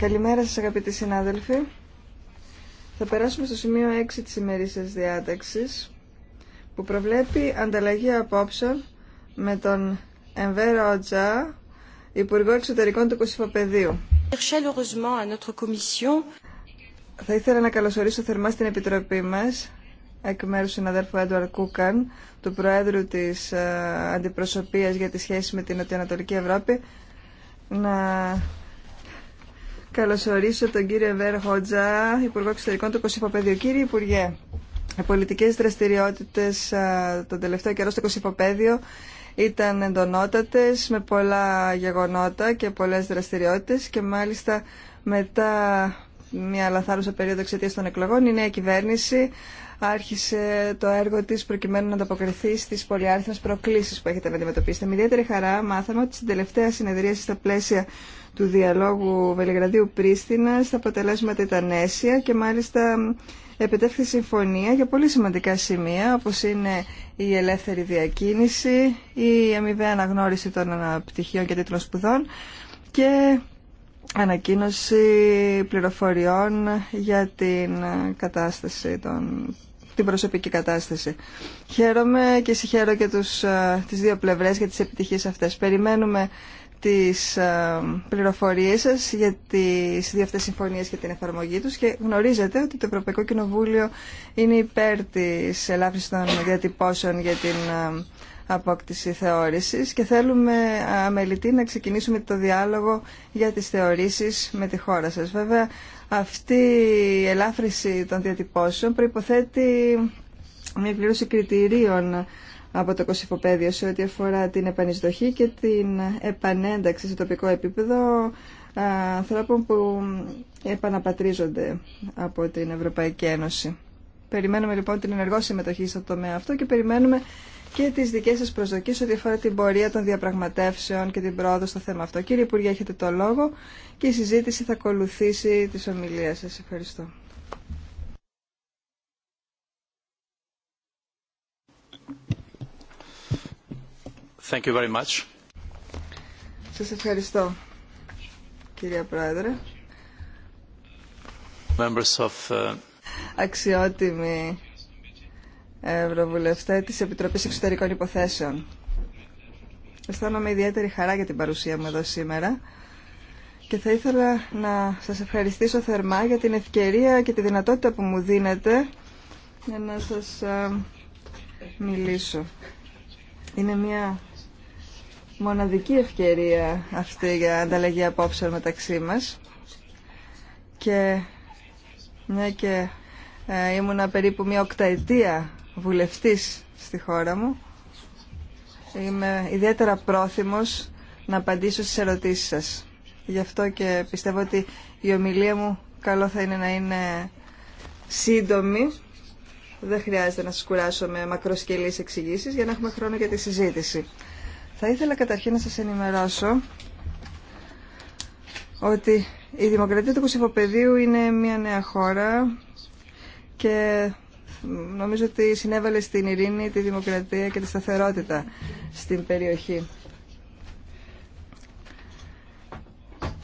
Καλημέρα σας αγαπητοί συνάδελφοι. Θα περάσουμε στο σημείο 6 της ημερήσιας διάταξης που προβλέπει ανταλλαγή απόψεων με τον Εμβέρα Οτζά, Υπουργό Εξωτερικών του Κωσυφοπεδίου. Θα ήθελα να καλωσορίσω θερμά στην Επιτροπή μας εκ μέρους του συναδέλφου Έντουαρ Κούκαν, του Προέδρου της ε, Αντιπροσωπείας για τη σχέση με την Νοτιοανατολική Ευρώπη, να καλωσορίσω τον κύριο Εβέρ Χότζα, Υπουργό Εξωτερικών του Κωσυφοπαιδίου. Κύριε Υπουργέ, οι πολιτικές δραστηριότητες τον τελευταίο καιρό στο Κωσυφοπαίδιο ήταν εντονότατες με πολλά γεγονότα και πολλές δραστηριότητες και μάλιστα μετά μια λαθάρουσα περίοδο εξαιτία των εκλογών η νέα κυβέρνηση άρχισε το έργο της προκειμένου να ανταποκριθεί στις πολυάριθμες προκλήσεις που έχετε να αντιμετωπίσετε. Με ιδιαίτερη χαρά μάθαμε ότι στην τελευταία συνεδρίαση στα πλαίσια του διαλόγου Βελιγραδίου Πρίστινας τα αποτελέσματα ήταν αίσια και μάλιστα επιτεύχθη συμφωνία για πολύ σημαντικά σημεία όπως είναι η ελεύθερη διακίνηση, η αμοιβαία αναγνώριση των πτυχίων και τίτλων σπουδών και ανακοίνωση πληροφοριών για την κατάσταση των την προσωπική κατάσταση. Χαίρομαι και συγχαίρω και τους, ε, τις δύο πλευρές για τις επιτυχίες αυτές. Περιμένουμε τις ε, πληροφορίες σας για τις δύο αυτές συμφωνίες και την εφαρμογή τους και γνωρίζετε ότι το Ευρωπαϊκό Κοινοβούλιο είναι υπέρ της ελάφρυνσης των διατυπώσεων για την ε, απόκτηση θεώρησης και θέλουμε αμελητή να ξεκινήσουμε το διάλογο για τις θεωρήσεις με τη χώρα σας. Βέβαια, αυτή η ελάφρυση των διατυπώσεων προϋποθέτει μια πλήρωση κριτηρίων από το κοσυφοπαίδιο σε ό,τι αφορά την επανεισδοχή και την επανένταξη σε τοπικό επίπεδο ανθρώπων που επαναπατρίζονται από την Ευρωπαϊκή Ένωση. Περιμένουμε λοιπόν την ενεργό συμμετοχή στο τομέα αυτό και περιμένουμε και τις δικές σας προσδοκίες ό,τι αφορά την πορεία των διαπραγματεύσεων και την πρόοδο στο θέμα αυτό. Κύριε Υπουργέ, έχετε το λόγο και η συζήτηση θα ακολουθήσει τις ομιλίες σας. Ευχαριστώ. Thank you very much. Σας ευχαριστώ, κυρία Πρόεδρε. Members of, uh, Αξιότιμοι Ευρωβουλευτέ της Επιτροπής Εξωτερικών Υποθέσεων. Αισθάνομαι ιδιαίτερη χαρά για την παρουσία μου εδώ σήμερα και θα ήθελα να σας ευχαριστήσω θερμά για την ευκαιρία και τη δυνατότητα που μου δίνετε για να σας μιλήσω. Είναι μια μοναδική ευκαιρία αυτή για ανταλλαγή απόψεων μεταξύ μας και μια και ε, ήμουνα περίπου μια οκταετία βουλευτής στη χώρα μου, είμαι ιδιαίτερα πρόθυμος να απαντήσω στις ερωτήσεις σας. Γι' αυτό και πιστεύω ότι η ομιλία μου καλό θα είναι να είναι σύντομη. Δεν χρειάζεται να σας κουράσω με μακροσκελείς εξηγήσεις για να έχουμε χρόνο για τη συζήτηση. Θα ήθελα καταρχήν να σας ενημερώσω ότι η δημοκρατία του Κωσυφοπεδίου είναι μια νέα χώρα και νομίζω ότι συνέβαλε στην ειρήνη, τη δημοκρατία και τη σταθερότητα στην περιοχή.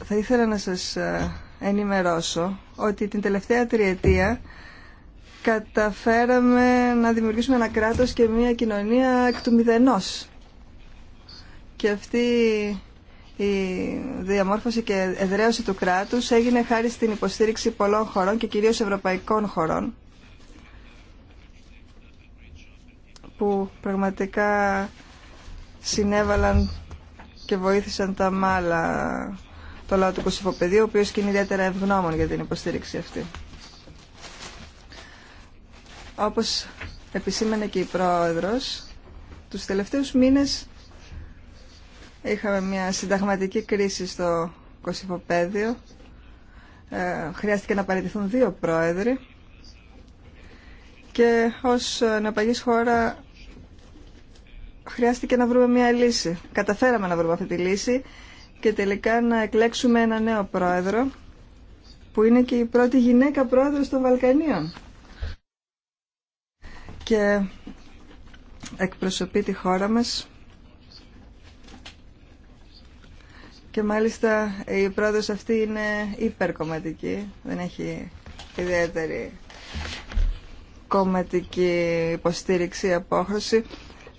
Θα ήθελα να σας ε, ενημερώσω ότι την τελευταία τριετία καταφέραμε να δημιουργήσουμε ένα κράτος και μια κοινωνία εκ του μηδενός. Και αυτή η διαμόρφωση και εδραίωση του κράτους έγινε χάρη στην υποστήριξη πολλών χωρών και κυρίως ευρωπαϊκών χωρών που πραγματικά συνέβαλαν και βοήθησαν τα μάλα το λαό του Κωσυφοπεδίου, ο οποίος και είναι ιδιαίτερα ευγνώμων για την υποστήριξη αυτή. Όπως επισήμανε και η Πρόεδρος, τους τελευταίους μήνες είχαμε μια συνταγματική κρίση στο Κωσυφοπέδιο. Ε, χρειάστηκε να παραιτηθούν δύο πρόεδροι και ως νεοπαγής χώρα χρειάστηκε να βρούμε μια λύση. Καταφέραμε να βρούμε αυτή τη λύση και τελικά να εκλέξουμε ένα νέο πρόεδρο που είναι και η πρώτη γυναίκα πρόεδρος των Βαλκανίων. Και εκπροσωπεί τη χώρα μας και μάλιστα η πρόεδρος αυτή είναι υπερκομματική, δεν έχει ιδιαίτερη κομματική υποστήριξη, απόχρωση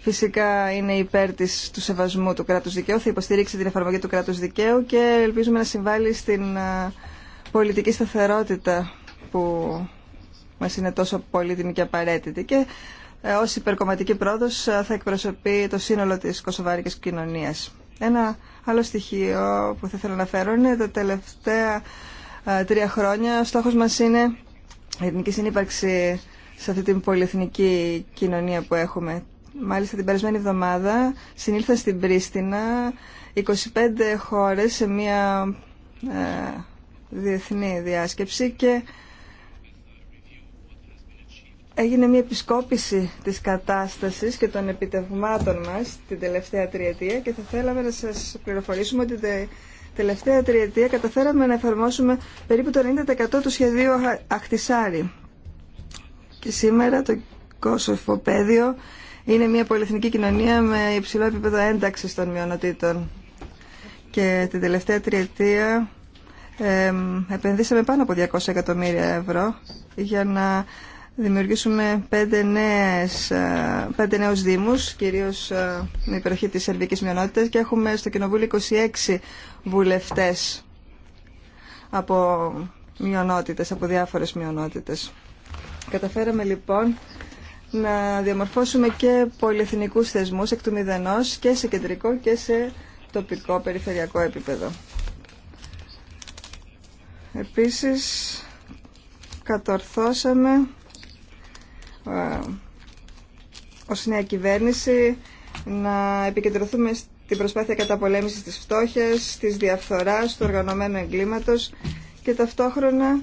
φυσικά είναι υπέρ της, του σεβασμού του κράτους δικαίου, θα υποστηρίξει την εφαρμογή του κράτους δικαίου και ελπίζουμε να συμβάλλει στην πολιτική σταθερότητα που μας είναι τόσο πολύτιμη και απαραίτητη. Και ε, ως υπερκομματική πρόοδος θα εκπροσωπεί το σύνολο της κοσοβάρικης κοινωνίας. Ένα άλλο στοιχείο που θα ήθελα να φέρω είναι τα τελευταία τρία χρόνια. Ο στόχος μας είναι η εθνική συνύπαρξη σε αυτή την πολυεθνική κοινωνία που έχουμε. Μάλιστα την περασμένη εβδομάδα συνήλθα στην Πρίστινα 25 χώρες σε μια ε, διεθνή διάσκεψη και έγινε μια επισκόπηση της κατάστασης και των επιτευγμάτων μας την τελευταία τριετία και θα θέλαμε να σας πληροφορήσουμε ότι την τελευταία τριετία καταφέραμε να εφαρμόσουμε περίπου το 90% του σχεδίου Αχτισάρη. Και σήμερα το Κόσοφο πέδιο είναι μια πολυεθνική κοινωνία με υψηλό επίπεδο ένταξης των μειονοτήτων. Και την τελευταία τριετία επενδύσαμε πάνω από 200 εκατομμύρια ευρώ για να δημιουργήσουμε πέντε, νέες, ε, πέντε νέους δήμους, κυρίως ε, με υπεροχή της σερβικής μειονότητας και έχουμε στο Κοινοβούλιο 26 βουλευτές από μειονότητες, από διάφορες μειονότητες. Καταφέραμε λοιπόν να διαμορφώσουμε και πολυεθνικούς θεσμούς εκ του μηδενός και σε κεντρικό και σε τοπικό περιφερειακό επίπεδο. Επίσης, κατορθώσαμε ως νέα κυβέρνηση να επικεντρωθούμε στην προσπάθεια καταπολέμησης της φτώχειας, της διαφθοράς, του οργανωμένου εγκλήματος και ταυτόχρονα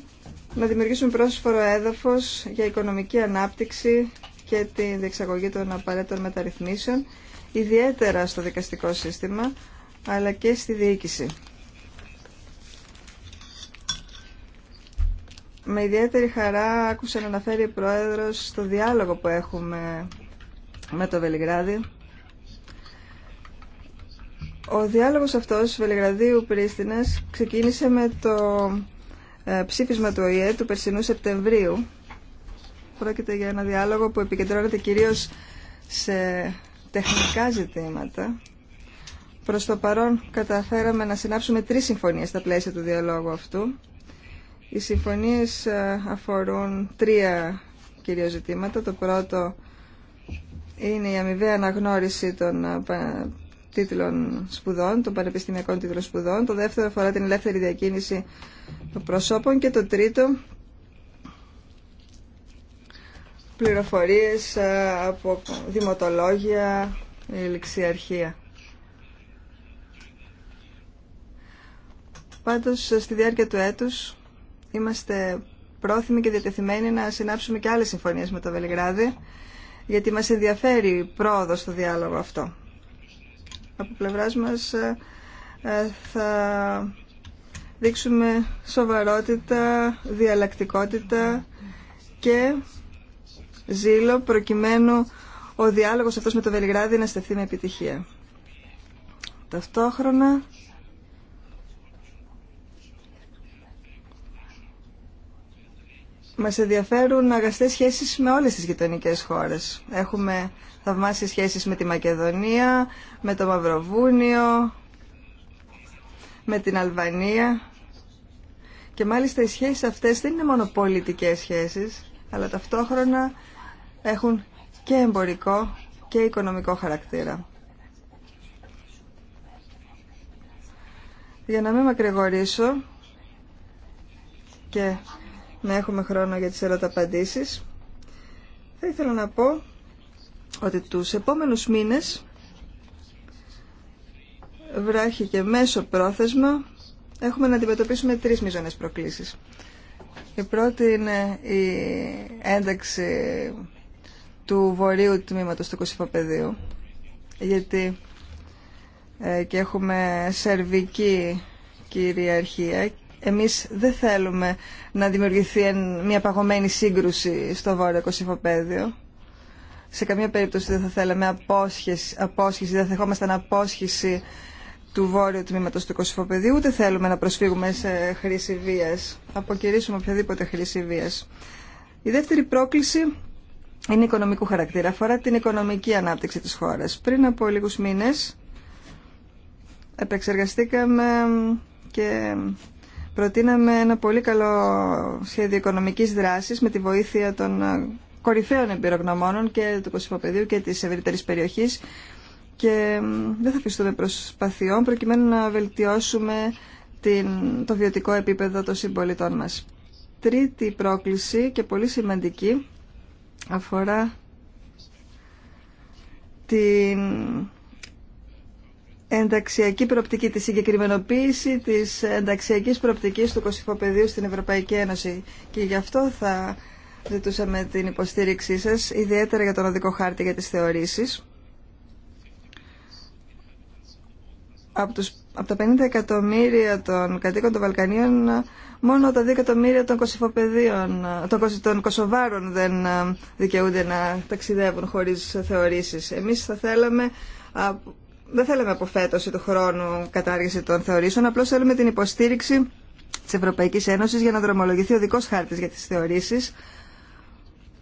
να δημιουργήσουμε πρόσφορο έδαφος για οικονομική ανάπτυξη και τη διεξαγωγή των απαραίτητων μεταρρυθμίσεων, ιδιαίτερα στο δικαστικό σύστημα, αλλά και στη διοίκηση. Με ιδιαίτερη χαρά άκουσα να αναφέρει η Πρόεδρος στο διάλογο που έχουμε με το Βελιγράδι. Ο διάλογος αυτός Βελιγραδίου-Πρίστινας ξεκίνησε με το ε, ψήφισμα του ΟΗΕ του περσινού Σεπτεμβρίου Πρόκειται για ένα διάλογο που επικεντρώνεται κυρίως σε τεχνικά ζητήματα. Προς το παρόν καταφέραμε να συνάψουμε τρεις συμφωνίες στα πλαίσια του διαλόγου αυτού. Οι συμφωνίες ε, αφορούν τρία κυρίως ζητήματα. Το πρώτο είναι η αμοιβαία αναγνώριση των ε, τίτλων σπουδών, των πανεπιστημιακών τίτλων σπουδών. Το δεύτερο αφορά την ελεύθερη διακίνηση των προσώπων και το τρίτο πληροφορίες ε, από δημοτολόγια, ληξιαρχία. Πάντως, ε, στη διάρκεια του έτους είμαστε πρόθυμοι και διατεθειμένοι να συνάψουμε και άλλες συμφωνίες με το Βελιγράδι, γιατί μας ενδιαφέρει πρόοδο στο διάλογο αυτό. Από πλευράς μας ε, θα δείξουμε σοβαρότητα, διαλλακτικότητα και ζήλο προκειμένου ο διάλογος αυτός με το Βελιγράδι να στεφθεί με επιτυχία. Ταυτόχρονα Μας ενδιαφέρουν αγαστές σχέσεις με όλες τις γειτονικές χώρες. Έχουμε θαυμάσει σχέσεις με τη Μακεδονία, με το Μαυροβούνιο, με την Αλβανία. Και μάλιστα οι σχέσεις αυτές δεν είναι μόνο πολιτικές σχέσεις, αλλά ταυτόχρονα έχουν και εμπορικό και οικονομικό χαρακτήρα. Για να μην μακρηγορήσω και να έχουμε χρόνο για τις ερωταπαντήσεις, θα ήθελα να πω ότι τους επόμενους μήνες βράχει και μέσο πρόθεσμα έχουμε να αντιμετωπίσουμε τρεις μείζονες προκλήσεις. Η πρώτη είναι η ένταξη του βορείου τμήματος του Κωσυφοπεδίου γιατί ε, και έχουμε σερβική κυριαρχία εμείς δεν θέλουμε να δημιουργηθεί μια παγωμένη σύγκρουση στο βόρειο Κωσυφοπέδιο σε καμία περίπτωση δεν θα θέλαμε απόσχεση, απόσχεση δεν θα να απόσχεση του βόρειου τμήματος του Κωσυφοπεδίου ούτε θέλουμε να προσφύγουμε σε χρήση βίας αποκηρύσουμε οποιαδήποτε χρήση βίας η δεύτερη πρόκληση είναι οικονομικού χαρακτήρα, αφορά την οικονομική ανάπτυξη της χώρας. Πριν από λίγους μήνες επεξεργαστήκαμε και προτείναμε ένα πολύ καλό σχέδιο οικονομικής δράσης με τη βοήθεια των κορυφαίων εμπειρογνωμόνων και του Κωσυφοπεδίου και της ευρύτερη περιοχής και δεν θα αφιστούμε προσπαθειών προκειμένου να βελτιώσουμε την, το βιωτικό επίπεδο των συμπολιτών μας. Τρίτη πρόκληση και πολύ σημαντική αφορά την ενταξιακή προοπτική, τη συγκεκριμενοποίηση της ενταξιακής προοπτικής του Κωσυφοπεδίου στην Ευρωπαϊκή Ένωση. Και γι' αυτό θα ζητούσαμε την υποστήριξή σας, ιδιαίτερα για τον οδικό χάρτη για τις θεωρήσεις. Από, τους, από τα 50 εκατομμύρια των κατοίκων των Βαλκανίων Μόνο τα 2 εκατομμύρια των κοσυφοπεδίων, των κοσοβάρων δεν ε, δικαιούνται να ταξιδεύουν χωρίς θεωρήσεις. Εμείς θα θέλαμε δεν θέλαμε αποφέτωση του χρόνου κατάργηση των θεωρήσεων, απλώς θέλουμε την υποστήριξη της Ευρωπαϊκής Ένωσης για να δρομολογηθεί ο δικός χάρτης για τις θεωρήσεις,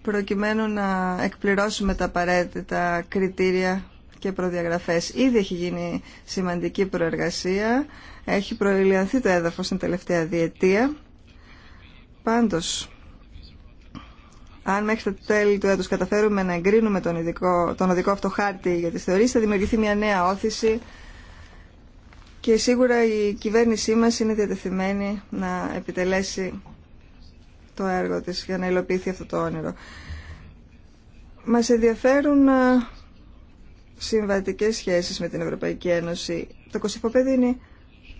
προκειμένου να εκπληρώσουμε τα απαραίτητα κριτήρια και προδιαγραφές. Ήδη έχει γίνει σημαντική προεργασία, έχει προηλιανθεί το έδαφος την τελευταία διετία. Πάντως, αν μέχρι το τέλη του έτους καταφέρουμε να εγκρίνουμε τον, τον οδικό αυτό χάρτη για τις θεωρίες, θα δημιουργηθεί μια νέα όθηση και σίγουρα η κυβέρνησή μας είναι διατεθειμένη να επιτελέσει το έργο της για να υλοποιηθεί αυτό το όνειρο. Μας ενδιαφέρουν ε, συμβατικές σχέσεις με την Ευρωπαϊκή Ένωση. Το Κωσυφοπέδι είναι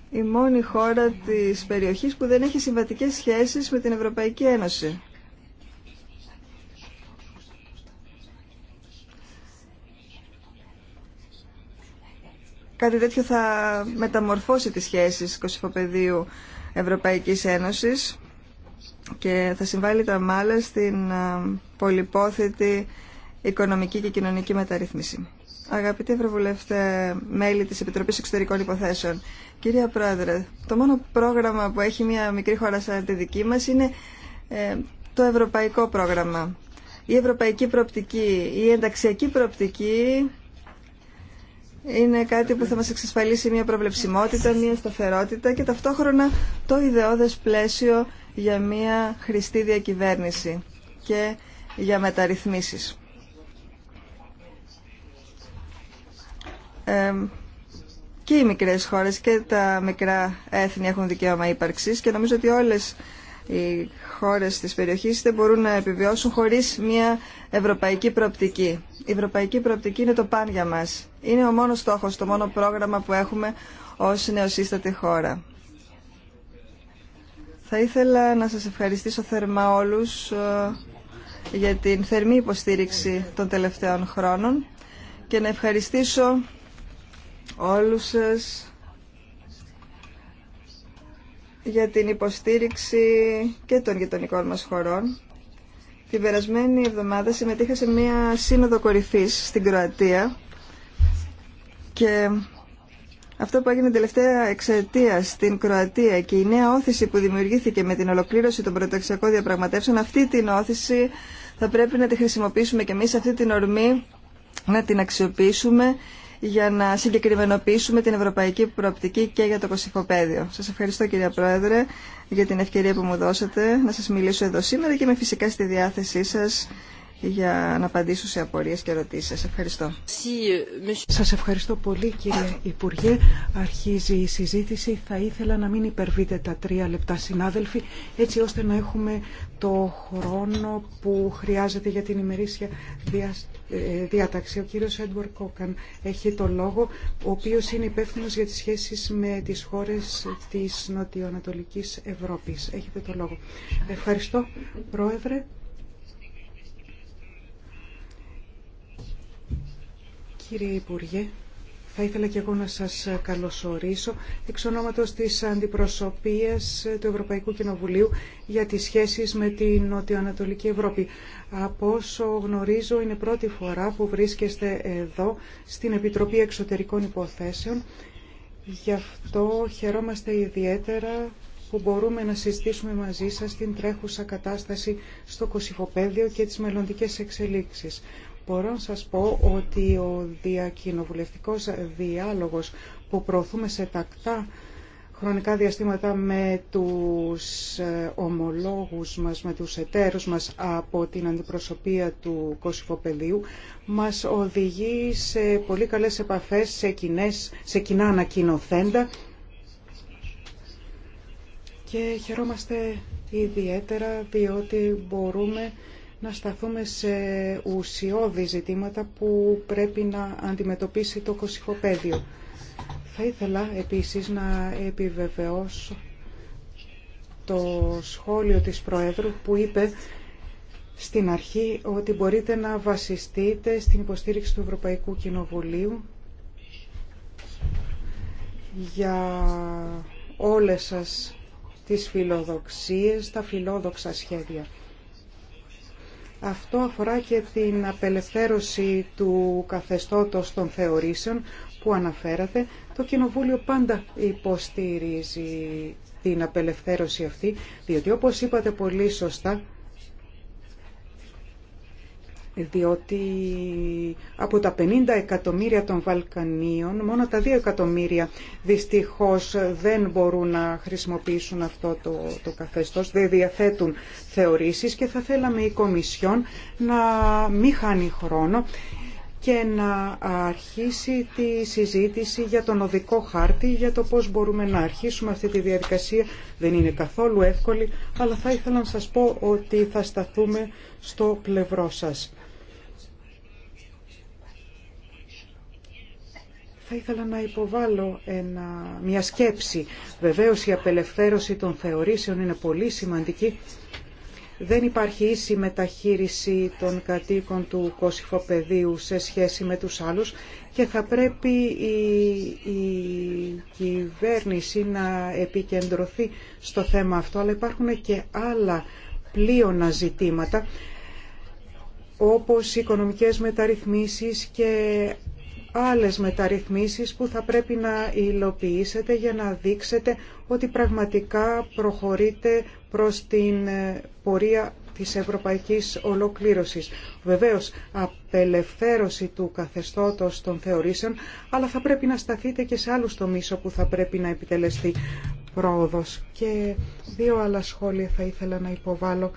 η μόνη χώρα της περιοχής που δεν έχει συμβατικές σχέσεις με την Ευρωπαϊκή Ένωση. Κάτι τέτοιο θα μεταμορφώσει τις σχέσεις Κωσυφοπεδίου Ευρωπαϊκής Ένωσης και θα συμβάλλει τα μάλλα στην πολυπόθητη οικονομική και κοινωνική μεταρρύθμιση. Αγαπητοί Ευρωβουλευτέ, μέλη της Επιτροπής Εξωτερικών Υποθέσεων, κυρία Πρόεδρε, το μόνο πρόγραμμα που έχει μια μικρή χώρα σαν τη δική μας είναι ε, το ευρωπαϊκό πρόγραμμα. Η ευρωπαϊκή προοπτική, η ενταξιακή προοπτική είναι κάτι που θα μας εξασφαλίσει μια προβλεψιμότητα, μια σταθερότητα και ταυτόχρονα το ιδεώδες πλαίσιο για μια χρηστή διακυβέρνηση και για μεταρρυθμίσεις. και οι μικρές χώρες και τα μικρά έθνη έχουν δικαίωμα ύπαρξης και νομίζω ότι όλες οι χώρες της περιοχής δεν μπορούν να επιβιώσουν χωρίς μια ευρωπαϊκή προοπτική. Η ευρωπαϊκή προοπτική είναι το παν για μας. Είναι ο μόνος στόχος, το μόνο πρόγραμμα που έχουμε ως νεοσύστατη χώρα. Θα ήθελα να σας ευχαριστήσω θερμά όλους ε, για την θερμή υποστήριξη των τελευταίων χρόνων και να ευχαριστήσω όλους σας για την υποστήριξη και των γειτονικών μας χωρών. Την περασμένη εβδομάδα συμμετείχα σε μία σύνοδο κορυφής στην Κροατία και αυτό που έγινε τελευταία εξαιτία στην Κροατία και η νέα όθηση που δημιουργήθηκε με την ολοκλήρωση των πρωτοεξιακών διαπραγματεύσεων, αυτή την όθηση θα πρέπει να τη χρησιμοποιήσουμε και εμείς, αυτή την ορμή να την αξιοποιήσουμε για να συγκεκριμενοποιήσουμε την ευρωπαϊκή προοπτική και για το κοσυφοπαίδιο. Σας ευχαριστώ κυρία Πρόεδρε για την ευκαιρία που μου δώσατε να σας μιλήσω εδώ σήμερα και με φυσικά στη διάθεσή σας για να απαντήσω σε απορίες και ερωτήσεις. Σας ευχαριστώ. Σας ευχαριστώ πολύ κύριε Υπουργέ. Αρχίζει η συζήτηση. Θα ήθελα να μην υπερβείτε τα τρία λεπτά συνάδελφοι έτσι ώστε να έχουμε το χρόνο που χρειάζεται για την ημερήσια διάσταση διάταξη. Ο κύριος Έντουαρ Κόκαν έχει το λόγο, ο οποίος είναι υπεύθυνος για τις σχέσεις με τις χώρες της Νοτιοανατολικής Ευρώπης. Έχετε το λόγο. Ευχαριστώ, Πρόεδρε. Κύριε Υπουργέ, θα ήθελα και εγώ να σας καλωσορίσω εξ ονόματος της Αντιπροσωπείας του Ευρωπαϊκού Κοινοβουλίου για τις σχέσεις με την Νοτιοανατολική Ευρώπη. Από όσο γνωρίζω είναι πρώτη φορά που βρίσκεστε εδώ στην Επιτροπή Εξωτερικών Υποθέσεων. Γι' αυτό χαιρόμαστε ιδιαίτερα που μπορούμε να συζητήσουμε μαζί σας την τρέχουσα κατάσταση στο Κωσυφοπαίδιο και τις μελλοντικές εξελίξεις μπορώ να σας πω ότι ο διακοινοβουλευτικός διάλογος που προωθούμε σε τακτά χρονικά διαστήματα με τους ε, ομολόγους μας, με τους εταίρους μας από την αντιπροσωπεία του Κωσυφοπεδίου μας οδηγεί σε πολύ καλές επαφές, σε, κοινές, σε κοινά ανακοινοθέντα και χαιρόμαστε ιδιαίτερα διότι μπορούμε να σταθούμε σε ουσιώδη ζητήματα που πρέπει να αντιμετωπίσει το κοσυχοπαίδιο. Θα ήθελα επίσης να επιβεβαιώσω το σχόλιο της Προέδρου που είπε στην αρχή ότι μπορείτε να βασιστείτε στην υποστήριξη του Ευρωπαϊκού Κοινοβουλίου για όλες σας τις φιλοδοξίες, τα φιλόδοξα σχέδια. Αυτό αφορά και την απελευθέρωση του καθεστώτος των θεωρήσεων που αναφέρατε. Το Κοινοβούλιο πάντα υποστηρίζει την απελευθέρωση αυτή, διότι όπως είπατε πολύ σωστά, διότι από τα 50 εκατομμύρια των Βαλκανίων, μόνο τα 2 εκατομμύρια δυστυχώς δεν μπορούν να χρησιμοποιήσουν αυτό το, το καθεστώς, δεν διαθέτουν θεωρήσεις και θα θέλαμε η Κομισιόν να μην χάνει χρόνο και να αρχίσει τη συζήτηση για τον οδικό χάρτη, για το πώς μπορούμε να αρχίσουμε αυτή τη διαδικασία. Δεν είναι καθόλου εύκολη, αλλά θα ήθελα να σας πω ότι θα σταθούμε στο πλευρό σας. θα ήθελα να υποβάλω μια σκέψη. Βεβαίως η απελευθέρωση των θεωρήσεων είναι πολύ σημαντική. Δεν υπάρχει ίση μεταχείριση των κατοίκων του πεδίου σε σχέση με τους άλλους και θα πρέπει η, η κυβέρνηση να επικεντρωθεί στο θέμα αυτό, αλλά υπάρχουν και άλλα πλείονα ζητήματα όπως οικονομικές μεταρρυθμίσεις και άλλες μεταρρυθμίσεις που θα πρέπει να υλοποιήσετε για να δείξετε ότι πραγματικά προχωρείτε προς την ε, πορεία της ευρωπαϊκής ολοκλήρωσης. Βεβαίως, απελευθέρωση του καθεστώτος των θεωρήσεων, αλλά θα πρέπει να σταθείτε και σε άλλους τομείς όπου θα πρέπει να επιτελεστεί πρόοδος. Και δύο άλλα σχόλια θα ήθελα να υποβάλω.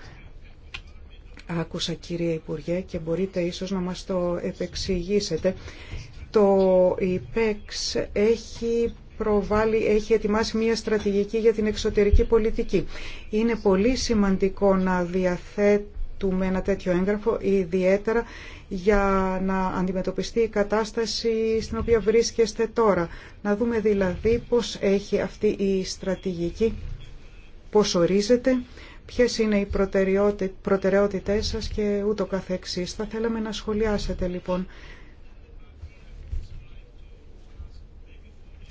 Άκουσα κύριε Υπουργέ και μπορείτε ίσως να μας το επεξηγήσετε το ΙΠΕΞ έχει προβάλλει, έχει ετοιμάσει μια στρατηγική για την εξωτερική πολιτική. Είναι πολύ σημαντικό να διαθέτουμε ένα τέτοιο έγγραφο, ιδιαίτερα για να αντιμετωπιστεί η κατάσταση στην οποία βρίσκεστε τώρα. Να δούμε δηλαδή πώς έχει αυτή η στρατηγική, πώς ορίζεται, ποιες είναι οι προτεραιότητες σας και ούτω καθεξής. Θα θέλαμε να σχολιάσετε λοιπόν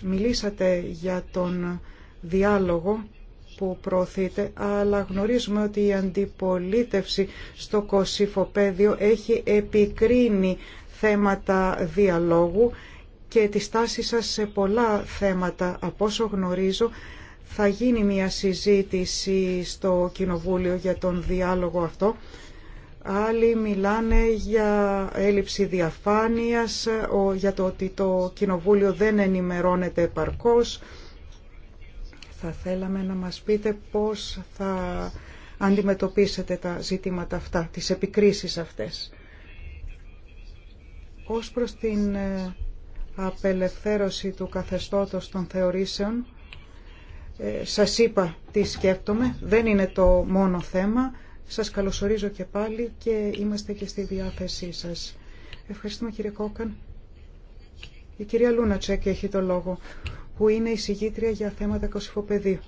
Μιλήσατε για τον διάλογο που προωθείτε, αλλά γνωρίζουμε ότι η αντιπολίτευση στο Πέδιο έχει επικρίνει θέματα διαλόγου και τη στάση σας σε πολλά θέματα. Από όσο γνωρίζω, θα γίνει μια συζήτηση στο Κοινοβούλιο για τον διάλογο αυτό Άλλοι μιλάνε για έλλειψη διαφάνειας, για το ότι το Κοινοβούλιο δεν ενημερώνεται επαρκώς. Θα θέλαμε να μας πείτε πώς θα αντιμετωπίσετε τα ζητήματα αυτά, τις επικρίσεις αυτές. Ως προς την ε, απελευθέρωση του καθεστώτος των θεωρήσεων, ε, σας είπα τι σκέφτομαι, δεν είναι το μόνο θέμα σας καλωσορίζω και πάλι και είμαστε και στη διάθεσή σας. Ευχαριστούμε κύριε Κόκαν. Η κυρία Λούνατσεκ έχει το λόγο, που είναι η συγγήτρια για θέματα κωσυφοπεδίου.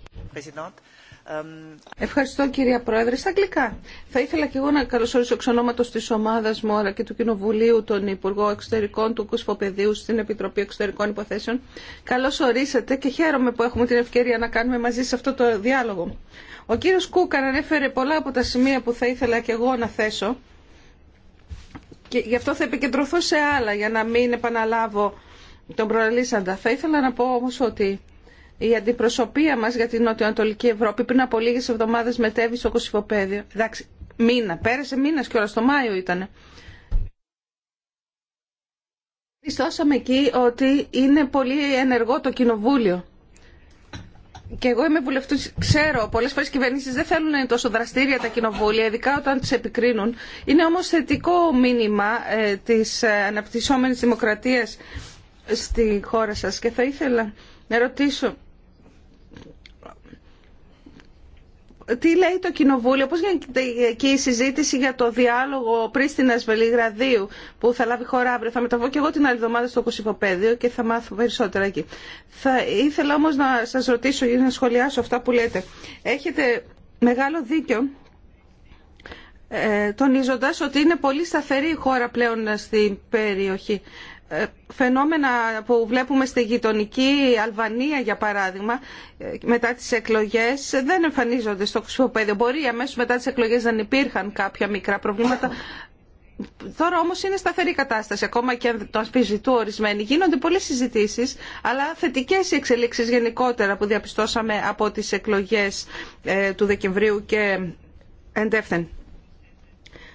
Ευχαριστώ κυρία Πρόεδρε. Στα αγγλικά. Θα ήθελα και εγώ να καλωσορίσω εξ ονόματο τη ομάδα μου αλλά και του Κοινοβουλίου τον Υπουργό Εξωτερικών του Κουσφοπεδίου στην Επιτροπή Εξωτερικών Υποθέσεων. Καλώ ορίσατε και χαίρομαι που έχουμε την ευκαιρία να κάνουμε μαζί σε αυτό το διάλογο. Ο κύριο Κούκαρ ανέφερε πολλά από τα σημεία που θα ήθελα και εγώ να θέσω και γι' αυτό θα επικεντρωθώ σε άλλα για να μην επαναλάβω τον προαλήσαντα. Θα ήθελα να πω όμω ότι η αντιπροσωπεία μα για την Νοτιοανατολική Ευρώπη πριν από λίγε εβδομάδε μετέβη στο Κωσυφοπαίδιο. Εντάξει, μήνα, πέρασε μήνα και ώρα στο Μάιο ήταν. Πιστώσαμε εκεί ότι είναι πολύ ενεργό το κοινοβούλιο. Και εγώ είμαι βουλευτή, ξέρω, πολλέ φορέ κυβερνήσει δεν θέλουν να είναι τόσο δραστήρια τα κοινοβούλια, ειδικά όταν τι επικρίνουν. Είναι όμω θετικό μήνυμα ε, τη ε, αναπτυσσόμενη δημοκρατία στη χώρα σα και θα ήθελα να ρωτήσω τι λέει το Κοινοβούλιο, πώς γίνεται εκεί η συζήτηση για το διάλογο Πρίστινας Βελιγραδίου που θα λάβει χώρα αύριο. Θα μεταβώ και εγώ την άλλη εβδομάδα στο κοσυποπέδιο και θα μάθω περισσότερα εκεί. Θα ήθελα όμως να σας ρωτήσω ή να σχολιάσω αυτά που λέτε. Έχετε μεγάλο δίκιο ε, τονίζοντας ότι είναι πολύ σταθερή η χώρα πλέον στην περιοχή. Ε, φαινόμενα που βλέπουμε στη γειτονική Αλβανία για παράδειγμα ε, μετά τις εκλογές δεν εμφανίζονται στο Κοσμοπέδιο. Μπορεί αμέσως μετά τις εκλογές να υπήρχαν κάποια μικρά προβλήματα. Τώρα όμως είναι σταθερή κατάσταση, ακόμα και αν το ασπιζητού ορισμένοι. Γίνονται πολλές συζητήσεις, αλλά θετικές οι εξελίξεις γενικότερα που διαπιστώσαμε από τις εκλογές ε, του Δεκεμβρίου και εντεύθεν.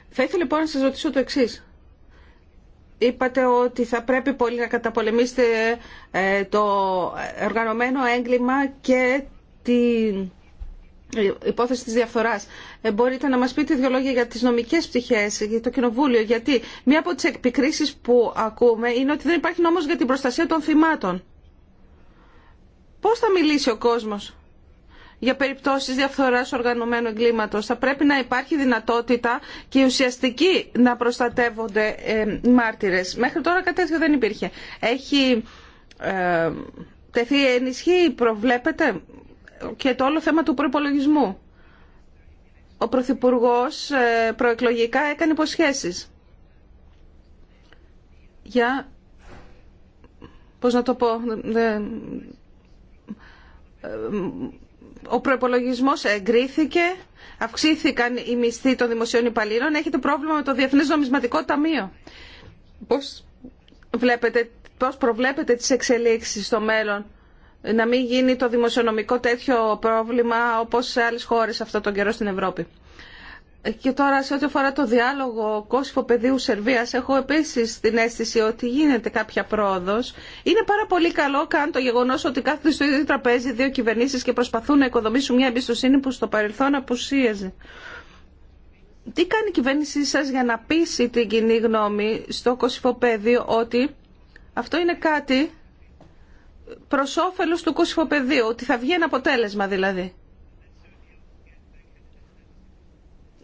Θα ήθελα λοιπόν να σας ρωτήσω το εξής είπατε ότι θα πρέπει πολύ να καταπολεμήσετε ε, το οργανωμένο έγκλημα και την υπόθεση της διαφθοράς. Ε, μπορείτε να μας πείτε δύο λόγια για τις νομικές πτυχές, για το Κοινοβούλιο, γιατί μία από τις επικρίσεις που ακούμε είναι ότι δεν υπάρχει νόμος για την προστασία των θυμάτων. Πώς θα μιλήσει ο κόσμος για περιπτώσεις διαφθοράς οργανωμένου εγκλήματος. Θα πρέπει να υπάρχει δυνατότητα και ουσιαστική να προστατεύονται οι ε, μάρτυρες. Μέχρι τώρα κάτι τέτοιο δεν υπήρχε. Έχει ε, τεθεί ενισχύ, προβλέπετε, και το όλο θέμα του προπολογισμού. Ο Πρωθυπουργό ε, προεκλογικά έκανε υποσχέσεις για... Πώς να το πω... Ε, ο προπολογισμό εγκρίθηκε, αυξήθηκαν οι μισθοί των δημοσίων υπαλλήλων, έχετε πρόβλημα με το διεθνέ Νομισματικό Ταμείο. Πώς, βλέπετε, πώς προβλέπετε τις εξελίξεις στο μέλλον να μην γίνει το δημοσιονομικό τέτοιο πρόβλημα όπως σε άλλες χώρες αυτό τον καιρό στην Ευρώπη. Και τώρα σε ό,τι αφορά το διάλογο κόσμο Παιδίου Σερβίας έχω επίσης την αίσθηση ότι γίνεται κάποια πρόοδο. Είναι πάρα πολύ καλό καν το γεγονό ότι κάθονται στο ίδιο τραπέζι δύο κυβερνήσεις και προσπαθούν να οικοδομήσουν μια εμπιστοσύνη που στο παρελθόν απουσίαζε. Τι κάνει η κυβέρνησή σας για να πείσει την κοινή γνώμη στο Κωσυφοπέδιο ότι αυτό είναι κάτι προ όφελο του Κωσυφοπεδίου, ότι θα βγει ένα αποτέλεσμα δηλαδή.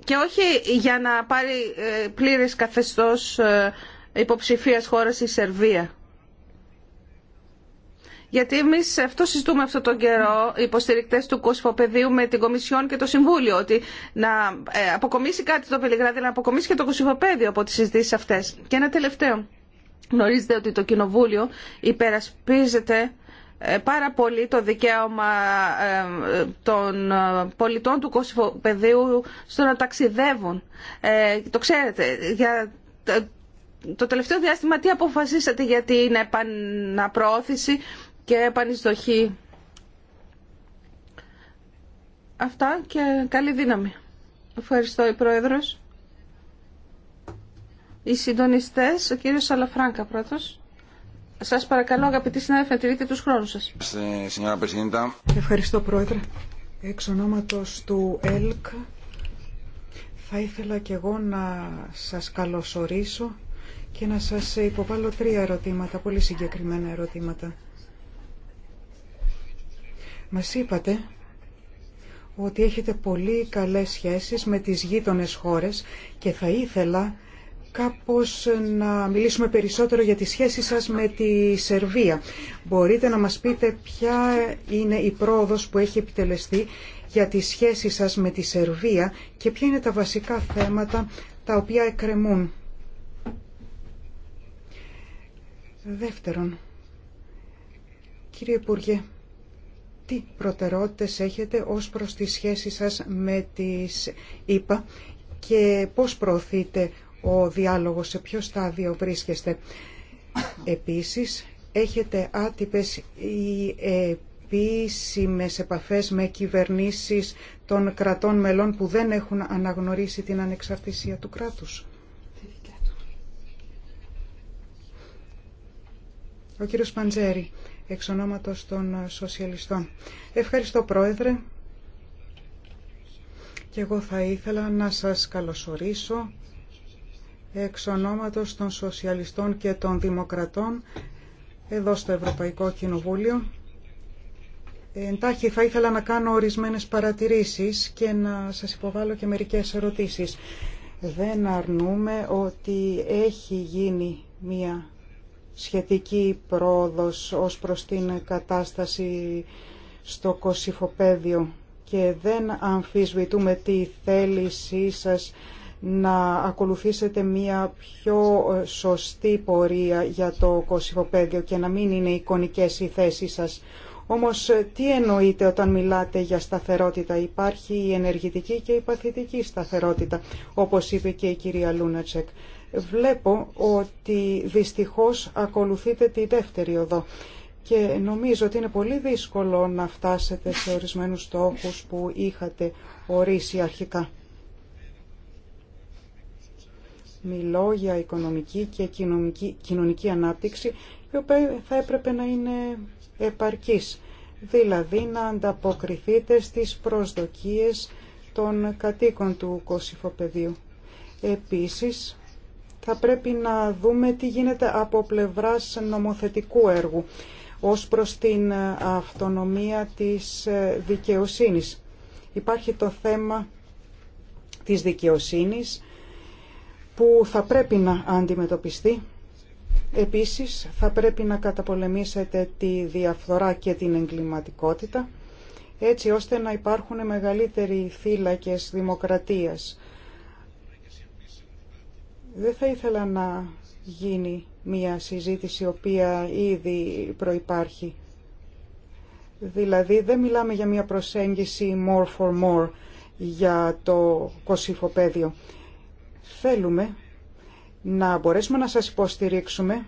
και όχι για να πάρει ε, πλήρες καθεστώς ε, υποψηφίας χώρας η Σερβία. Γιατί εμεί αυτό συζητούμε αυτόν τον καιρό, οι υποστηρικτέ του πεδίου με την Κομισιόν και το Συμβούλιο, ότι να ε, αποκομίσει κάτι το Πελιγράδι, να αποκομίσει και το πεδίο από τι συζητήσει αυτέ. Και ένα τελευταίο. Γνωρίζετε ότι το Κοινοβούλιο υπερασπίζεται ε, πάρα πολύ το δικαίωμα ε, των ε, πολιτών του Κωσυφοπεδίου στο να ταξιδεύουν. Το ξέρετε, για το τελευταίο διάστημα τι αποφασίσατε για την επαναπροώθηση και επανιστοχή. Αυτά και καλή δύναμη. Ευχαριστώ η Πρόεδρος. Οι συντονιστές, ο κύριος Σαλαφράνκα πρώτος. Σας παρακαλώ αγαπητοί συνάδελφοι να τηρείτε τους χρόνους σας. Ευχαριστώ Πρόεδρε. Εξ ονόματος του ΕΛΚ θα ήθελα και εγώ να σας καλωσορίσω και να σας υποβάλω τρία ερωτήματα, πολύ συγκεκριμένα ερωτήματα. Μας είπατε ότι έχετε πολύ καλές σχέσεις με τις γείτονες χώρες και θα ήθελα κάπως να μιλήσουμε περισσότερο για τη σχέση σας με τη Σερβία. Μπορείτε να μας πείτε ποια είναι η πρόοδος που έχει επιτελεστεί για τη σχέση σας με τη Σερβία και ποια είναι τα βασικά θέματα τα οποία εκκρεμούν. Δεύτερον, κύριε Υπουργέ, τι προτεραιότητες έχετε ως προς τη σχέση σας με τις ΗΠΑ και πώς προωθείτε ο διάλογος, σε ποιο στάδιο βρίσκεστε. Επίσης, έχετε άτυπες ή επίσημες επαφές με κυβερνήσεις των κρατών μελών που δεν έχουν αναγνωρίσει την ανεξαρτησία του κράτους. Ο κύριος Παντζέρη, εξ ονόματος των Σοσιαλιστών. Ευχαριστώ Πρόεδρε. Και εγώ θα ήθελα να σας καλωσορίσω εξ ονόματος των Σοσιαλιστών και των Δημοκρατών εδώ στο Ευρωπαϊκό Κοινοβούλιο. Εντάχει θα ήθελα να κάνω ορισμένες παρατηρήσεις και να σας υποβάλω και μερικές ερωτήσεις. Δεν αρνούμε ότι έχει γίνει μία σχετική πρόοδος ως προς την κατάσταση στο κοσυφοπέδιο και δεν αμφισβητούμε τη θέλησή σας να ακολουθήσετε μία πιο ε, σωστή πορεία για το κοσυχοπαίδιο και να μην είναι εικονικές οι θέσεις σας. Όμως ε, τι εννοείτε όταν μιλάτε για σταθερότητα. Υπάρχει η ενεργητική και η παθητική σταθερότητα, όπως είπε και η κυρία Λούνατσεκ. Βλέπω ότι δυστυχώς ακολουθείτε τη δεύτερη οδό και νομίζω ότι είναι πολύ δύσκολο να φτάσετε σε ορισμένους στόχους που είχατε ορίσει αρχικά. Μιλώ για οικονομική και κοινωνική, κοινωνική ανάπτυξη, η οποία θα έπρεπε να είναι επαρκής, δηλαδή να ανταποκριθείτε στις προσδοκίες των κατοίκων του Κωσυφοπεδίου. Επίσης, θα πρέπει να δούμε τι γίνεται από πλευράς νομοθετικού έργου ως προς την αυτονομία της δικαιοσύνης. Υπάρχει το θέμα της δικαιοσύνης που θα πρέπει να αντιμετωπιστεί. Επίσης, θα πρέπει να καταπολεμήσετε τη διαφθορά και την εγκληματικότητα, έτσι ώστε να υπάρχουν μεγαλύτεροι θύλακες δημοκρατίας. Δεν θα ήθελα να γίνει μία συζήτηση η οποία ήδη προϋπάρχει. Δηλαδή δεν μιλάμε για μία προσέγγιση more for more για το πεδίο. Θέλουμε να μπορέσουμε να σας υποστηρίξουμε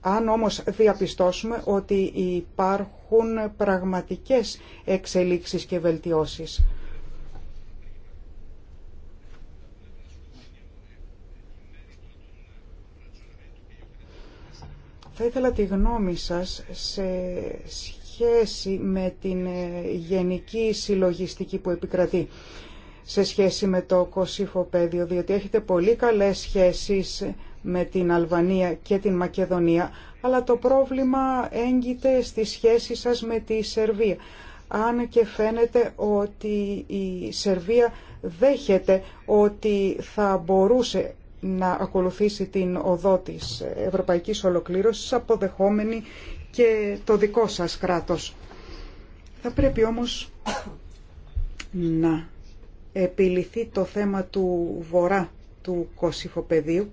αν όμως διαπιστώσουμε ότι υπάρχουν πραγματικές εξελίξεις και βελτιώσεις. Θα ήθελα τη γνώμη σας σε σχέση με την ε, γενική συλλογιστική που επικρατεί σε σχέση με το Πέδιο διότι έχετε πολύ καλές σχέσεις με την Αλβανία και την Μακεδονία, αλλά το πρόβλημα έγκυται στη σχέση σας με τη Σερβία. Αν και φαίνεται ότι η Σερβία δέχεται ότι θα μπορούσε να ακολουθήσει την οδό της ευρωπαϊκής ολοκλήρωσης αποδεχόμενη και το δικό σας κράτος. Θα πρέπει όμως να επιληθεί το θέμα του βορρά του Κωσυφοπεδίου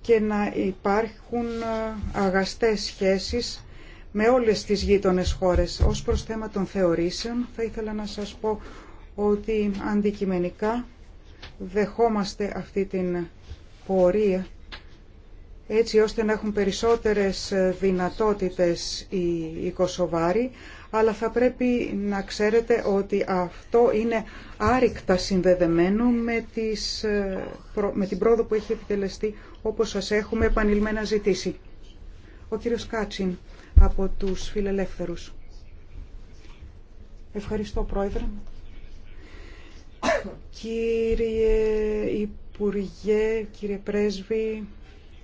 και να υπάρχουν ε, αγαστές σχέσεις με όλες τις γείτονες χώρες. Ως προς θέμα των θεωρήσεων θα ήθελα να σας πω ότι αντικειμενικά δεχόμαστε αυτή την πορεία έτσι ώστε να έχουν περισσότερες ε, δυνατότητες οι, οι Κωσοβάροι αλλά θα πρέπει να ξέρετε ότι αυτό είναι άρρηκτα συνδεδεμένο με, τις, ε, με την πρόοδο που έχει επιτελεστεί όπως σας έχουμε επανειλημμένα ζητήσει. Ο κύριος Κάτσιν από τους φιλελεύθερους. Ευχαριστώ πρόεδρε. Κύριε Υπουργέ, κύριε Πρέσβη,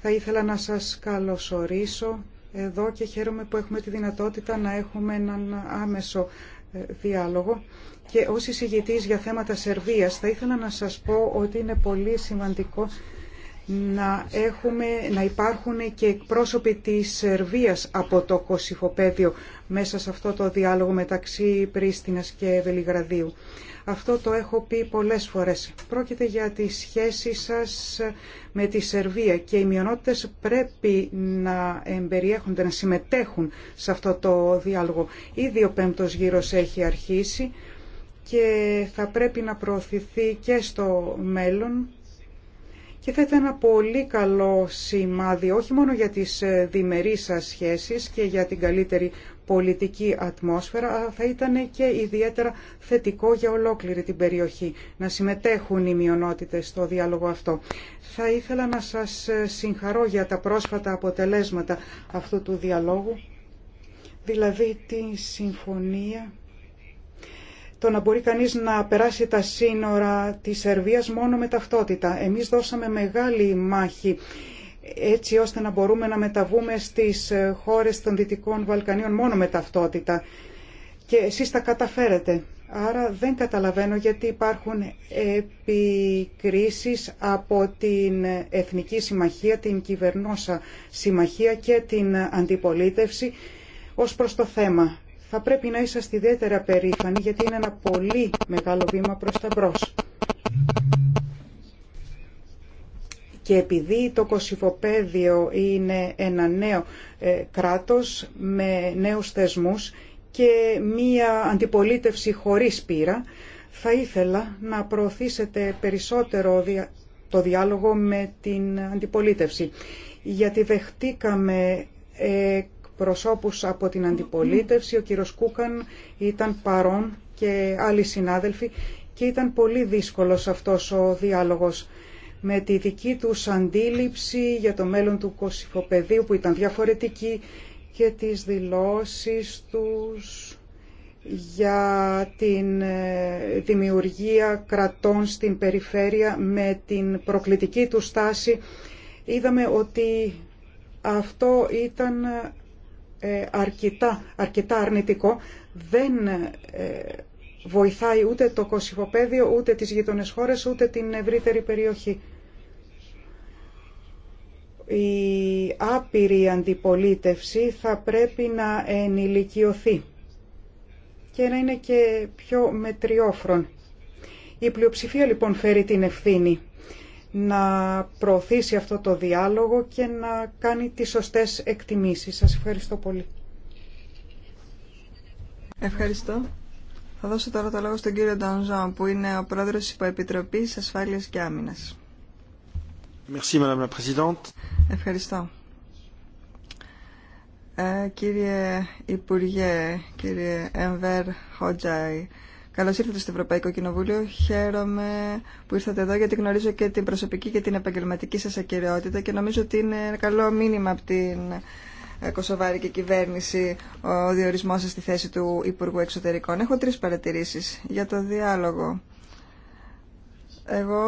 θα ήθελα να σας καλωσορίσω εδώ και χαίρομαι που έχουμε τη δυνατότητα να έχουμε έναν άμεσο ε, διάλογο. Και ως εισηγητής για θέματα Σερβίας θα ήθελα να σας πω ότι είναι πολύ σημαντικό να, έχουμε, να υπάρχουν και εκπρόσωποι της Σερβίας από το Κωσυφοπέδιο μέσα σε αυτό το διάλογο μεταξύ Πρίστινας και Βελιγραδίου. Αυτό το έχω πει πολλές φορές. Πρόκειται για τη σχέση σας με τη Σερβία και οι μειονότητες πρέπει να εμπεριέχονται, να συμμετέχουν σε αυτό το διάλογο. Ήδη ο πέμπτος γύρος έχει αρχίσει και θα πρέπει να προωθηθεί και στο μέλλον και θα ένα πολύ καλό σημάδι, όχι μόνο για τις ε, διμερείς σας σχέσεις και για την καλύτερη πολιτική ατμόσφαιρα, αλλά θα ήταν και ιδιαίτερα θετικό για ολόκληρη την περιοχή, να συμμετέχουν οι μειονότητες στο διάλογο αυτό. Θα ήθελα να σας ε, συγχαρώ για τα πρόσφατα αποτελέσματα αυτού του διαλόγου, δηλαδή τη συμφωνία το να μπορεί κανείς να περάσει τα σύνορα της Σερβίας μόνο με ταυτότητα. Εμείς δώσαμε μεγάλη μάχη έτσι ώστε να μπορούμε να μεταβούμε στις χώρες των Δυτικών Βαλκανίων μόνο με ταυτότητα. Και εσείς τα καταφέρετε. Άρα δεν καταλαβαίνω γιατί υπάρχουν επικρίσεις από την Εθνική Συμμαχία, την Κυβερνόσα Συμμαχία και την Αντιπολίτευση ως προς το θέμα. Θα πρέπει να είσαστε ιδιαίτερα περήφανοι γιατί είναι ένα πολύ μεγάλο βήμα προς τα μπρος. Και επειδή το Κωσυφοπαίδιο είναι ένα νέο ε, κράτος με νέους θεσμούς και μία αντιπολίτευση χωρίς πείρα, θα ήθελα να προωθήσετε περισσότερο το διάλογο με την αντιπολίτευση. Γιατί δεχτήκαμε ε, προσώπους από την αντιπολίτευση. Ο κύριος Κούκαν ήταν παρόν και άλλοι συνάδελφοι και ήταν πολύ δύσκολος αυτός ο διάλογος με τη δική τους αντίληψη για το μέλλον του κοσυφοπεδίου που ήταν διαφορετική και τις δηλώσεις τους για την ε, δημιουργία κρατών στην περιφέρεια με την προκλητική του στάση είδαμε ότι αυτό ήταν ε, αρκετά, αρκετά αρνητικό. Δεν ε, βοηθάει ούτε το Κωσυφοπαίδιο, ούτε τις γειτονές χώρες, ούτε την ευρύτερη περιοχή. Η άπειρη αντιπολίτευση θα πρέπει να ενηλικιωθεί και να είναι και πιο μετριόφρον. Η πλειοψηφία λοιπόν φέρει την ευθύνη να προωθήσει αυτό το διάλογο και να κάνει τις σωστές εκτιμήσεις. Σας ευχαριστώ πολύ. Ευχαριστώ. Θα δώσω τώρα το λόγο στον κύριο Ντανζόν, που είναι ο πρόεδρος της Υποεπιτροπής Ασφάλειας και Άμυνας. Ευχαριστώ. Ε, κύριε Υπουργέ, κύριε Εμβέρ Χοντζάι. Καλώς ήρθατε στο Ευρωπαϊκό Κοινοβούλιο. Χαίρομαι που ήρθατε εδώ γιατί γνωρίζω και την προσωπική και την επαγγελματική σας ακυριότητα και νομίζω ότι είναι ένα καλό μήνυμα από την ε, κοσοβάρικη κυβέρνηση ο διορισμός σας στη θέση του Υπουργού Εξωτερικών. Έχω τρεις παρατηρήσεις για το διάλογο. Εγώ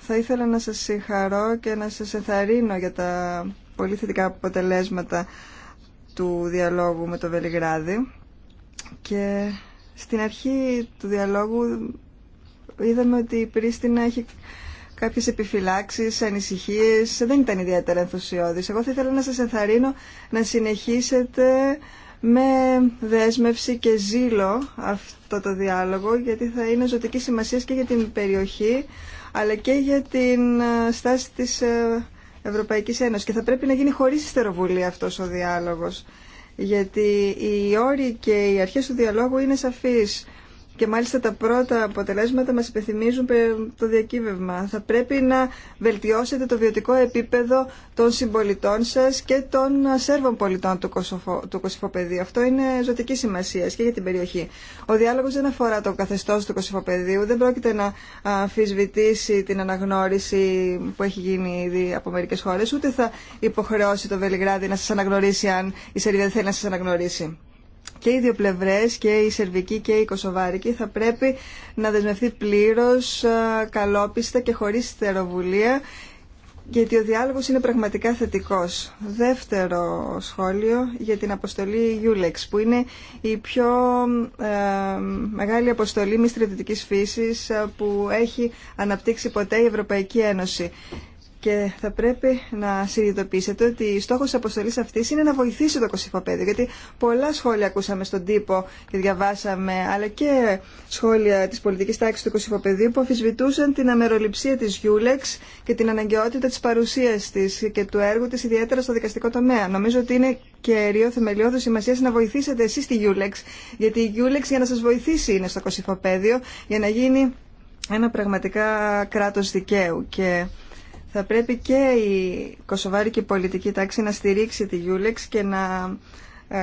θα ήθελα να σας συγχαρώ και να σας ενθαρρύνω για τα πολύ θετικά αποτελέσματα του διαλόγου με το Βελιγράδι και στην αρχή του διαλόγου είδαμε ότι η Πρίστινα έχει κάποιες επιφυλάξεις, ανησυχίες, δεν ήταν ιδιαίτερα ενθουσιώδης. Εγώ θα ήθελα να σας ενθαρρύνω να συνεχίσετε με δέσμευση και ζήλο αυτό το διάλογο, γιατί θα είναι ζωτική σημασία και για την περιοχή, αλλά και για την ε, στάση της ε, Ευρωπαϊκής Ένωσης. Και θα πρέπει να γίνει χωρίς ιστεροβουλία αυτός ο διάλογος γιατί οι όροι και οι αρχές του διαλόγου είναι σαφείς και μάλιστα τα πρώτα αποτελέσματα μας υπενθυμίζουν το διακύβευμα. Θα πρέπει να βελτιώσετε το βιωτικό επίπεδο των συμπολιτών σας και των Σέρβων πολιτών του, Κωσοφο, Κωσυφοπεδίου. Αυτό είναι ζωτική σημασία και για την περιοχή. Ο διάλογος δεν αφορά το καθεστώς του Κωσυφοπεδίου, δεν πρόκειται να αμφισβητήσει την αναγνώριση που έχει γίνει ήδη από μερικές χώρες, ούτε θα υποχρεώσει το Βελιγράδι να σας αναγνωρίσει αν η Σερβία δεν θέλει να σας αναγνωρίσει και οι δύο πλευρές, και η Σερβική και η Κωσοβάρικη, θα πρέπει να δεσμευτεί πλήρως, καλόπιστα και χωρίς θεροβουλία, γιατί ο διάλογος είναι πραγματικά θετικός. Δεύτερο σχόλιο για την αποστολή ULEX, που είναι η πιο ε, μεγάλη αποστολή μη στρατιωτικής φύσης ε, που έχει αναπτύξει ποτέ η Ευρωπαϊκή Ένωση. Και θα πρέπει να συνειδητοποιήσετε ότι στόχο τη αποστολή αυτή είναι να βοηθήσει το Κωσυφοπέδιο Γιατί πολλά σχόλια ακούσαμε στον τύπο και διαβάσαμε, αλλά και σχόλια τη πολιτική τάξη του Κωσυφοπέδιου που αφισβητούσαν την αμεροληψία τη Γιούλεξ και την αναγκαιότητα τη παρουσία τη και του έργου τη, ιδιαίτερα στο δικαστικό τομέα. Νομίζω ότι είναι κέριο θεμελιώδου σημασία να βοηθήσετε εσεί τη Γιούλεξ, γιατί η Γιούλεξ για να σα βοηθήσει είναι στο κοσυφοπαίδιο, για να γίνει ένα πραγματικά κράτο δικαίου και θα πρέπει και η κοσοβάρικη πολιτική τάξη να στηρίξει τη Γιούλεξ και να ε,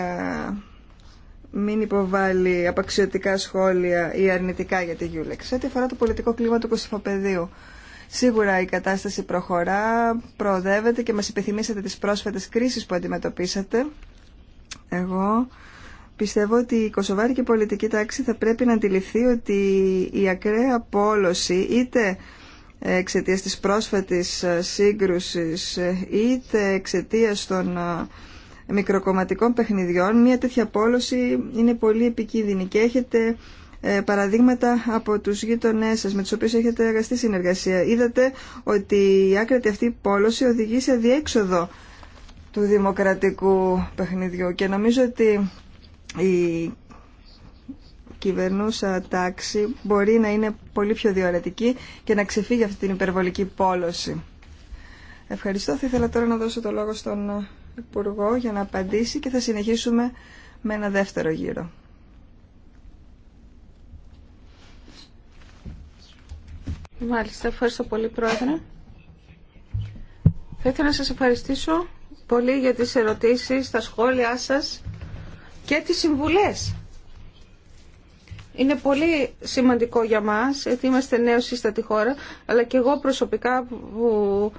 μην υποβάλει απαξιωτικά σχόλια ή αρνητικά για τη Γιούλεξ. Ό,τι αφορά το πολιτικό κλίμα του Κωσυφοπεδίου, Σίγουρα η κατάσταση προχωρά, προοδεύεται και μας επιθυμήσατε τις πρόσφατες κρίσεις που αντιμετωπίσατε. Εγώ πιστεύω ότι η κοσοβάρικη πολιτική τάξη θα πρέπει να αντιληφθεί ότι η ακραία πόλωση είτε εξαιτία της πρόσφατης ε, σύγκρουσης ε, είτε εξαιτία των ε, μικροκομματικών παιχνιδιών μια τέτοια πόλωση είναι πολύ επικίνδυνη και έχετε παραδείγματα από τους γείτονές σας με τους οποίους έχετε εργαστεί συνεργασία. Είδατε ότι η άκρατη αυτή πόλωση οδηγεί σε διέξοδο του δημοκρατικού παιχνιδιού και νομίζω ότι η κυβερνούσα τάξη μπορεί να είναι πολύ πιο διορατική και να ξεφύγει αυτή την υπερβολική πόλωση. Ευχαριστώ. Θα ήθελα τώρα να δώσω το λόγο στον Υπουργό για να απαντήσει και θα συνεχίσουμε με ένα δεύτερο γύρο. Μάλιστα, ευχαριστώ πολύ Πρόεδρε. Θα ήθελα να σας ευχαριστήσω πολύ για τις ερωτήσεις, τα σχόλιά σας και τις συμβουλές είναι πολύ σημαντικό για μας, γιατί είμαστε νέος σύστατη χώρα, αλλά και εγώ προσωπικά που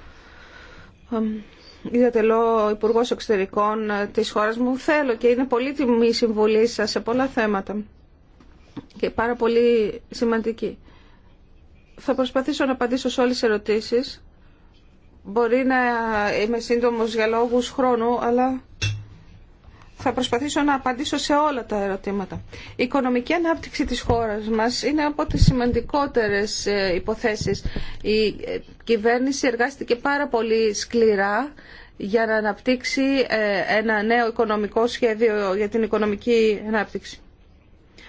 διατελώ υπουργό Εξωτερικών ε, της χώρας μου, θέλω και είναι πολύ η συμβολή σας σε πολλά θέματα και πάρα πολύ σημαντική. Θα προσπαθήσω να απαντήσω σε όλες τις ερωτήσεις. Μπορεί να είμαι σύντομος για λόγους χρόνου, αλλά θα προσπαθήσω να απαντήσω σε όλα τα ερωτήματα. Η οικονομική ανάπτυξη της χώρας μας είναι από τις σημαντικότερες ε, υποθέσεις. Η ε, κυβέρνηση εργάστηκε πάρα πολύ σκληρά για να αναπτύξει ε, ένα νέο οικονομικό σχέδιο για την οικονομική ανάπτυξη.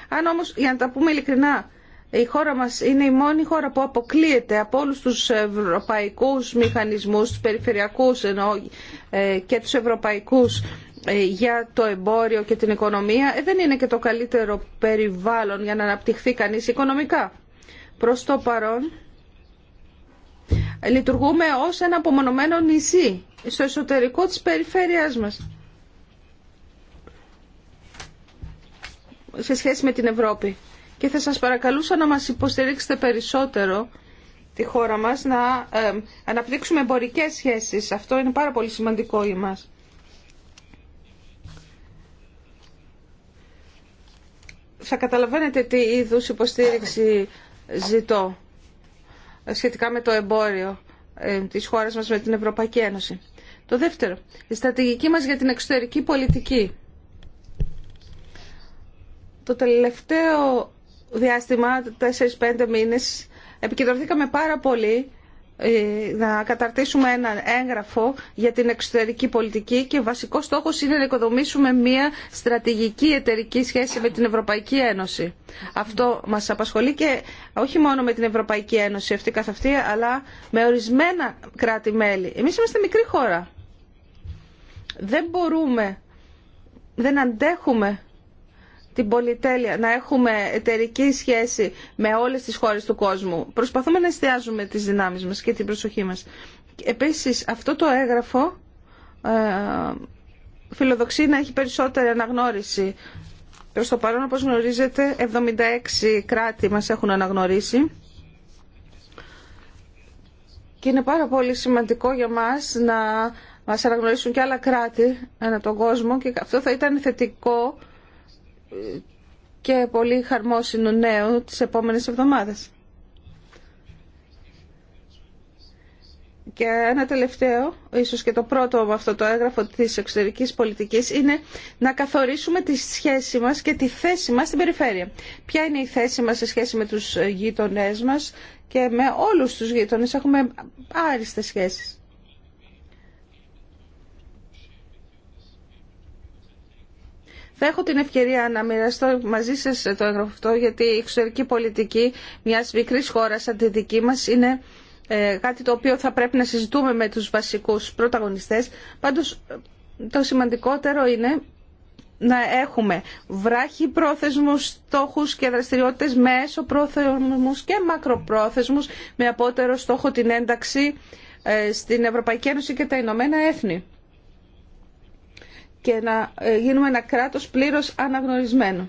Αν όμως, για να τα πούμε ειλικρινά, η χώρα μας είναι η μόνη χώρα που αποκλείεται από όλους τους ευρωπαϊκούς μηχανισμούς, τους περιφερειακούς και τους ευρωπαϊκούς ε, για το εμπόριο και την οικονομία ε, δεν είναι και το καλύτερο περιβάλλον για να αναπτυχθεί κανείς οικονομικά. Προς το παρόν λειτουργούμε ως ένα απομονωμένο νησί στο εσωτερικό της περιφέρειάς μας σε σχέση με την Ευρώπη. Και θα σας παρακαλούσα να μας υποστηρίξετε περισσότερο τη χώρα μας να ε, αναπτύξουμε εμπορικές σχέσεις. Αυτό είναι πάρα πολύ σημαντικό για μας. θα καταλαβαίνετε τι είδους υποστήριξη ζητώ σχετικά με το εμπόριο ε, της χώρας μας με την Ευρωπαϊκή Ένωση. Το δεύτερο, η στρατηγική μας για την εξωτερική πολιτική. Το τελευταίο διάστημα, 4-5 μήνες, επικεντρωθήκαμε πάρα πολύ ε, να καταρτήσουμε ένα έγγραφο για την εξωτερική πολιτική και βασικό στόχος είναι να οικοδομήσουμε μια στρατηγική εταιρική σχέση με την Ευρωπαϊκή Ένωση. Αυτό μας απασχολεί και όχι μόνο με την Ευρωπαϊκή Ένωση αυτή καθ' αυτή, αλλά με ορισμένα κράτη-μέλη. Εμείς είμαστε μικρή χώρα. Δεν μπορούμε, δεν αντέχουμε την πολυτέλεια, να έχουμε εταιρική σχέση με όλες τις χώρες του κόσμου. Προσπαθούμε να εστιάζουμε τις δυνάμεις μας και την προσοχή μας. Επίσης, αυτό το έγγραφο ε, φιλοδοξεί να έχει περισσότερη αναγνώριση. Προς το παρόν, όπως γνωρίζετε, 76 κράτη μας έχουν αναγνωρίσει. Και είναι πάρα πολύ σημαντικό για μας να μας αναγνωρίσουν και άλλα κράτη ανά τον κόσμο και αυτό θα ήταν θετικό και πολύ χαρμόσυνο νέο τις επόμενες εβδομάδες. Και ένα τελευταίο, ίσως και το πρώτο από αυτό το έγγραφο της εξωτερικής πολιτικής, είναι να καθορίσουμε τη σχέση μας και τη θέση μας στην περιφέρεια. Ποια είναι η θέση μας σε σχέση με τους γείτονές μας και με όλους τους γείτονες έχουμε άριστες σχέσεις. Θα έχω την ευκαιρία να μοιραστώ μαζί σας το έγγραφο αυτό, γιατί η εξωτερική πολιτική μιας μικρής χώρας σαν τη δική μας είναι ε, κάτι το οποίο θα πρέπει να συζητούμε με τους βασικούς πρωταγωνιστές. Πάντως, το σημαντικότερο είναι να έχουμε βράχοι πρόθεσμους στόχους και δραστηριότητες μέσω πρόθεσμους και μακροπρόθεσμους με απότερο στόχο την ένταξη ε, στην Ευρωπαϊκή Ένωση και τα Ηνωμένα Έθνη και να ε, γίνουμε ένα κράτος πλήρως αναγνωρισμένο.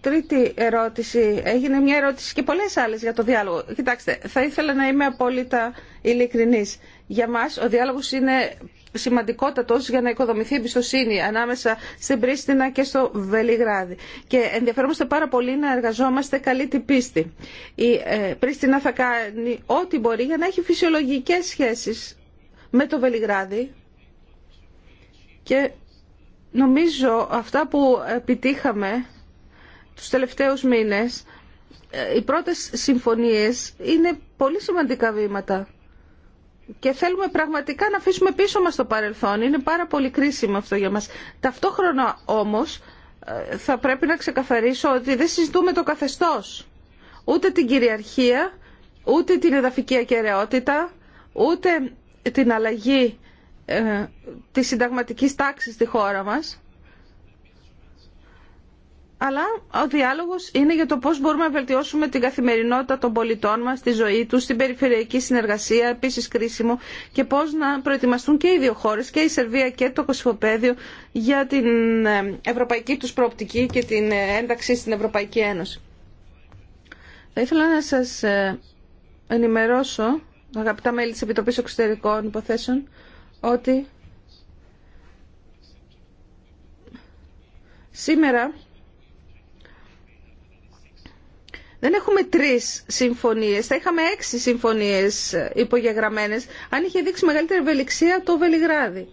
Τρίτη ερώτηση. Έγινε μια ερώτηση και πολλές άλλες για το διάλογο. Κοιτάξτε, θα ήθελα να είμαι απόλυτα ειλικρινής. Για μας ο διάλογος είναι σημαντικότατος για να οικοδομηθεί εμπιστοσύνη ανάμεσα στην Πρίστινα και στο Βελιγράδι. Και ενδιαφέρομαστε πάρα πολύ να εργαζόμαστε καλή την πίστη. Η ε, Πρίστινα θα κάνει ό,τι μπορεί για να έχει φυσιολογικές σχέσεις με το Βελιγράδι και νομίζω αυτά που επιτύχαμε τους τελευταίους μήνες, ε, οι πρώτες συμφωνίες είναι πολύ σημαντικά βήματα. Και θέλουμε πραγματικά να αφήσουμε πίσω μας το παρελθόν. Είναι πάρα πολύ κρίσιμο αυτό για μας. Ταυτόχρονα όμως ε, θα πρέπει να ξεκαθαρίσω ότι δεν συζητούμε το καθεστώς. Ούτε την κυριαρχία, ούτε την εδαφική ακεραιότητα, ούτε την αλλαγή τη ε, της συνταγματικής τάξης στη χώρα μας. Αλλά ο διάλογος είναι για το πώς μπορούμε να βελτιώσουμε την καθημερινότητα των πολιτών μας, τη ζωή τους, την περιφερειακή συνεργασία, επίσης κρίσιμο, και πώς να προετοιμαστούν και οι δύο χώρες, και η Σερβία και το Κωσυφοπαίδιο, για την ε, ευρωπαϊκή τους προοπτική και την ε, ένταξη στην Ευρωπαϊκή Ένωση. Θα ήθελα να σας ενημερώσω, αγαπητά μέλη της Επιτροπής Εξωτερικών Υποθέσεων, ότι σήμερα δεν έχουμε τρεις συμφωνίες, θα είχαμε έξι συμφωνίες υπογεγραμμένες αν είχε δείξει μεγαλύτερη ευελιξία το Βελιγράδι.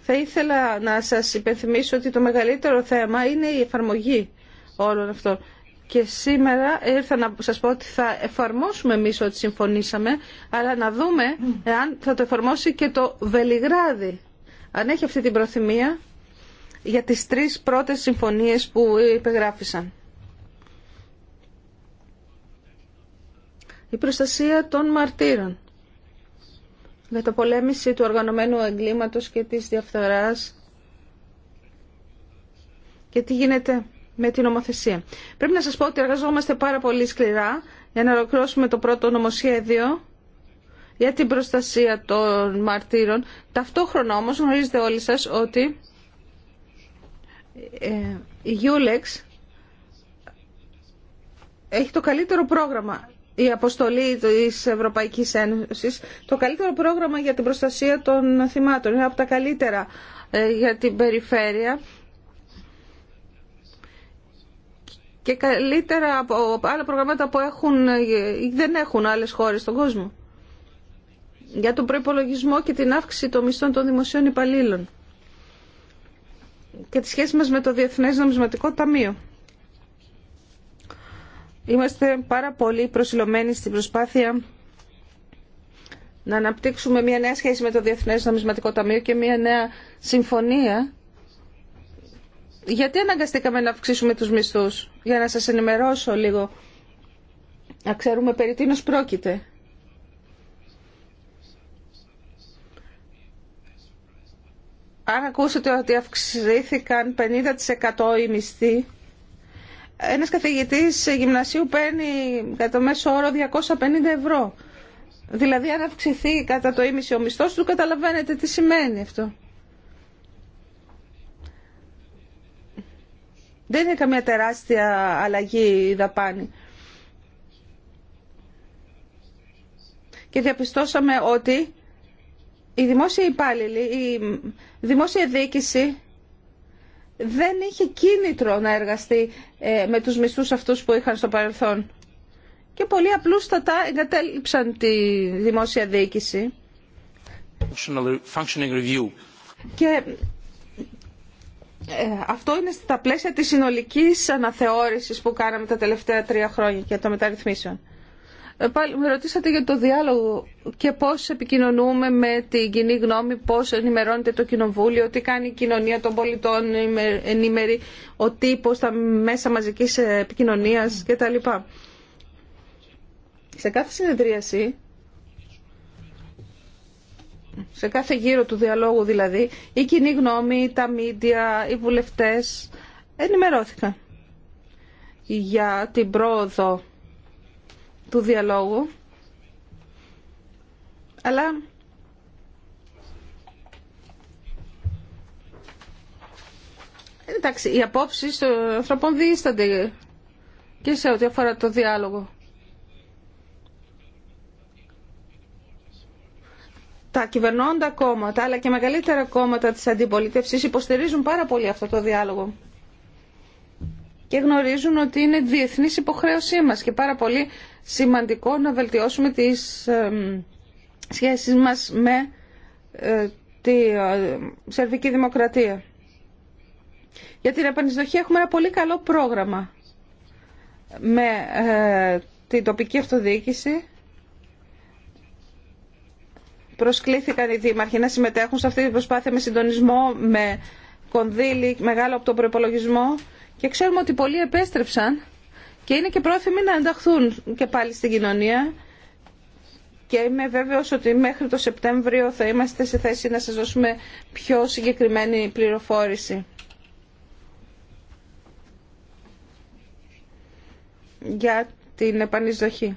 Θα ήθελα να σας υπενθυμίσω ότι το μεγαλύτερο θέμα είναι η εφαρμογή όλων αυτών. Και σήμερα ήρθα να σας πω ότι θα εφαρμόσουμε εμείς ό,τι συμφωνήσαμε, αλλά να δούμε αν θα το εφαρμόσει και το Βελιγράδι. Αν έχει αυτή την προθυμία για τις τρεις πρώτες συμφωνίες που υπεγράφησαν. Η προστασία των μαρτύρων. με το πολέμηση του οργανωμένου εγκλήματος και της διαφθοράς. Και τι γίνεται με την νομοθεσία. Πρέπει να σας πω ότι εργαζόμαστε πάρα πολύ σκληρά για να ολοκληρώσουμε το πρώτο νομοσχέδιο για την προστασία των μαρτύρων. Ταυτόχρονα όμως γνωρίζετε όλοι σας ότι ε, η Ulex έχει το καλύτερο πρόγραμμα η αποστολή της Ευρωπαϊκής Ένωσης, το καλύτερο πρόγραμμα για την προστασία των θυμάτων. Είναι από τα καλύτερα ε, για την περιφέρεια και καλύτερα από άλλα προγράμματα που έχουν, ε, δεν έχουν άλλες χώρες στον κόσμο. Για τον προϋπολογισμό και την αύξηση των μισθών των δημοσίων υπαλλήλων και τη σχέση μας με το Διεθνές Νομισματικό Ταμείο. Είμαστε πάρα πολύ προσιλωμένοι στην προσπάθεια να αναπτύξουμε μια νέα σχέση με το Διεθνές Νομισματικό Ταμείο και μια νέα συμφωνία γιατί αναγκαστήκαμε να αυξήσουμε τους μισθούς, για να σας ενημερώσω λίγο, να ξέρουμε περί τίνος πρόκειται. Αν ακούσετε ότι αυξήθηκαν 50% οι μισθοί, ένας καθηγητής γυμνασίου παίρνει κατά μέσο όρο 250 ευρώ. Δηλαδή αν αυξηθεί κατά το ίμιση ο μισθός του καταλαβαίνετε τι σημαίνει αυτό. Δεν είναι καμία τεράστια αλλαγή η δαπάνη. Και διαπιστώσαμε ότι η δημόσια υπάλληλη, η δημόσια διοίκηση δεν είχε κίνητρο να εργαστεί ε, με τους μισθούς αυτούς που είχαν στο παρελθόν. Και πολύ απλούστατα εγκατέλειψαν τη δημόσια διοίκηση. Και ε, αυτό είναι στα πλαίσια της συνολικής αναθεώρησης που κάναμε τα τελευταία τρία χρόνια και των μεταρρυθμίσεων. Ε, πάλι με ρωτήσατε για το διάλογο και πώς επικοινωνούμε με την κοινή γνώμη, πώς ενημερώνεται το κοινοβούλιο, τι κάνει η κοινωνία των πολιτών, ενημερεί ο τύπος, τα μέσα μαζικής επικοινωνίας κτλ. Σε κάθε συνεδρίαση σε κάθε γύρο του διαλόγου δηλαδή, η κοινή γνώμη, τα μίντια, οι βουλευτές ενημερώθηκαν για την πρόοδο του διαλόγου. Αλλά εντάξει, οι απόψεις των ανθρώπων διήστανται και σε ό,τι αφορά το διάλογο. τα κυβερνώντα κόμματα αλλά και μεγαλύτερα κόμματα της αντιπολίτευσης υποστηρίζουν πάρα πολύ αυτό το διάλογο και γνωρίζουν ότι είναι διεθνής υποχρέωσή μας και πάρα πολύ σημαντικό να βελτιώσουμε τις σχέσεις μας με ε, τη ε, Σερβική Δημοκρατία. Για την επανεισδοχή έχουμε ένα πολύ καλό πρόγραμμα με ε, την τοπική αυτοδιοίκηση προσκλήθηκαν οι δήμαρχοι να συμμετέχουν σε αυτή την προσπάθεια με συντονισμό, με κονδύλι μεγάλο από τον προπολογισμό και ξέρουμε ότι πολλοί επέστρεψαν και είναι και πρόθυμοι να ενταχθούν και πάλι στην κοινωνία και είμαι βέβαιος ότι μέχρι το Σεπτέμβριο θα είμαστε σε θέση να σας δώσουμε πιο συγκεκριμένη πληροφόρηση. για την επανεισδοχή.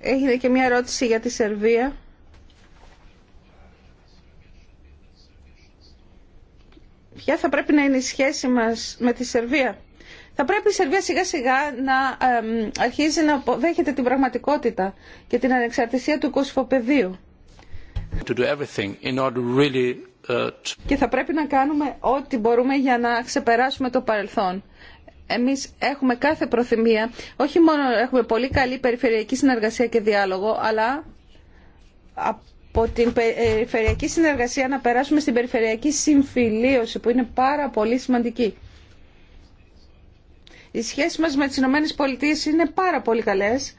Έγινε και μια ερώτηση για τη Σερβία. Ποια θα πρέπει να είναι η σχέση μας με τη Σερβία. Θα πρέπει η Σερβία σιγά σιγά να αρχίζει να αποδέχεται την πραγματικότητα και την ανεξαρτησία του κοσφοπεδίου. Uh, και θα πρέπει να κάνουμε ό,τι μπορούμε για να ξεπεράσουμε το παρελθόν εμείς έχουμε κάθε προθυμία, όχι μόνο έχουμε πολύ καλή περιφερειακή συνεργασία και διάλογο, αλλά από την περιφερειακή συνεργασία να περάσουμε στην περιφερειακή συμφιλίωση που είναι πάρα πολύ σημαντική. Οι σχέσεις μας με τις Ηνωμένες Πολιτείες είναι πάρα πολύ καλές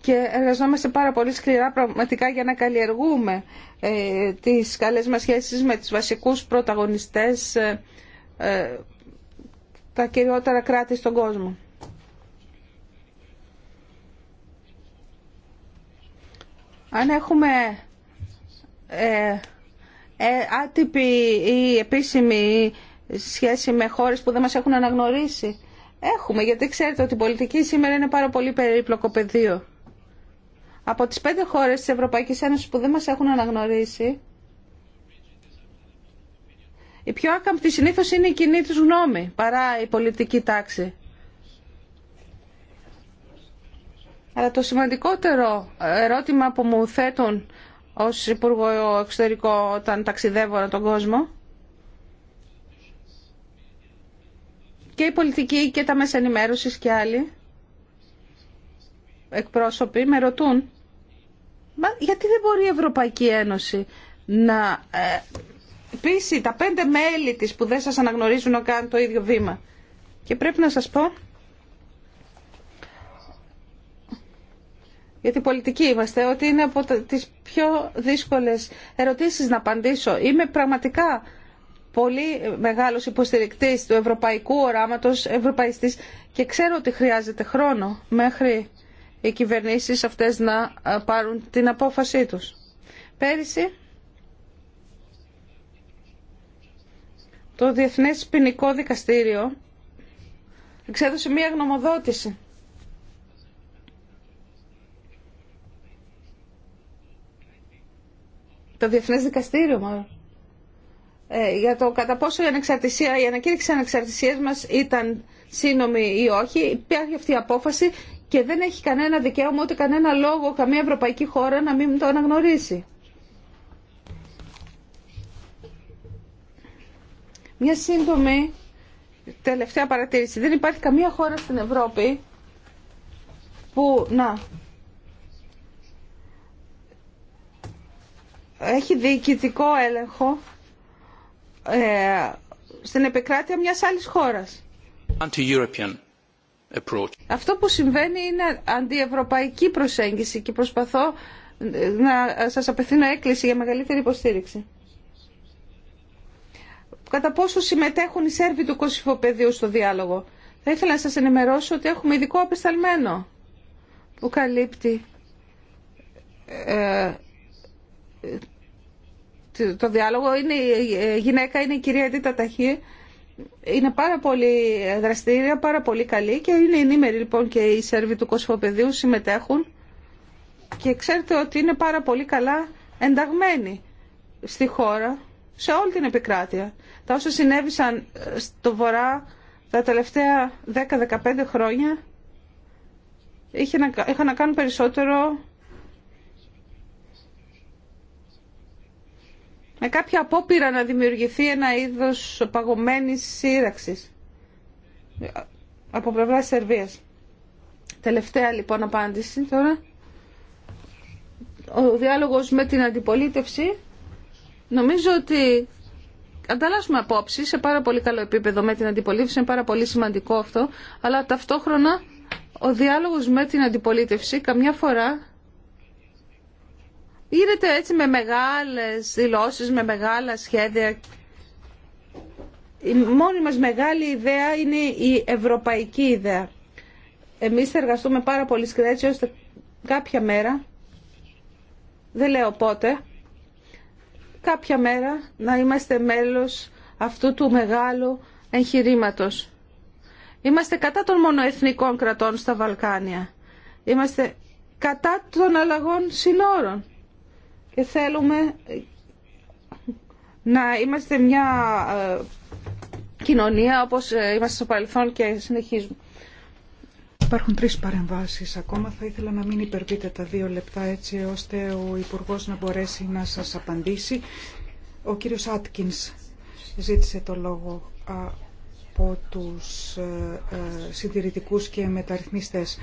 και εργαζόμαστε πάρα πολύ σκληρά πραγματικά για να καλλιεργούμε ε, τις καλές μας σχέσεις με τις βασικούς πρωταγωνιστές ε, ε, τα κυριότερα κράτη στον κόσμο. Αν έχουμε ε, ε, άτυπη ή επίσημη σχέση με χώρες που δεν μας έχουν αναγνωρίσει, έχουμε, γιατί ξέρετε ότι η πολιτική σήμερα είναι πάρα πολύ περίπλοκο πεδίο. Από τις πέντε χώρες της Ευρωπαϊκής Ένωσης που δεν μας έχουν αναγνωρίσει, η πιο άκαμπτη συνήθω είναι η κοινή του γνώμη παρά η πολιτική τάξη. Αλλά το σημαντικότερο ερώτημα που μου θέτουν ως Υπουργό Εξωτερικό όταν ταξιδεύω τον κόσμο και η πολιτική και τα μέσα ενημέρωση και άλλοι εκπρόσωποι με ρωτούν Μα γιατί δεν μπορεί η Ευρωπαϊκή Ένωση να ε, πείσει τα πέντε μέλη της που δεν σας αναγνωρίζουν να κάνουν το ίδιο βήμα. Και πρέπει να σας πω, γιατί πολιτικοί είμαστε, ότι είναι από τις πιο δύσκολες ερωτήσεις να απαντήσω. Είμαι πραγματικά πολύ μεγάλος υποστηρικτής του ευρωπαϊκού οράματος, ευρωπαϊστής και ξέρω ότι χρειάζεται χρόνο μέχρι οι κυβερνήσεις αυτές να ε, πάρουν την απόφασή τους. Πέρυσι το Διεθνές Ποινικό Δικαστήριο εξέδωσε μία γνωμοδότηση. Το Διεθνές Δικαστήριο μάλλον. Ε, για το κατά πόσο η, ανεξαρτησία, η ανακήρυξη ανεξαρτησίας μας ήταν σύνομη ή όχι, υπάρχει αυτή η απόφαση και δεν έχει κανένα δικαίωμα ούτε κανένα λόγο καμία ευρωπαϊκή χώρα να μην το αναγνωρίσει. Μια σύντομη τελευταία παρατήρηση. Δεν υπάρχει καμία χώρα στην Ευρώπη που να έχει διοικητικό έλεγχο ε, στην επικράτεια μιας άλλης χώρας. Αυτό που συμβαίνει είναι αντιευρωπαϊκή προσέγγιση και προσπαθώ να σας απευθύνω έκκληση για μεγαλύτερη υποστήριξη κατά πόσο συμμετέχουν οι Σέρβοι του Κωσυφοπεδίου στο διάλογο. Θα ήθελα να σας ενημερώσω ότι έχουμε ειδικό απεσταλμένο που καλύπτει ε, το διάλογο. Είναι, η γυναίκα είναι η κυρία Δίτα Ταχή. Είναι πάρα πολύ δραστήρια, πάρα πολύ καλή και είναι ενήμεροι λοιπόν και οι Σέρβοι του Κωσυφοπεδίου συμμετέχουν και ξέρετε ότι είναι πάρα πολύ καλά ενταγμένοι στη χώρα σε όλη την επικράτεια. Τα όσα συνέβησαν ε, στο Βορρά τα τελευταία 10-15 χρόνια είχε να, είχαν να κάνουν περισσότερο με κάποια απόπειρα να δημιουργηθεί ένα είδος παγωμένης σύραξης ε, από πλευρά Σερβίας. Τελευταία λοιπόν απάντηση τώρα. Ο διάλογος με την αντιπολίτευση Νομίζω ότι ανταλλάσσουμε απόψει σε πάρα πολύ καλό επίπεδο με την αντιπολίτευση, είναι πάρα πολύ σημαντικό αυτό, αλλά ταυτόχρονα ο διάλογο με την αντιπολίτευση καμιά φορά γίνεται έτσι με μεγάλες δηλώσει, με μεγάλα σχέδια. Η μόνη μας μεγάλη ιδέα είναι η ευρωπαϊκή ιδέα. Εμείς θα εργαστούμε πάρα πολύ σκρέτσι ώστε κάποια μέρα, δεν λέω πότε, κάποια μέρα να είμαστε μέλος αυτού του μεγάλου εγχειρήματος. Είμαστε κατά των μονοεθνικών κρατών στα Βαλκάνια. Είμαστε κατά των αλλαγών συνόρων. Και θέλουμε να είμαστε μια ε, κοινωνία όπως ε, είμαστε στο παρελθόν και συνεχίζουμε. Υπάρχουν τρεις παρεμβάσεις ακόμα. Θα ήθελα να μην υπερβείτε τα δύο λεπτά έτσι ώστε ο Υπουργός να μπορέσει να σας απαντήσει. Ο κύριος Άτκινς ζήτησε το λόγο από τους ε, ε, συντηρητικούς και μεταρρυθμιστές.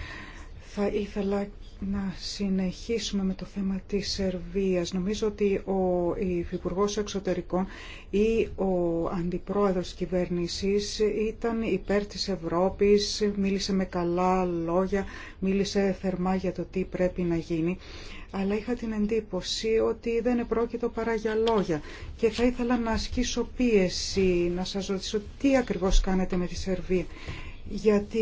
Θα ήθελα να συνεχίσουμε με το θέμα της Σερβίας. Νομίζω ότι ο Υφυπουργό Εξωτερικών ή ο Αντιπρόεδρος της ήταν υπέρ της Ευρώπης, μίλησε με καλά λόγια, μίλησε θερμά για το τι πρέπει να γίνει. Αλλά είχα την εντύπωση ότι δεν επρόκειτο παρά για λόγια και θα ήθελα να ασκήσω πίεση, να σας ρωτήσω τι ακριβώς κάνετε με τη Σερβία γιατί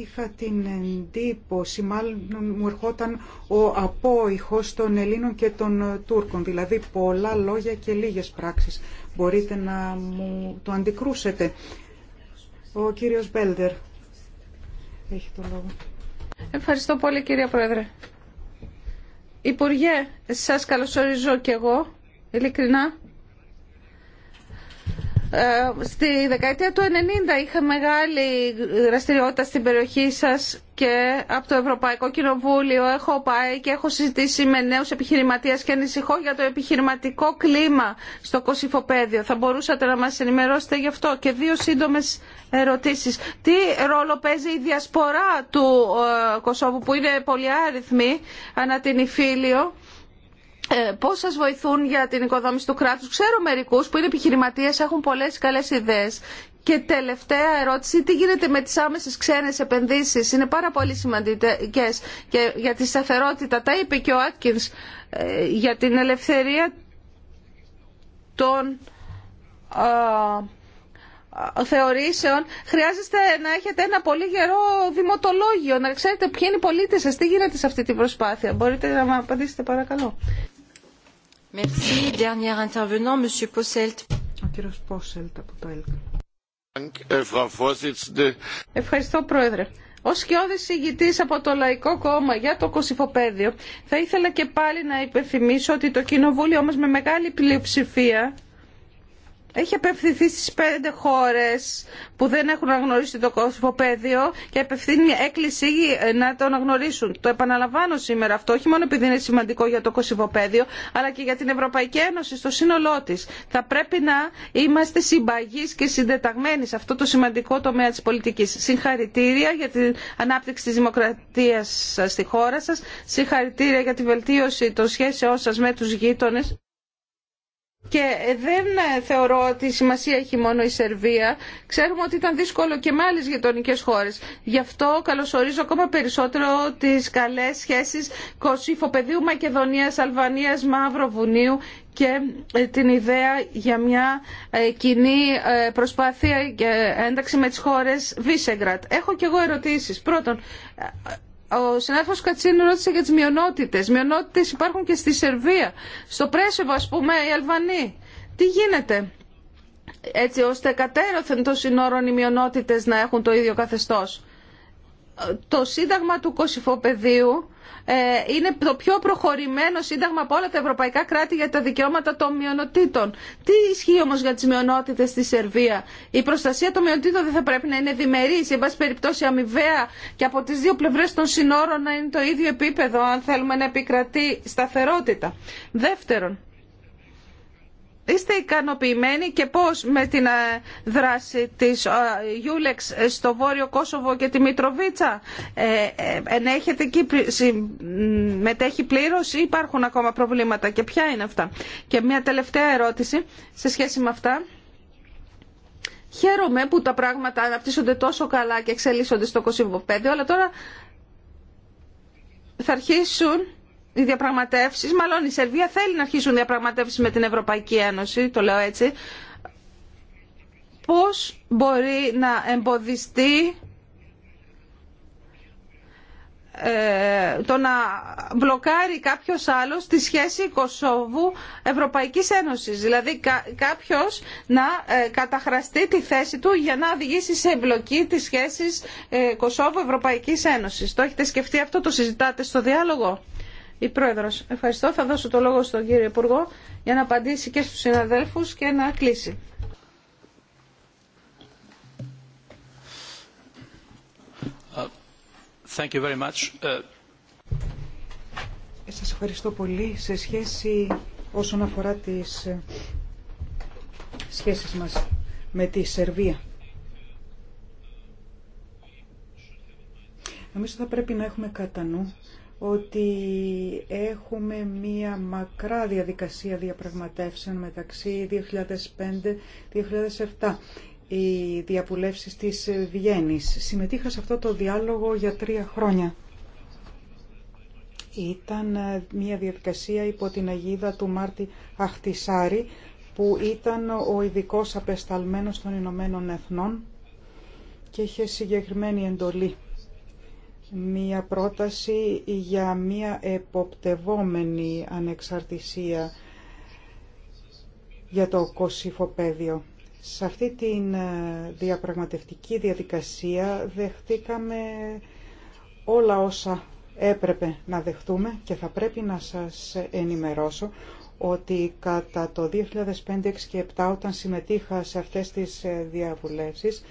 είχα την εντύπωση, μάλλον μου ερχόταν ο απόϊχος των Ελλήνων και των Τούρκων, δηλαδή πολλά λόγια και λίγες πράξεις. Μπορείτε να μου το αντικρούσετε. Ο κύριος Μπέλτερ έχει το λόγο. Ευχαριστώ πολύ κυρία Πρόεδρε. Υπουργέ, σας καλωσορίζω και εγώ, ειλικρινά. Ε, στη δεκαετία του 90 είχα μεγάλη δραστηριότητα στην περιοχή σας και από το Ευρωπαϊκό Κοινοβούλιο έχω πάει και έχω συζητήσει με νέους επιχειρηματίες και ανησυχώ για το επιχειρηματικό κλίμα στο Κωσυφοπαίδιο. Θα μπορούσατε να μας ενημερώσετε γι' αυτό. Και δύο σύντομες ερωτήσεις. Τι ρόλο παίζει η διασπορά του ε, Κωσόβου που είναι πολυάριθμη ανά την Ιφίλιο ε, πώς σας βοηθούν για την οικοδόμηση του κράτου, Ξέρω μερικού που είναι επιχειρηματίε, έχουν πολλέ καλέ ιδέε. Και τελευταία ερώτηση, τι γίνεται με τις άμεσες ξένες επενδύσεις. Είναι πάρα πολύ σημαντικές και για τη σταθερότητα. Τα είπε και ο Άτκιν ε, για την ελευθερία των α, θεωρήσεων. Χρειάζεστε να έχετε ένα πολύ γερό δημοτολόγιο, να ξέρετε ποιοι είναι οι πολίτες σας, τι γίνεται σε αυτή την προσπάθεια. Μπορείτε να μου απαντήσετε παρακαλώ. Ευχαριστώ, Πρόεδρε. Ω σκιώδη ηγητή από το Λαϊκό Κόμμα για το Κωσυφοπαίδιο, θα ήθελα και πάλι να υπενθυμίσω ότι το Κοινοβούλιο όμως με μεγάλη πλειοψηφία έχει απευθυνθεί στις πέντε χώρες που δεν έχουν αναγνωρίσει το κοσμοπέδιο και απευθύνει έκκληση να το αναγνωρίσουν. Το επαναλαμβάνω σήμερα αυτό, όχι μόνο επειδή είναι σημαντικό για το κοσμοπέδιο, αλλά και για την Ευρωπαϊκή Ένωση στο σύνολό της. Θα πρέπει να είμαστε συμπαγείς και συντεταγμένοι σε αυτό το σημαντικό τομέα της πολιτικής. Συγχαρητήρια για την ανάπτυξη της δημοκρατίας στη χώρα σας, συγχαρητήρια για τη βελτίωση των σχέσεών σας με τους γείτονες και δεν ε, θεωρώ ότι η σημασία έχει μόνο η Σερβία. Ξέρουμε ότι ήταν δύσκολο και με άλλε γειτονικέ χώρε. Γι' αυτό καλωσορίζω ακόμα περισσότερο τι καλέ σχέσει σχέσει Μακεδονία, Αλβανία, Μαύροβουνίου και ε, την ιδέα για μια ε, κοινή προσπάθεια και ένταξη με τις χώρες Βίσεγκρατ. Έχω και εγώ ερωτήσεις. Πρώτον, ο συνάδελφο Κατσίνου ρώτησε για τι μειονότητε. Μειονότητε υπάρχουν και στη Σερβία. Στο Πρέσεβο, α πούμε, οι Αλβανοί. Τι γίνεται, έτσι ώστε κατέρωθεν των συνόρων οι μειονότητε να έχουν το ίδιο καθεστώ. Το Σύνταγμα του Κωσυφοπεδίου ε, είναι το πιο προχωρημένο σύνταγμα από όλα τα ευρωπαϊκά κράτη για τα δικαιώματα των μειονοτήτων. Τι ισχύει όμω για τι μειονότητε στη Σερβία. Η προστασία των μειονοτήτων δεν θα πρέπει να είναι διμερή, εν πάση περιπτώσει αμοιβαία και από τι δύο πλευρέ των συνόρων να είναι το ίδιο επίπεδο, αν θέλουμε να επικρατεί σταθερότητα. Δεύτερον, Είστε ικανοποιημένοι και πώς με την ε, δράση της Γιούλεξ ε, στο Βόρειο Κόσοβο και τη Μητροβίτσα ε, Ένεχετε εκεί, μετέχει πλήρως ή υπάρχουν ακόμα προβλήματα και ποια είναι αυτά. Και μια τελευταία ερώτηση σε σχέση με αυτά. Χαίρομαι που τα πράγματα αναπτύσσονται τόσο καλά και εξελίσσονται στο 5 αλλά τώρα θα αρχίσουν οι διαπραγματεύσει, μάλλον η Σερβία θέλει να αρχίσουν διαπραγματεύσεις με την Ευρωπαϊκή Ένωση, το λέω έτσι, πώς μπορεί να εμποδιστεί ε, το να μπλοκάρει κάποιος άλλος τη σχέση Κωσόβου Ευρωπαϊκής Ένωσης. Δηλαδή κάποιος να ε, καταχραστεί τη θέση του για να οδηγήσει σε εμπλοκή τη σχεση ε, Κωσόβου Ευρωπαϊκής Ένωσης. Το έχετε σκεφτεί αυτό, το συζητάτε στο διάλογο. Η Πρόεδρος, ευχαριστώ. Θα δώσω το λόγο στον κύριο Υπουργό για να απαντήσει και στου συναδέλφου και να κλείσει. Uh, thank uh, ευχαριστώ πολύ. Σε σχέση όσον αφορά τις ε, σχέσεις μας με τη Σερβία. Νομίζω θα πρέπει να έχουμε κατά νου ότι έχουμε μία μακρά διαδικασία διαπραγματεύσεων μεταξύ 2005-2007. Οι διαβουλεύσεις της Βιέννης. Συμμετείχα σε αυτό το διάλογο για τρία χρόνια. Ήταν ε, μία διαδικασία υπό την αγίδα του Μάρτι Αχτισάρη που ήταν ο ειδικό απεσταλμένος των Ηνωμένων Εθνών και είχε συγκεκριμένη εντολή μία πρόταση για μία εποπτευόμενη ανεξαρτησία για το κοσυφοπέδιο. Σε αυτή την ε, διαπραγματευτική διαδικασία δεχτήκαμε όλα όσα έπρεπε να δεχτούμε και θα πρέπει να σας ενημερώσω ότι κατά το 2005, 2007 όταν συμμετείχα σε αυτές τις ε, διαβουλεύσεις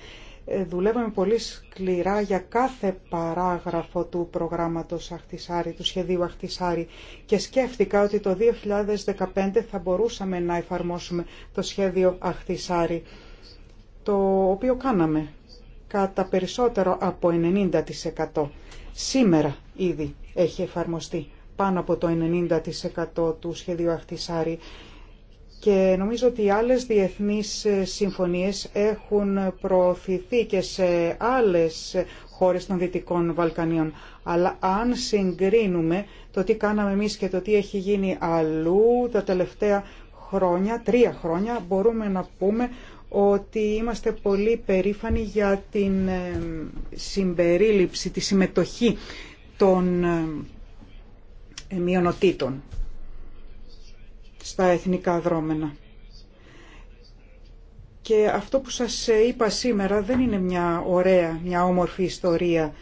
ε, δουλεύαμε πολύ σκληρά για κάθε παράγραφο του προγράμματος Αχτισάρη, του σχεδίου Αχτισάρη και σκέφτηκα ότι το 2015 θα μπορούσαμε να εφαρμόσουμε το σχέδιο Αχτισάρη, το οποίο κάναμε κατά περισσότερο από 90%. Σήμερα ήδη έχει εφαρμοστεί πάνω από το 90% του σχεδίου Αχτισάρη και νομίζω ότι άλλες διεθνείς ε, συμφωνίες έχουν προωθηθεί και σε άλλες χώρες των Δυτικών Βαλκανίων. Αλλά αν συγκρίνουμε το τι κάναμε εμείς και το τι έχει γίνει αλλού τα τελευταία χρόνια, τρία χρόνια, μπορούμε να πούμε ότι είμαστε πολύ περήφανοι για την ε, συμπερίληψη, τη συμμετοχή των ε, μειονοτήτων στα εθνικά δρόμενα. Και αυτό που σας είπα σήμερα δεν είναι μια ωραία, μια όμορφη ιστορία.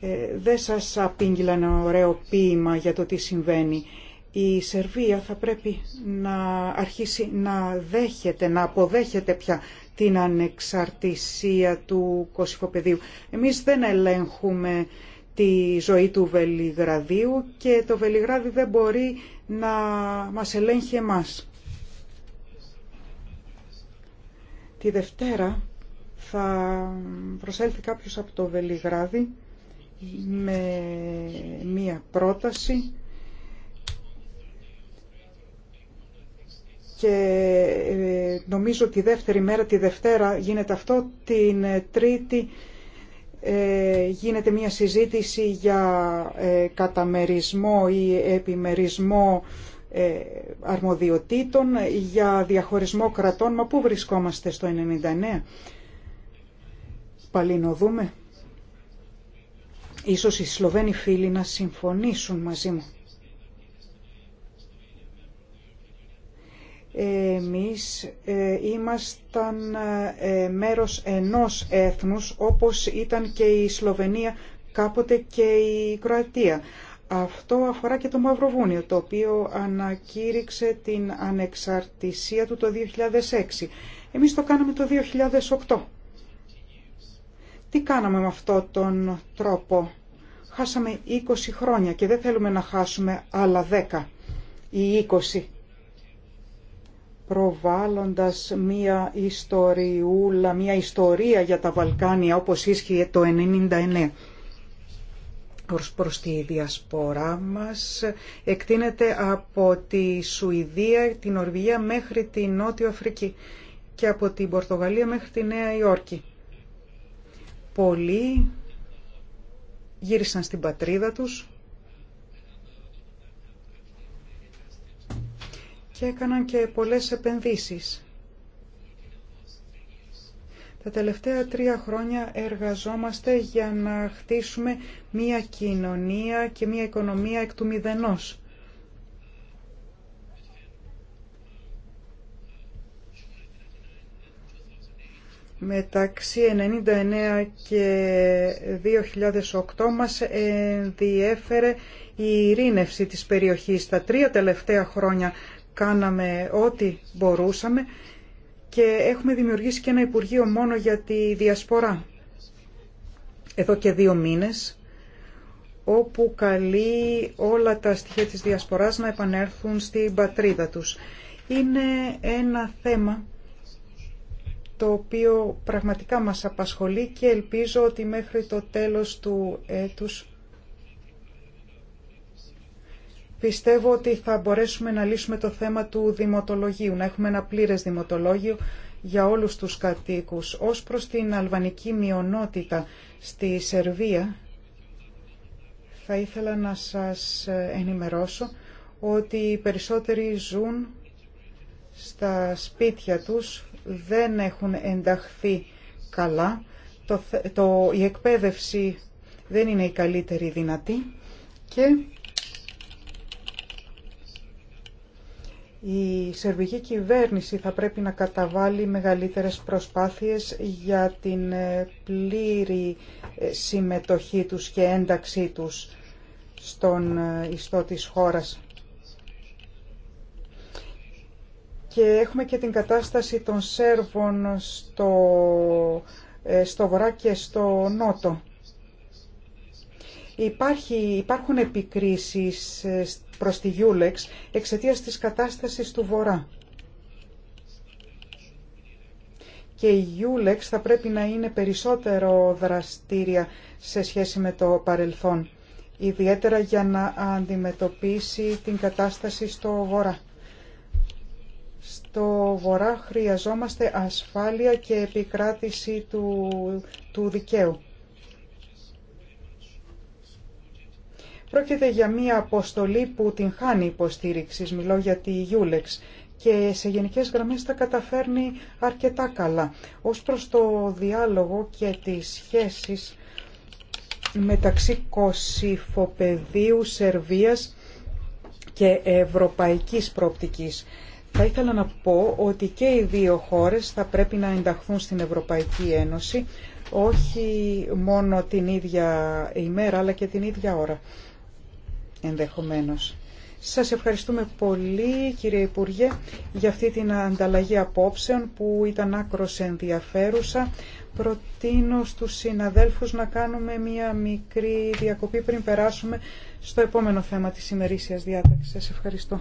Ε, δεν σας απήγγειλα ένα ωραίο ποίημα για το τι συμβαίνει. Η Σερβία θα πρέπει να αρχίσει να δέχεται, να αποδέχεται πια την ανεξαρτησία του κοσυφοπεδίου. Εμείς δεν ελέγχουμε τη ζωή του Βελιγραδίου και το Βελιγράδι δεν μπορεί να μας ελέγχει εμάς. Τη Δευτέρα θα προσέλθει κάποιος από το Βελιγράδι με μία πρόταση και ε, νομίζω τη δεύτερη μέρα, τη Δευτέρα γίνεται αυτό, την Τρίτη ε, γίνεται μια συζήτηση για ε, καταμερισμό ή επιμερισμό ε, αρμοδιοτήτων, για διαχωρισμό κρατών. Μα πού βρισκόμαστε στο 99. Παλινοδούμε. Ίσως οι Σλοβαίνοι φίλοι να συμφωνήσουν μαζί μου. Εμείς ε, ήμασταν ε, μέρος ενός έθνους όπως ήταν και η Σλοβενία κάποτε και η Κροατία. Αυτό αφορά και το Μαυροβούνιο, το οποίο ανακήρυξε την ανεξαρτησία του το 2006. Εμείς το κάναμε το 2008. Τι κάναμε με αυτό τον τρόπο. Χάσαμε 20 χρόνια και δεν θέλουμε να χάσουμε άλλα 10 ή 20 προβάλλοντας μία ιστοριούλα, μία ιστορία για τα Βαλκάνια όπως ίσχυε το 1999. Προς, προς τη διασπορά μας εκτείνεται από τη Σουηδία, την Ορβηγία μέχρι τη Νότιο Αφρική και από την Πορτογαλία μέχρι τη Νέα Υόρκη. Πολλοί γύρισαν στην πατρίδα τους και έκαναν και πολλές επενδύσεις. Τα τελευταία τρία χρόνια εργαζόμαστε για να χτίσουμε μία κοινωνία και μία οικονομία εκ του μηδενός. Μεταξύ 1999 και 2008 μας ενδιέφερε η ειρήνευση της περιοχής. Τα τρία τελευταία χρόνια κάναμε ό,τι μπορούσαμε και έχουμε δημιουργήσει και ένα Υπουργείο μόνο για τη Διασπορά εδώ και δύο μήνες όπου καλεί όλα τα στοιχεία της Διασποράς να επανέλθουν στην πατρίδα τους. Είναι ένα θέμα το οποίο πραγματικά μας απασχολεί και ελπίζω ότι μέχρι το τέλος του έτους πιστεύω ότι θα μπορέσουμε να λύσουμε το θέμα του δημοτολογίου, να έχουμε ένα πλήρες δημοτολόγιο για όλους τους κατοίκους. Ως προς την αλβανική μειονότητα στη Σερβία, θα ήθελα να σας ενημερώσω ότι οι περισσότεροι ζουν στα σπίτια τους, δεν έχουν ενταχθεί καλά, το, το, η εκπαίδευση δεν είναι η καλύτερη δυνατή και Η σερβική κυβέρνηση θα πρέπει να καταβάλει μεγαλύτερες προσπάθειες για την ε, πλήρη ε, συμμετοχή τους και ένταξή τους στον ε, ιστό της χώρας. Και έχουμε και την κατάσταση των Σέρβων στο, στο βορρά και στο νότο. Υπάρχει, υπάρχουν επικρίσεις ε, προς τη Γιούλεξ εξαιτίας της κατάστασης του Βορρά. Και η Γιούλεξ θα πρέπει να είναι περισσότερο δραστήρια σε σχέση με το παρελθόν, ιδιαίτερα για να αντιμετωπίσει την κατάσταση στο Βορρά. Στο Βορρά χρειαζόμαστε ασφάλεια και επικράτηση του, του δικαίου Πρόκειται για μία αποστολή που την χάνει υποστήριξη, μιλώ για τη Γιούλεξ, και σε γενικές γραμμές θα καταφέρνει αρκετά καλά. Ως προς το διάλογο και τις σχέσεις μεταξύ Κωσυφοπεδίου, Σερβίας και Ευρωπαϊκής Προοπτικής. Θα ήθελα να πω ότι και οι δύο χώρες θα πρέπει να ενταχθούν στην Ευρωπαϊκή Ένωση όχι μόνο την ίδια ημέρα αλλά και την ίδια ώρα ενδεχομένως. Σας ευχαριστούμε πολύ κύριε Υπουργέ για αυτή την ανταλλαγή απόψεων που ήταν άκρος ενδιαφέρουσα. Προτείνω στους συναδέλφους να κάνουμε μία μικρή διακοπή πριν περάσουμε στο επόμενο θέμα της ημερήσιας διάταξης. Σας ευχαριστώ.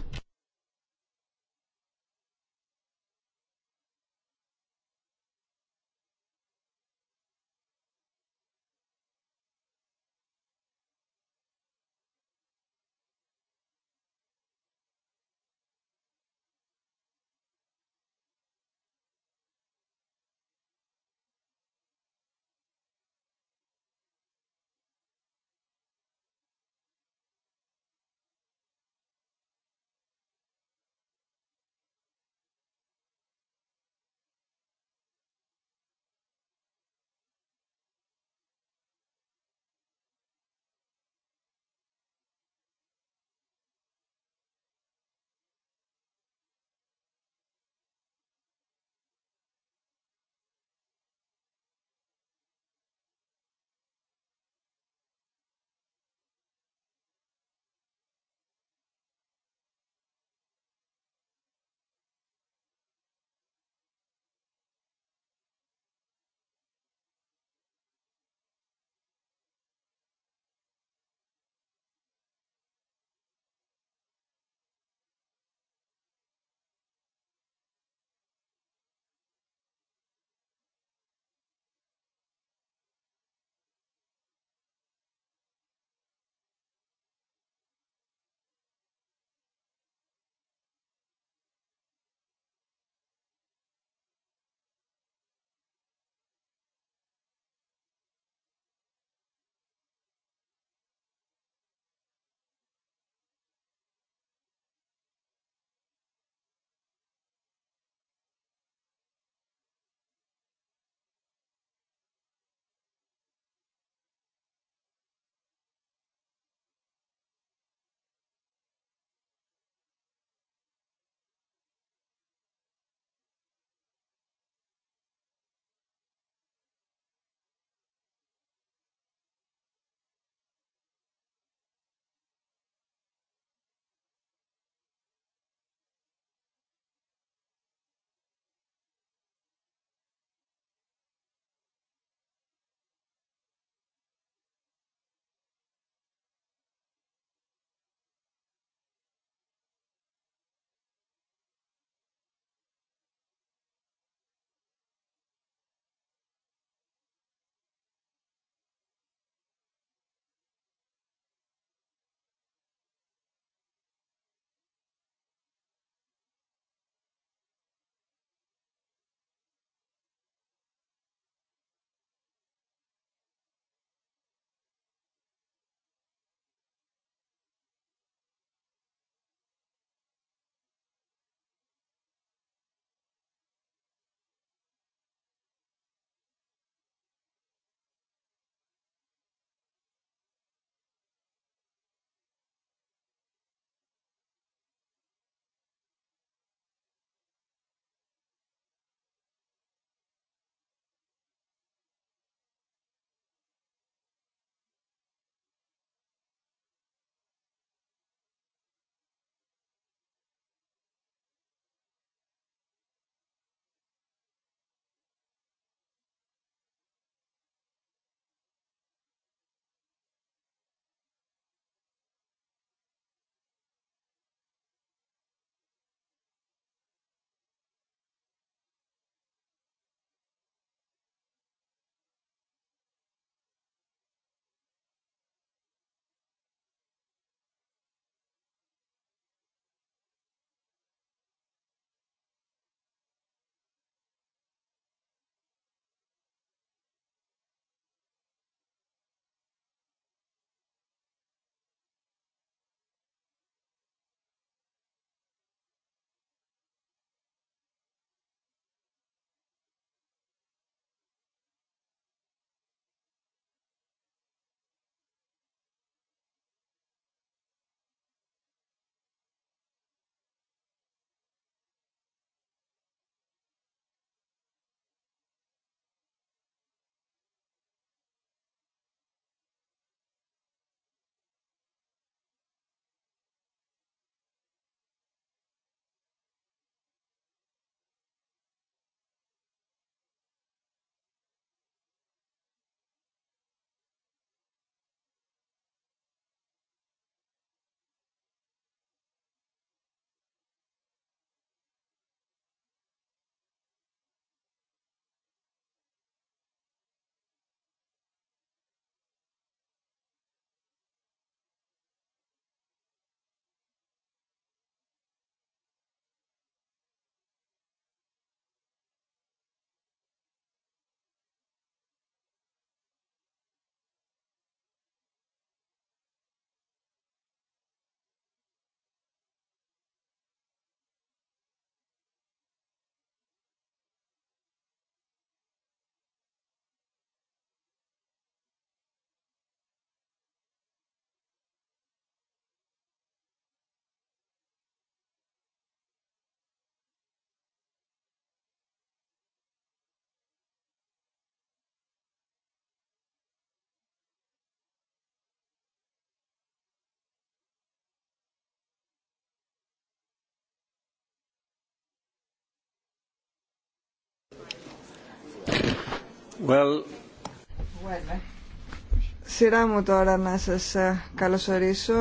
Σειρά μου τώρα να σας ε, καλωσορίσω,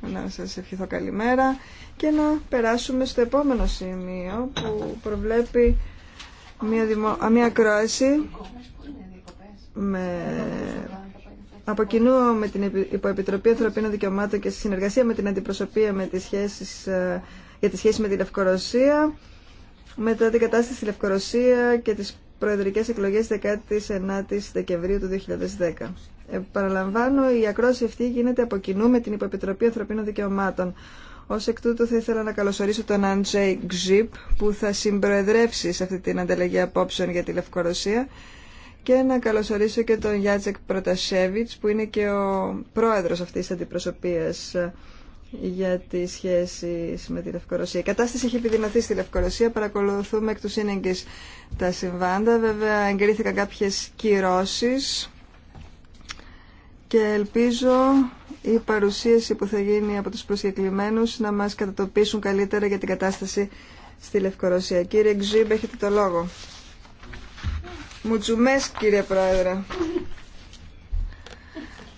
να σας ευχηθώ καλημέρα και να περάσουμε στο επόμενο σημείο που προβλέπει μια, δημο... μια με... από κοινού με την Υποεπιτροπή Ανθρωπίνων Δικαιωμάτων και στη συνεργασία με την Αντιπροσωπεία με τις σχέσεις... Ε, για τη σχέση με τη Λευκορωσία μετά την κατάσταση στη Λευκορωσία και τις προεδρικέ 19 Δεκεμβρίου του 2010. Ε, παραλαμβάνω, η ακρόαση αυτή γίνεται από κοινού με την Υποεπιτροπή Ανθρωπίνων Δικαιωμάτων. Ω εκ τούτου θα ήθελα να καλωσορίσω τον Αντζέι Γκζιπ που θα συμπροεδρεύσει σε αυτή την ανταλλαγή απόψεων για τη Λευκορωσία και να καλωσορίσω και τον Γιάτσεκ Προτασέβιτς που είναι και ο πρόεδρος αυτής της αντιπροσωπείας για τις σχέσεις με τη Λευκορωσία. Η κατάσταση έχει επιδεινωθεί στη Λευκορωσία, παρακολουθούμε εκ του σύνεγγυ τα συμβάντα. Βέβαια εγκρίθηκαν κάποιε κυρώσει. και ελπίζω η παρουσίαση που θα γίνει από τους προσκεκλημένους να μας κατατοπίσουν καλύτερα για την κατάσταση στη Λευκορωσία. Κύριε Γκζίμπ, έχετε το λόγο. Μουτσουμές, κύριε Πρόεδρε.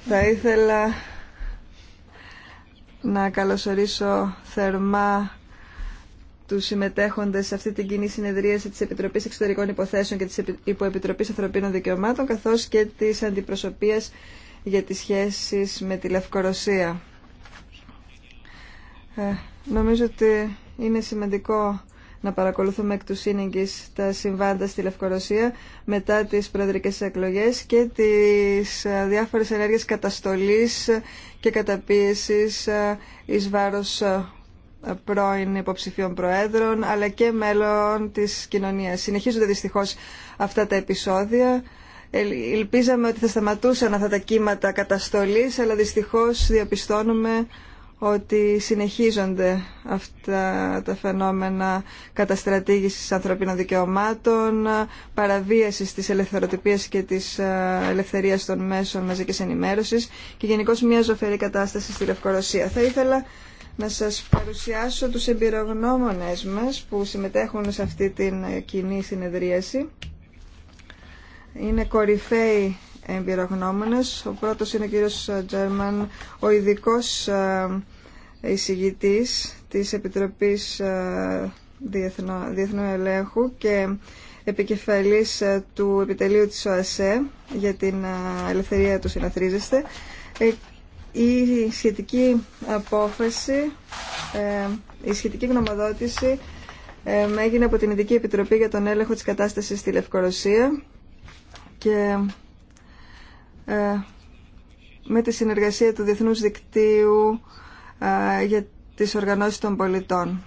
Θα ήθελα να καλωσορίσω θερμά τους συμμετέχοντες σε αυτή την κοινή συνεδρίαση της Επιτροπής Εξωτερικών Υποθέσεων και της Υποεπιτροπής Ανθρωπίνων Δικαιωμάτων καθώς και της Αντιπροσωπείας για τις σχέσεις με τη Λευκορωσία. Ε, νομίζω ότι είναι σημαντικό να παρακολουθούμε εκ του τα συμβάντα στη Λευκορωσία μετά τις προεδρικές εκλογές και τις ε, διάφορες ενέργειες καταστολής και καταπίεσης ε, εις βάρος ε, πρώην υποψηφίων προέδρων αλλά και μέλων της κοινωνίας. Συνεχίζονται δυστυχώς αυτά τα επεισόδια. Ελπίζαμε ότι θα σταματούσαν αυτά τα κύματα καταστολής αλλά δυστυχώς διαπιστώνουμε ότι συνεχίζονται αυτά τα φαινόμενα καταστρατήγησης ανθρωπίνων δικαιωμάτων, παραβίασης της ελευθεροτυπίας και της ε, ελευθερίας των μέσων μαζικής ενημέρωσης και γενικώ μια ζωφερή κατάσταση στη Λευκορωσία. Θα ήθελα να σας παρουσιάσω τους εμπειρογνώμονες μας που συμμετέχουν σε αυτή την ε, κοινή συνεδρίαση. Είναι κορυφαίοι εμπειρογνώμονες. Ο πρώτος είναι ο κύριος Τζέρμαν, ο ειδικό ε, εισηγητής της Επιτροπής ε, Διεθνού, Διεθνού Ελέγχου και επικεφαλής ε, του επιτελείου της ΟΑΣΕ για την ελευθερία του συναθρίζεστε. Η σχετική απόφαση, η σχετική γνωμοδότηση έγινε από την Ειδική Επιτροπή για τον Έλεγχο της Κατάστασης στη Λευκορωσία και ε, με τη συνεργασία του Διεθνούς Δικτύου ε, για τις οργανώσεις των πολιτών.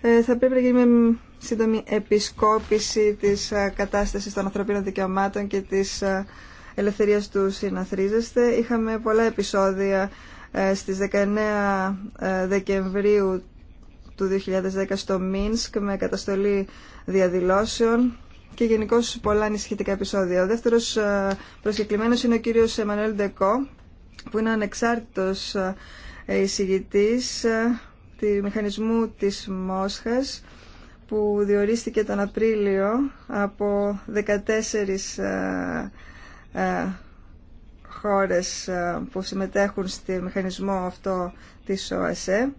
Ε, θα πρέπει να γίνει μια σύντομη επισκόπηση της κατάστασης των ανθρωπίνων δικαιωμάτων και της ελευθερίας του συναθρίζεστε. Είχαμε πολλά επεισόδια στις 19 Δεκεμβρίου του 2010 στο Μίνσκ με καταστολή διαδηλώσεων και γενικώ πολλά ανησυχητικά επεισόδια. Ο δεύτερο ε, προσκεκλημένο είναι ο κύριο Εμμανουέλ Ντεκό, που είναι ανεξάρτητο ε, εισηγητή ε, του μηχανισμού της Μόσχας που διορίστηκε τον Απρίλιο από 14 χώρες που συμμετέχουν στο μηχανισμό αυτό της ΟΑΣΕ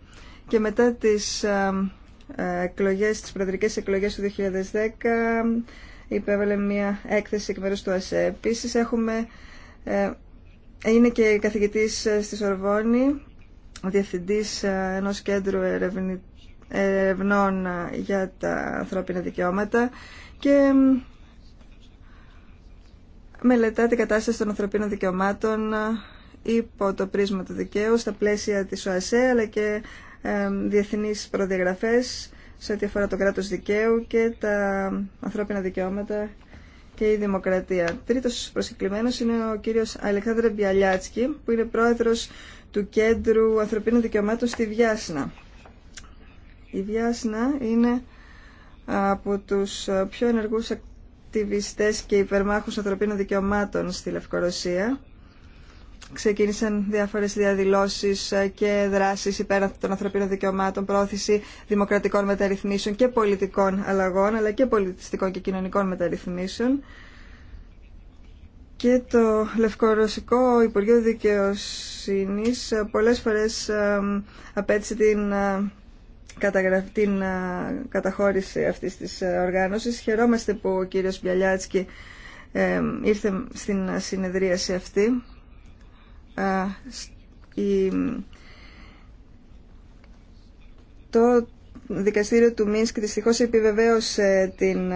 και μετά τις εκλογές, τις προεδρικές εκλογές του 2010 υπέβαλε μια έκθεση εκ μέρους του ΑΣΕ. Επίσης έχουμε, ε, είναι και καθηγητής ε, στη Σορβόνη, διευθυντής ε, ενός κέντρου ερευνών για τα ανθρώπινα δικαιώματα και μελετά την κατάσταση των ανθρωπίνων δικαιωμάτων υπό το πρίσμα του δικαίου στα πλαίσια της ΟΑΣΕ αλλά και διεθνείς προδιαγραφές σε ό,τι αφορά το κράτος δικαίου και τα ανθρώπινα δικαιώματα και η δημοκρατία. Τρίτος προσκεκλημένος είναι ο κύριος Αλεξάνδρε Μπιαλιάτσκι, που είναι πρόεδρος του Κέντρου Ανθρωπίνων Δικαιωμάτων στη Βιάσνα. Η Βιάσνα είναι από τους πιο ενεργούς ακτιβιστές και υπερμάχους ανθρωπίνων δικαιωμάτων στη Λευκορωσία ξεκίνησαν διάφορες διαδηλώσεις ε, και δράσεις υπέρ των ανθρωπίνων δικαιωμάτων, πρόθεση δημοκρατικών μεταρρυθμίσεων και πολιτικών αλλαγών, αλλά και πολιτιστικών και κοινωνικών μεταρρυθμίσεων. Και το Λευκορωσικό Υπουργείο Δικαιοσύνης ε, πολλές φορές ε, απέτυχε την την καταχώρηση αυτής της οργάνωσης. Χαιρόμαστε που ο κύριος Μπιαλιάτσκι ήρθε στην συνεδρίαση αυτή το δικαστήριο του Μίνσκ δυστυχώς επιβεβαίωσε την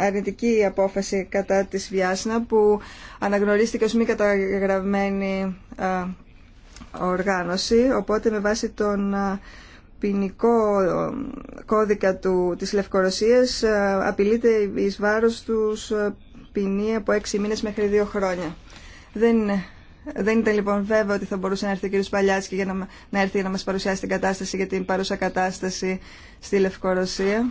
αρνητική απόφαση κατά της Βιάσνα που αναγνωρίστηκε ως μη καταγραμμένη οργάνωση οπότε με βάση τον ποινικό κώδικα του, της Λευκορωσίας απειλείται εις βάρος τους ποινή από 6 μήνες μέχρι 2 χρόνια. Δεν δεν ήταν λοιπόν βέβαιο ότι θα μπορούσε να έρθει ο κ. για να, να έρθει να μας παρουσιάσει την κατάσταση για την παρούσα κατάσταση στη Λευκορωσία.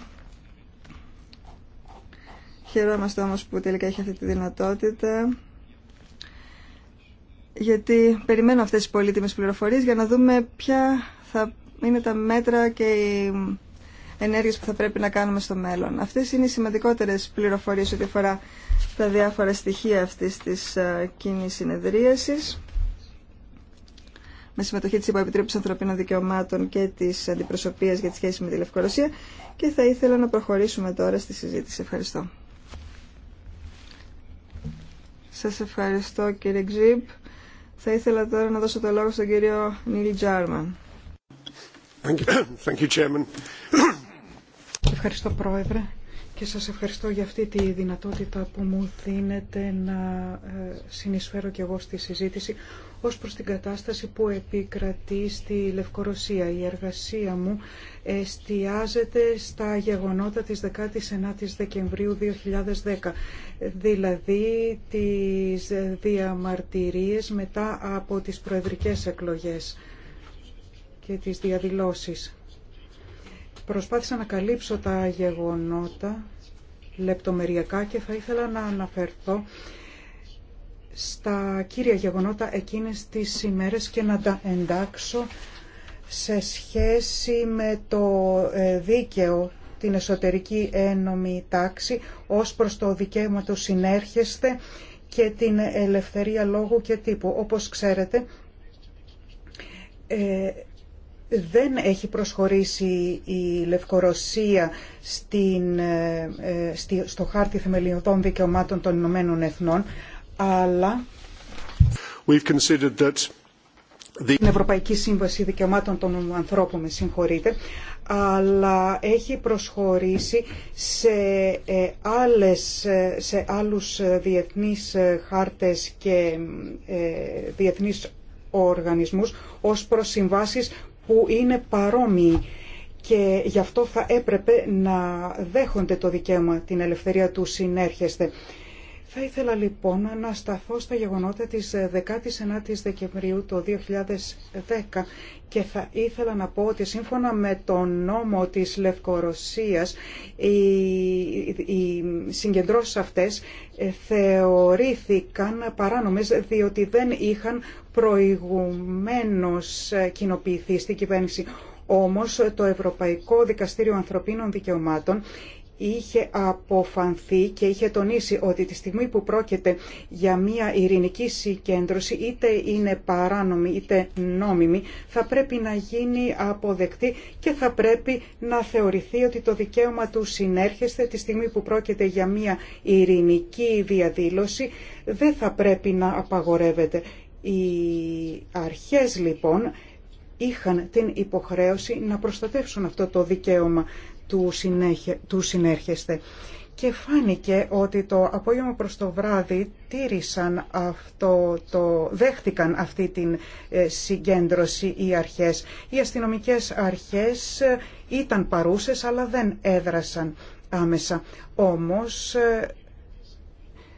Χαιρόμαστε όμως που τελικά έχει αυτή τη δυνατότητα γιατί περιμένω αυτές τις πολύτιμες πληροφορίες για να δούμε ποια θα είναι τα μέτρα και οι ενέργειες που θα πρέπει να κάνουμε στο μέλλον. Αυτές είναι οι σημαντικότερες πληροφορίες ό,τι αφορά τα διάφορα στοιχεία αυτής της ε, κοινή συνεδρίασης με συμμετοχή της Υποεπιτρέπης Ανθρωπίνων Δικαιωμάτων και της Αντιπροσωπείας για τη σχέση με τη Λευκορωσία και θα ήθελα να προχωρήσουμε τώρα στη συζήτηση. Ευχαριστώ. Σας ευχαριστώ κύριε Γκζίπ. Θα ήθελα τώρα να δώσω το λόγο στον κύριο Νίλι Τζάρμαν. Thank you, Chairman. Ευχαριστώ Πρόεδρε και σας ευχαριστώ για αυτή τη δυνατότητα που μου δίνετε να ε, συνεισφέρω και εγώ στη συζήτηση ως προς την κατάσταση που επικρατεί στη Λευκορωσία. Η εργασία μου εστιάζεται στα γεγονότα της 19ης Δεκεμβρίου 2010, δηλαδή τις διαμαρτυρίες μετά από τις προεδρικές εκλογές και τις διαδηλώσεις. Προσπάθησα να καλύψω τα γεγονότα λεπτομεριακά και θα ήθελα να αναφερθώ στα κύρια γεγονότα εκείνες τις ημέρες και να τα εντάξω σε σχέση με το ε, δίκαιο την εσωτερική ένομη τάξη ως προς το δικαίωμα του συνέρχεστε και την ελευθερία λόγου και τύπου. Όπως ξέρετε, ε, δεν έχει προσχωρήσει η Λευκορωσία στην, ε, ε, στο χάρτη θεμελιωτών δικαιωμάτων των Ηνωμένων Εθνών, αλλά την Ευρωπαϊκή Σύμβαση Δικαιωμάτων των Ανθρώπων, με συγχωρείτε, αλλά έχει προσχωρήσει σε, ε, άλλες, σε άλλους διεθνείς χάρτες και διεθνείς οργανισμούς ως προς συμβάσεις που είναι παρόμοιοι και γι' αυτό θα έπρεπε να δέχονται το δικαίωμα την ελευθερία του συνέρχεστε. Θα ήθελα λοιπόν να σταθώ στα γεγονότα της 19ης ε, Δεκεμβρίου του 2010 και θα ήθελα να πω ότι σύμφωνα με τον νόμο της Λευκορωσίας οι, συγκεντρώσεις αυτές ε, θεωρήθηκαν παράνομες διότι δεν είχαν προηγουμένως ε, κοινοποιηθεί στην κυβέρνηση. Όμως το Ευρωπαϊκό Δικαστήριο Ανθρωπίνων Δικαιωμάτων είχε αποφανθεί και είχε τονίσει ότι τη στιγμή που πρόκειται για μια ειρηνική συγκέντρωση, είτε είναι παράνομη είτε νόμιμη, θα πρέπει να γίνει αποδεκτή και θα πρέπει να θεωρηθεί ότι το δικαίωμα του συνέρχεστε τη στιγμή που πρόκειται για μια ειρηνική διαδήλωση, δεν θα πρέπει να απαγορεύεται. Οι αρχές λοιπόν είχαν την υποχρέωση να προστατεύσουν αυτό το δικαίωμα του, συνέχε, του συνέρχεστε. Και φάνηκε ότι το απόγευμα προς το βράδυ τήρησαν αυτό το, δέχτηκαν αυτή την ε, συγκέντρωση οι αρχές. Οι αστυνομικές αρχές ε, ήταν παρούσες αλλά δεν έδρασαν άμεσα. Όμως ε,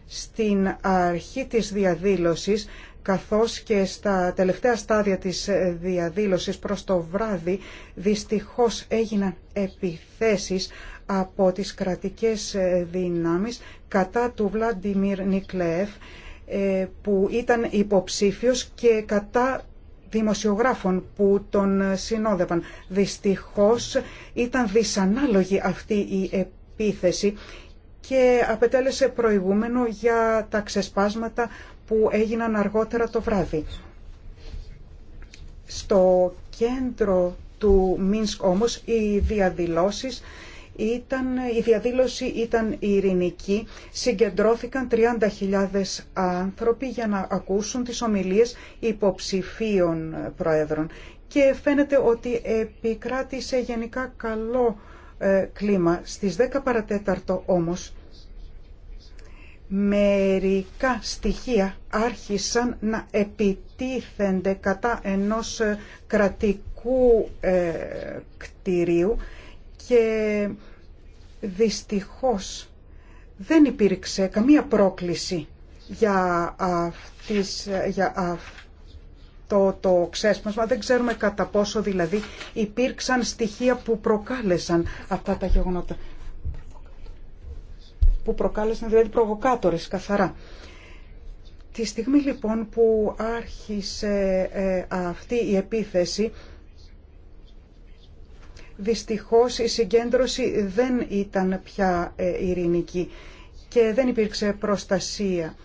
στην αρχή της διαδήλωσης καθώς και στα τελευταία στάδια της ε, διαδήλωσης προς το βράδυ δυστυχώς έγιναν επιθέσεις από τις κρατικές ε, δυνάμεις κατά του Βλαντιμίρ Νικλεεφ ε, που ήταν υποψήφιος και κατά δημοσιογράφων που τον συνόδευαν. Δυστυχώς ήταν δυσανάλογη αυτή η επίθεση και απετέλεσε προηγούμενο για τα ξεσπάσματα που έγιναν αργότερα το βράδυ. Στο κέντρο του Μίνσκ όμως οι διαδηλώσεις ήταν, η διαδήλωση ήταν ειρηνική. Συγκεντρώθηκαν 30.000 άνθρωποι για να ακούσουν τις ομιλίες υποψηφίων προέδρων. Και φαίνεται ότι επικράτησε γενικά καλό ε, κλίμα. Στις 10 παρατέταρτο όμως μερικά στοιχεία άρχισαν να επιτίθενται κατά ενός ε, κρατικού ε, κτηρίου και δυστυχώς δεν υπήρξε καμία πρόκληση για, αυτής, ε, για αυτό το ξέσπασμα. Δεν ξέρουμε κατά πόσο δηλαδή υπήρξαν στοιχεία που προκάλεσαν αυτά τα γεγονότα που προκάλεσαν δηλαδή προβοκάτορες καθαρά. Τη στιγμή λοιπόν που άρχισε ε, αυτή η επίθεση, δυστυχώς η συγκέντρωση δεν ήταν πια ε, ειρηνική και δεν υπήρξε προστασία.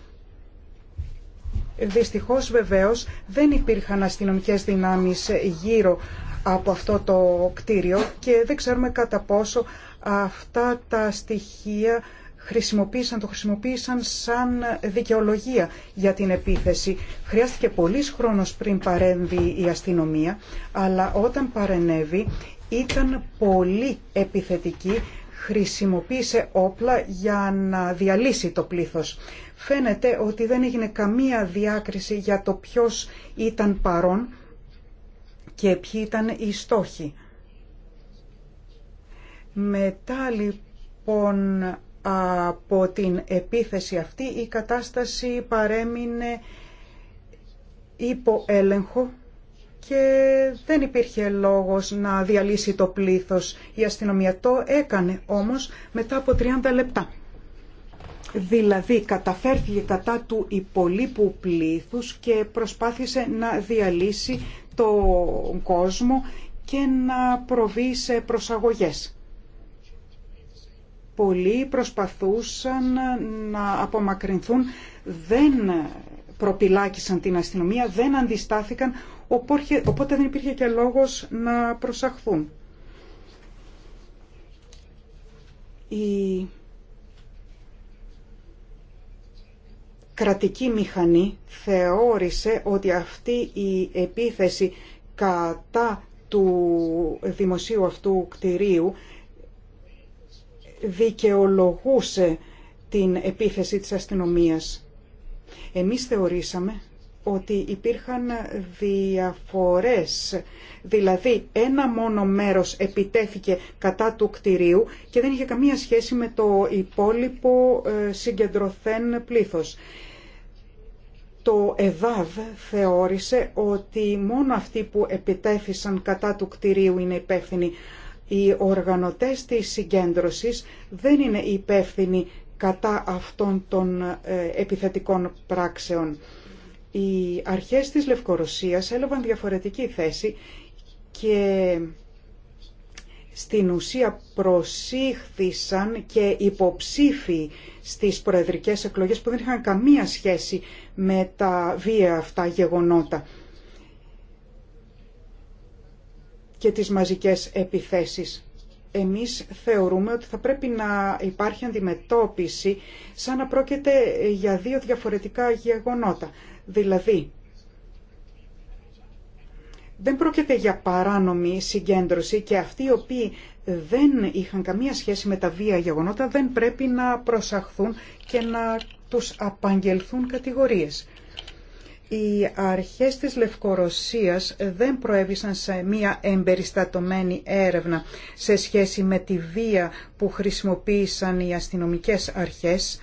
Δυστυχώς βεβαίως δεν υπήρχαν αστυνομικές δυνάμεις ε, γύρω από αυτό το κτίριο και δεν ξέρουμε κατά πόσο αυτά τα στοιχεία χρησιμοποίησαν, το χρησιμοποίησαν σαν δικαιολογία για την επίθεση. Χρειάστηκε πολύς χρόνος πριν παρέμβει η αστυνομία, αλλά όταν παρενέβη ήταν πολύ επιθετική, χρησιμοποίησε όπλα για να διαλύσει το πλήθος. Φαίνεται ότι δεν έγινε καμία διάκριση για το ποιος ήταν παρόν και ποιοι ήταν οι στόχοι. Μετά λοιπόν από την επίθεση αυτή η κατάσταση παρέμεινε υπό έλεγχο και δεν υπήρχε λόγος να διαλύσει το πλήθος. Η αστυνομία το έκανε όμως μετά από 30 λεπτά. Δηλαδή καταφέρθηκε κατά του υπολείπου πλήθους και προσπάθησε να διαλύσει τον κόσμο και να προβεί σε προσαγωγές πολλοί προσπαθούσαν να απομακρυνθούν, δεν προπυλάκησαν την αστυνομία, δεν αντιστάθηκαν, οπότε δεν υπήρχε και λόγος να προσαχθούν. Η κρατική μηχανή θεώρησε ότι αυτή η επίθεση κατά του δημοσίου αυτού κτηρίου δικαιολογούσε την επίθεση της αστυνομίας. Εμείς θεωρήσαμε ότι υπήρχαν διαφορές, δηλαδή ένα μόνο μέρος επιτέθηκε κατά του κτηρίου και δεν είχε καμία σχέση με το υπόλοιπο ε, συγκεντρωθέν πλήθος. Το ΕΔΑΔ θεώρησε ότι μόνο αυτοί που επιτέθησαν κατά του κτηρίου είναι υπεύθυνοι, οι οργανωτές της συγκέντρωσης δεν είναι υπεύθυνοι κατά αυτών των ε, επιθετικών πράξεων. Οι αρχές της Λευκορωσίας έλαβαν διαφορετική θέση και στην ουσία προσήχθησαν και υποψήφοι στις προεδρικές εκλογές που δεν είχαν καμία σχέση με τα βία αυτά γεγονότα. και τις μαζικές επιθέσεις. Εμείς θεωρούμε ότι θα πρέπει να υπάρχει αντιμετώπιση σαν να πρόκειται για δύο διαφορετικά γεγονότα. Δηλαδή, δεν πρόκειται για παράνομη συγκέντρωση και αυτοί οι οποίοι δεν είχαν καμία σχέση με τα βία γεγονότα δεν πρέπει να προσαχθούν και να τους απαγγελθούν κατηγορίες οι αρχές της Λευκορωσίας δεν προέβησαν σε μία εμπεριστατωμένη έρευνα σε σχέση με τη βία που χρησιμοποίησαν οι αστυνομικές αρχές.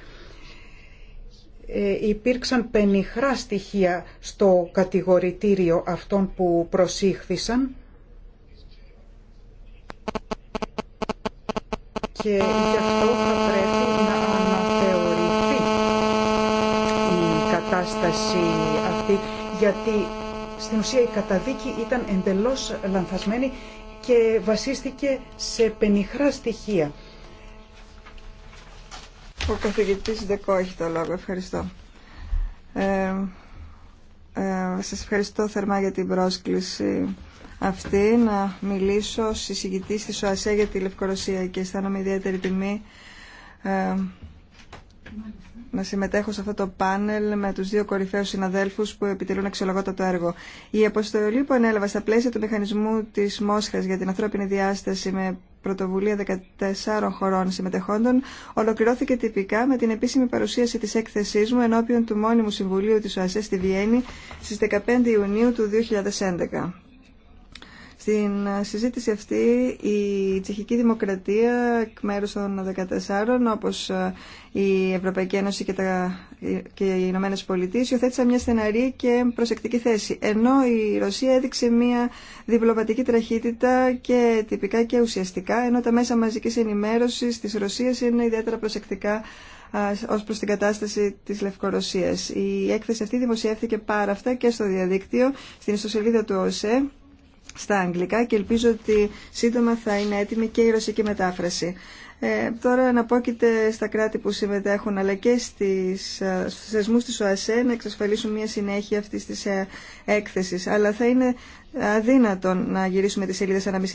Ε, υπήρξαν πενιχρά στοιχεία στο κατηγορητήριο αυτών που προσήχθησαν και γι' αυτό θα πρέπει να αναθεωρηθεί η κατάσταση γιατί στην ουσία η καταδίκη ήταν εντελώς λανθασμένη και βασίστηκε σε πενιχρά στοιχεία. Ο καθηγητής Δεκό έχει το λόγο. Ευχαριστώ. Ε, ε σας ευχαριστώ θερμά για την πρόσκληση αυτή να μιλήσω συζητητής της ΟΑΣΕ για τη Λευκορωσία και αισθάνομαι ιδιαίτερη τιμή ε, να συμμετέχω σε αυτό το πάνελ με τους δύο κορυφαίους συναδέλφους που επιτελούν αξιολογότατο έργο. Η αποστολή που ανέλαβα στα πλαίσια του μηχανισμού της Μόσχας για την ανθρώπινη διάσταση με πρωτοβουλία 14 χωρών συμμετεχόντων ολοκληρώθηκε τυπικά με την επίσημη παρουσίαση της έκθεσής μου ενώπιον του μόνιμου Συμβουλίου της ΟΑΣΕ στη Βιέννη στις 15 Ιουνίου του 2011. Στην συζήτηση αυτή η τσεχική δημοκρατία εκ μέρους των 14 όπως ε, η Ευρωπαϊκή Ένωση και, τα, ε, και οι Ηνωμένε Πολιτείε υιοθέτησαν μια στεναρή και προσεκτική θέση. Ενώ η Ρωσία έδειξε μια διπλωματική τραχύτητα και τυπικά και ουσιαστικά ενώ τα μέσα μαζικής ενημέρωσης της Ρωσίας είναι ιδιαίτερα προσεκτικά ως προς την κατάσταση της Λευκορωσίας. Η έκθεση αυτή δημοσιεύθηκε πάρα αυτά και στο διαδίκτυο, στην ιστοσελίδα του ΟΣΕ στα αγγλικά και ελπίζω ότι σύντομα θα είναι έτοιμη και η ρωσική μετάφραση. Ε, τώρα αναπόκειται στα κράτη που συμμετέχουν αλλά και στις, ε, στους θεσμούς της ΟΑΣΕ να εξασφαλίσουν μια συνέχεια αυτής της ε, έκθεσης. Αλλά θα είναι αδύνατο να γυρίσουμε τις σελίδες σαν να μην,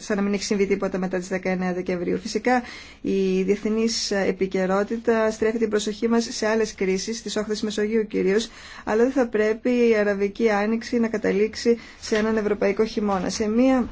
σαν να μην έχει συμβεί τίποτα μετά τις 19 Δεκεμβρίου. Φυσικά η διεθνής επικαιρότητα στρέφει την προσοχή μας σε άλλες κρίσεις, στις όχθες Μεσογείου κυρίως, αλλά δεν θα πρέπει η Αραβική Άνοιξη να καταλήξει σε έναν Ευρωπαϊκό χειμώνα. Σε μια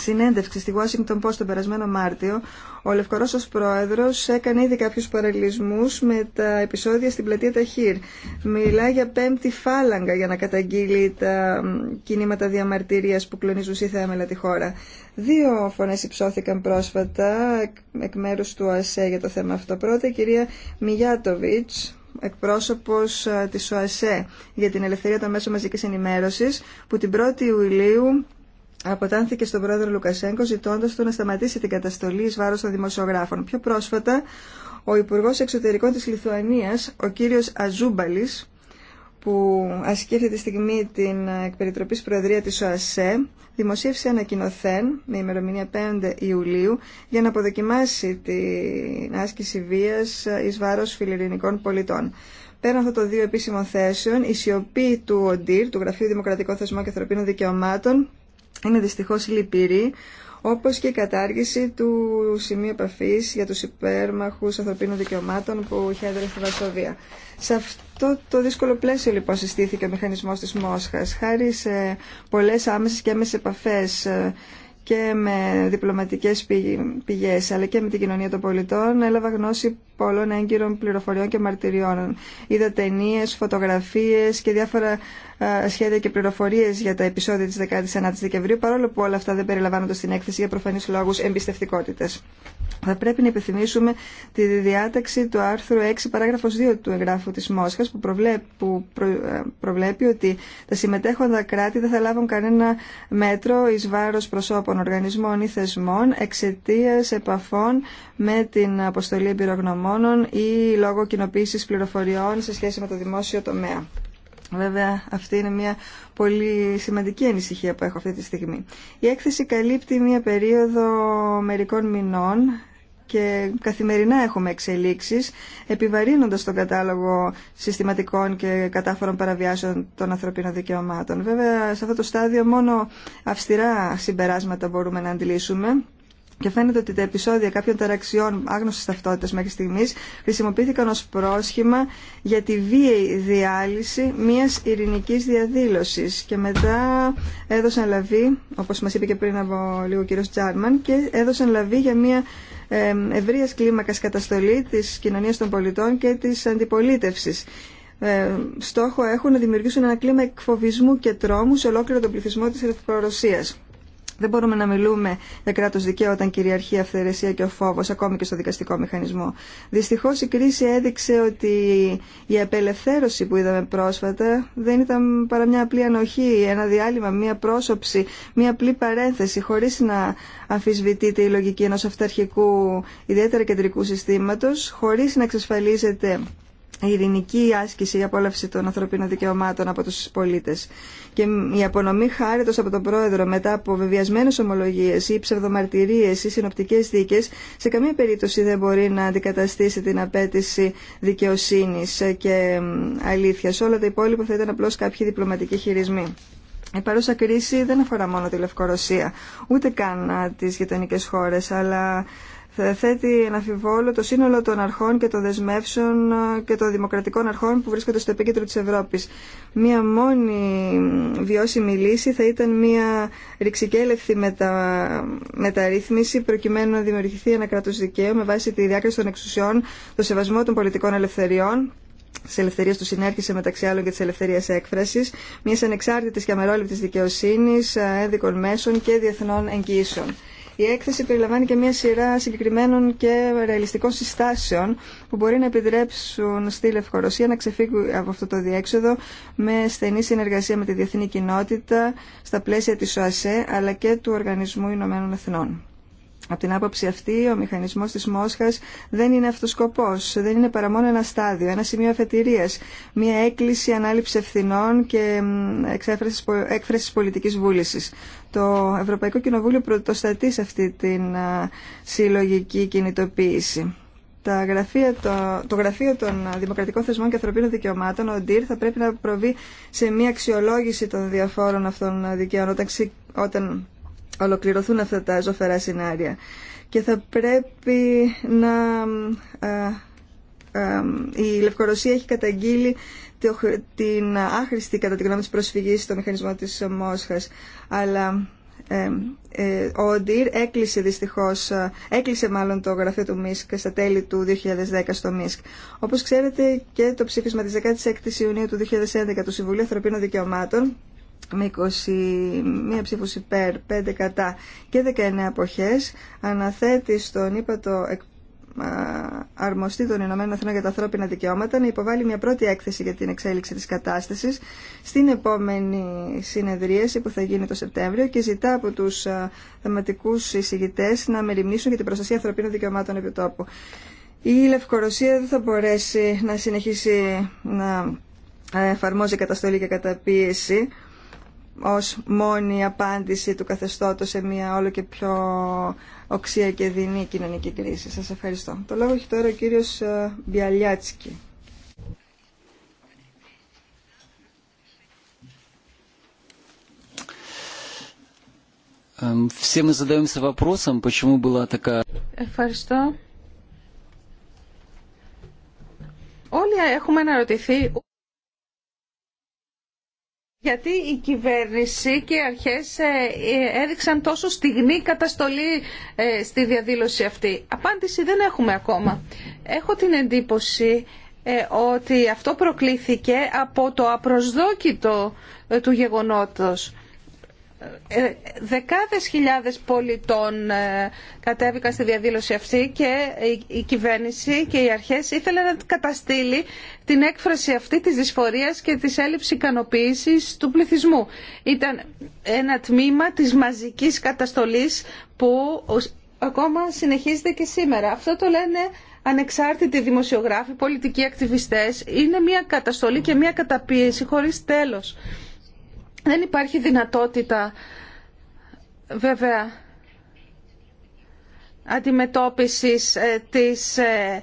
συνέντευξη στη Washington Post τον περασμένο Μάρτιο, ο Λευκορός πρόεδρος έκανε ήδη κάποιους παραλυσμούς με τα επεισόδια στην πλατεία Ταχύρ. Μιλά για πέμπτη φάλαγγα για να καταγγείλει τα κινήματα διαμαρτυρίας που κλονίζουν μέλα τη χώρα. Δύο φωνές υψώθηκαν πρόσφατα εκ μέρους του ΟΑΣΕ για το θέμα αυτό. Πρώτα η κυρία Μιγιάτοβιτς, εκπρόσωπος ε, της ΟΑΣΕ για την ελευθερία των μέσων μαζικής ενημέρωσης, που την 1η Ιουλίου αποτάνθηκε στον πρόεδρο Λουκασέγκο ζητώντα του να σταματήσει την καταστολή ει βάρο των δημοσιογράφων. Πιο πρόσφατα, ο Υπουργό Εξωτερικών τη Λιθουανία, ο κύριο Αζούμπαλη, που ασκεί αυτή τη στιγμή την εκπεριτροπή Προεδρία τη ΟΑΣΕ, δημοσίευσε ανακοινοθέν με ημερομηνία 5 Ιουλίου για να αποδοκιμάσει την άσκηση βία ει βάρο φιλελληνικών πολιτών. Πέραν αυτών των δύο επίσημων θέσεων, η σιωπή του ΟΝΤΙΡ, του Γραφείου Δημοκρατικών Θεσμών και Ανθρωπίνων Δικαιωμάτων, είναι δυστυχώς λυπηρή, όπως και η κατάργηση του σημείου επαφή για τους υπέρμαχους ανθρωπίνων δικαιωμάτων που είχε έδρα στη Βασοβία. Σε αυτό το δύσκολο πλαίσιο λοιπόν συστήθηκε ο μηχανισμός της Μόσχας, χάρη σε πολλές άμεσες και έμεσες επαφές ε, και με διπλωματικές πηγές αλλά και με την κοινωνία των πολιτών έλαβα γνώση πολλών έγκυρων πληροφοριών και μαρτυριών. Είδα ταινίε, φωτογραφίε και διάφορα ε, σχέδια και πληροφορίε για τα επεισόδια τη 19η Δεκεμβρίου, παρόλο που όλα αυτά δεν περιλαμβάνονται στην έκθεση για προφανεί λόγου εμπιστευτικότητα. Θα πρέπει να επιθυμήσουμε τη διάταξη του άρθρου 6, παράγραφο 2 του εγγράφου τη Μόσχα, που, προβλέπει, που ε, προβλέπει ότι τα συμμετέχοντα κράτη δεν θα λάβουν κανένα μέτρο ει βάρο προσώπων, οργανισμών ή θεσμών εξαιτία επαφών με την αποστολή εμπειρογνωμόνων ή λόγω κοινοποίηση πληροφοριών σε σχέση με το δημόσιο τομέα. Βέβαια, αυτή είναι μια πολύ σημαντική ανησυχία που έχω αυτή τη στιγμή. Η έκθεση καλύπτει μια περίοδο μερικών μηνών και καθημερινά έχουμε εξελίξεις επιβαρύνοντας τον κατάλογο συστηματικών και κατάφορων παραβιάσεων των ανθρωπίνων δικαιωμάτων. Βέβαια, σε αυτό το στάδιο μόνο αυστηρά συμπεράσματα μπορούμε να αντιλήσουμε και φαίνεται ότι τα επεισόδια κάποιων ταραξιών άγνωση ταυτότητα μέχρι στιγμή χρησιμοποιήθηκαν ω πρόσχημα για τη βίαιη διάλυση μια ειρηνική διαδήλωση. Και μετά έδωσαν λαβή, όπω μα είπε και πριν από λίγο ο κύριος Τζάρμαν, και έδωσαν λαβή για μια ευρεία κλίμακα καταστολή τη κοινωνία των πολιτών και της αντιπολίτευσης. Ε, στόχο έχουν να δημιουργήσουν ένα κλίμα εκφοβισμού και τρόμου σε ολόκληρο τον πληθυσμό της Ρωσίας. Δεν μπορούμε να μιλούμε για κράτο δικαίου όταν κυριαρχεί η αυθαιρεσία και ο φόβο, ακόμη και στο δικαστικό μηχανισμό. Δυστυχώ η κρίση έδειξε ότι η απελευθέρωση που είδαμε πρόσφατα δεν ήταν παρά μια απλή ανοχή, ένα διάλειμμα, μια πρόσωψη, μια απλή παρένθεση, χωρί να αμφισβητείται η λογική ενό αυταρχικού ιδιαίτερα κεντρικού συστήματο, χωρί να εξασφαλίζεται η ειρηνική άσκηση ή απόλαυση των ανθρωπίνων δικαιωμάτων από τους πολίτες και η απονομή χάρητος από τον πρόεδρο μετά από βεβαιασμένες ομολογίες ή ψευδομαρτυρίες ή συνοπτικές δίκες σε καμία περίπτωση δεν μπορεί να αντικαταστήσει την απέτηση δικαιοσύνης και αλήθειας. Όλα τα υπόλοιπα θα ήταν απλώς κάποιοι διπλωματικοί χειρισμοί. Η παρούσα κρίση δεν αφορά μόνο τη Λευκορωσία, ούτε καν τις γειτονικέ χώρες, αλλά θέτει ένα αφιβόλο το σύνολο των αρχών και των δεσμεύσεων ε, και των δημοκρατικών αρχών που βρίσκονται στο επίκεντρο της Ευρώπης. Μία μόνη βιώσιμη λύση θα ήταν μία ρηξικέλευθη μετα... μεταρρύθμιση προκειμένου να δημιουργηθεί ένα κράτος δικαίου με βάση τη διάκριση των εξουσιών, το σεβασμό των πολιτικών ελευθεριών, τη ελευθερία του συνέρχεσαι μεταξύ άλλων και τη ελευθερία έκφραση, μια ανεξάρτητη και αμερόληπτη δικαιοσύνη, ε, ένδικων μέσων και διεθνών εγγύσεων. Η έκθεση περιλαμβάνει και μια σειρά συγκεκριμένων και ρεαλιστικών συστάσεων που μπορεί να επιτρέψουν στη Λευκορωσία να ξεφύγει από αυτό το διέξοδο με στενή συνεργασία με τη διεθνή κοινότητα στα πλαίσια της ΟΑΣΕ αλλά και του Οργανισμού Ηνωμένων Εθνών. Από την άποψη αυτή, ο μηχανισμό τη Μόσχας δεν είναι αυτοσκοπό. δεν είναι παρά μόνο ένα στάδιο, ένα σημείο αφετηρία, μια έκκληση ανάληψη ευθυνών και έκφραση πολιτική βούληση. Το Ευρωπαϊκό Κοινοβούλιο πρωτοστατεί σε αυτή την συλλογική κινητοποίηση. Τα γραφεία, το, το Γραφείο των Δημοκρατικών Θεσμών και Ανθρωπίνων Δικαιωμάτων, ο ΝΤΙΡ, θα πρέπει να προβεί σε μια αξιολόγηση των διαφόρων αυτών δικαίων όταν, όταν ολοκληρωθούν αυτά τα ζωφερά σενάρια και θα πρέπει να... Ε, ε, η Λευκορωσία έχει καταγγείλει την άχρηστη κατά τη γνώμη της προσφυγής στο μηχανισμό της Μόσχας αλλά ε, ο Οντίρ έκλεισε δυστυχώς, έκλεισε μάλλον το γραφείο του ΜΙΣΚ στα τέλη του 2010 στο ΜΙΣΚ. Όπως ξέρετε και το ψήφισμα της 16ης Ιουνίου του 2011 του Συμβουλίου Ανθρωπίνων Δικαιωμάτων με μία ψήφους υπέρ, 5 κατά και 19 αποχές αναθέτει στον ύπατο αρμοστή των Ηνωμένων Αθηνών για τα ανθρώπινα δικαιώματα να υποβάλει μια πρώτη έκθεση για την εξέλιξη της κατάστασης στην επόμενη συνεδρίαση που θα γίνει το Σεπτέμβριο και ζητά από τους θεματικούς εισηγητές να μεριμνήσουν για την προστασία ανθρωπίνων δικαιωμάτων τόπου. Η Λευκορωσία δεν θα μπορέσει να συνεχίσει να ε, εφαρμόζει καταστολή και καταπίεση ως μόνη απάντηση του καθεστώτος σε μια όλο και πιο οξία και δεινή κοινωνική κρίση. Σας ευχαριστώ. Το λόγο έχει τώρα ο κύριος ε, Μπιαλιάτσκι. Ευχαριστώ. Όλοι έχουμε αναρωτηθεί γιατί η κυβέρνηση και οι αρχές ε, ε, έδειξαν τόσο στιγμή καταστολή ε, στη διαδήλωση αυτή. Απάντηση δεν έχουμε ακόμα. Έχω την εντύπωση ότι αυτό προκλήθηκε από το απροσδόκητο του γεγονότος. Ε, δεκάδες χιλιάδες πολιτών ε, κατέβηκαν στη διαδήλωση αυτή και η κυβέρνηση και οι αρχές ήθελαν να καταστήλει την έκφραση αυτή της δυσφορίας και της έλλειψης ικανοποίησης του πληθυσμού. Ήταν ένα τμήμα της μαζικής καταστολής που ακόμα συνεχίζεται και σήμερα. Αυτό το λένε ανεξάρτητοι δημοσιογράφοι, πολιτικοί ακτιβιστές. Είναι μια καταστολή και μια καταπίεση χωρίς τέλος. Δεν υπάρχει δυνατότητα βέβαια αντιμετώπισης ε, της ε,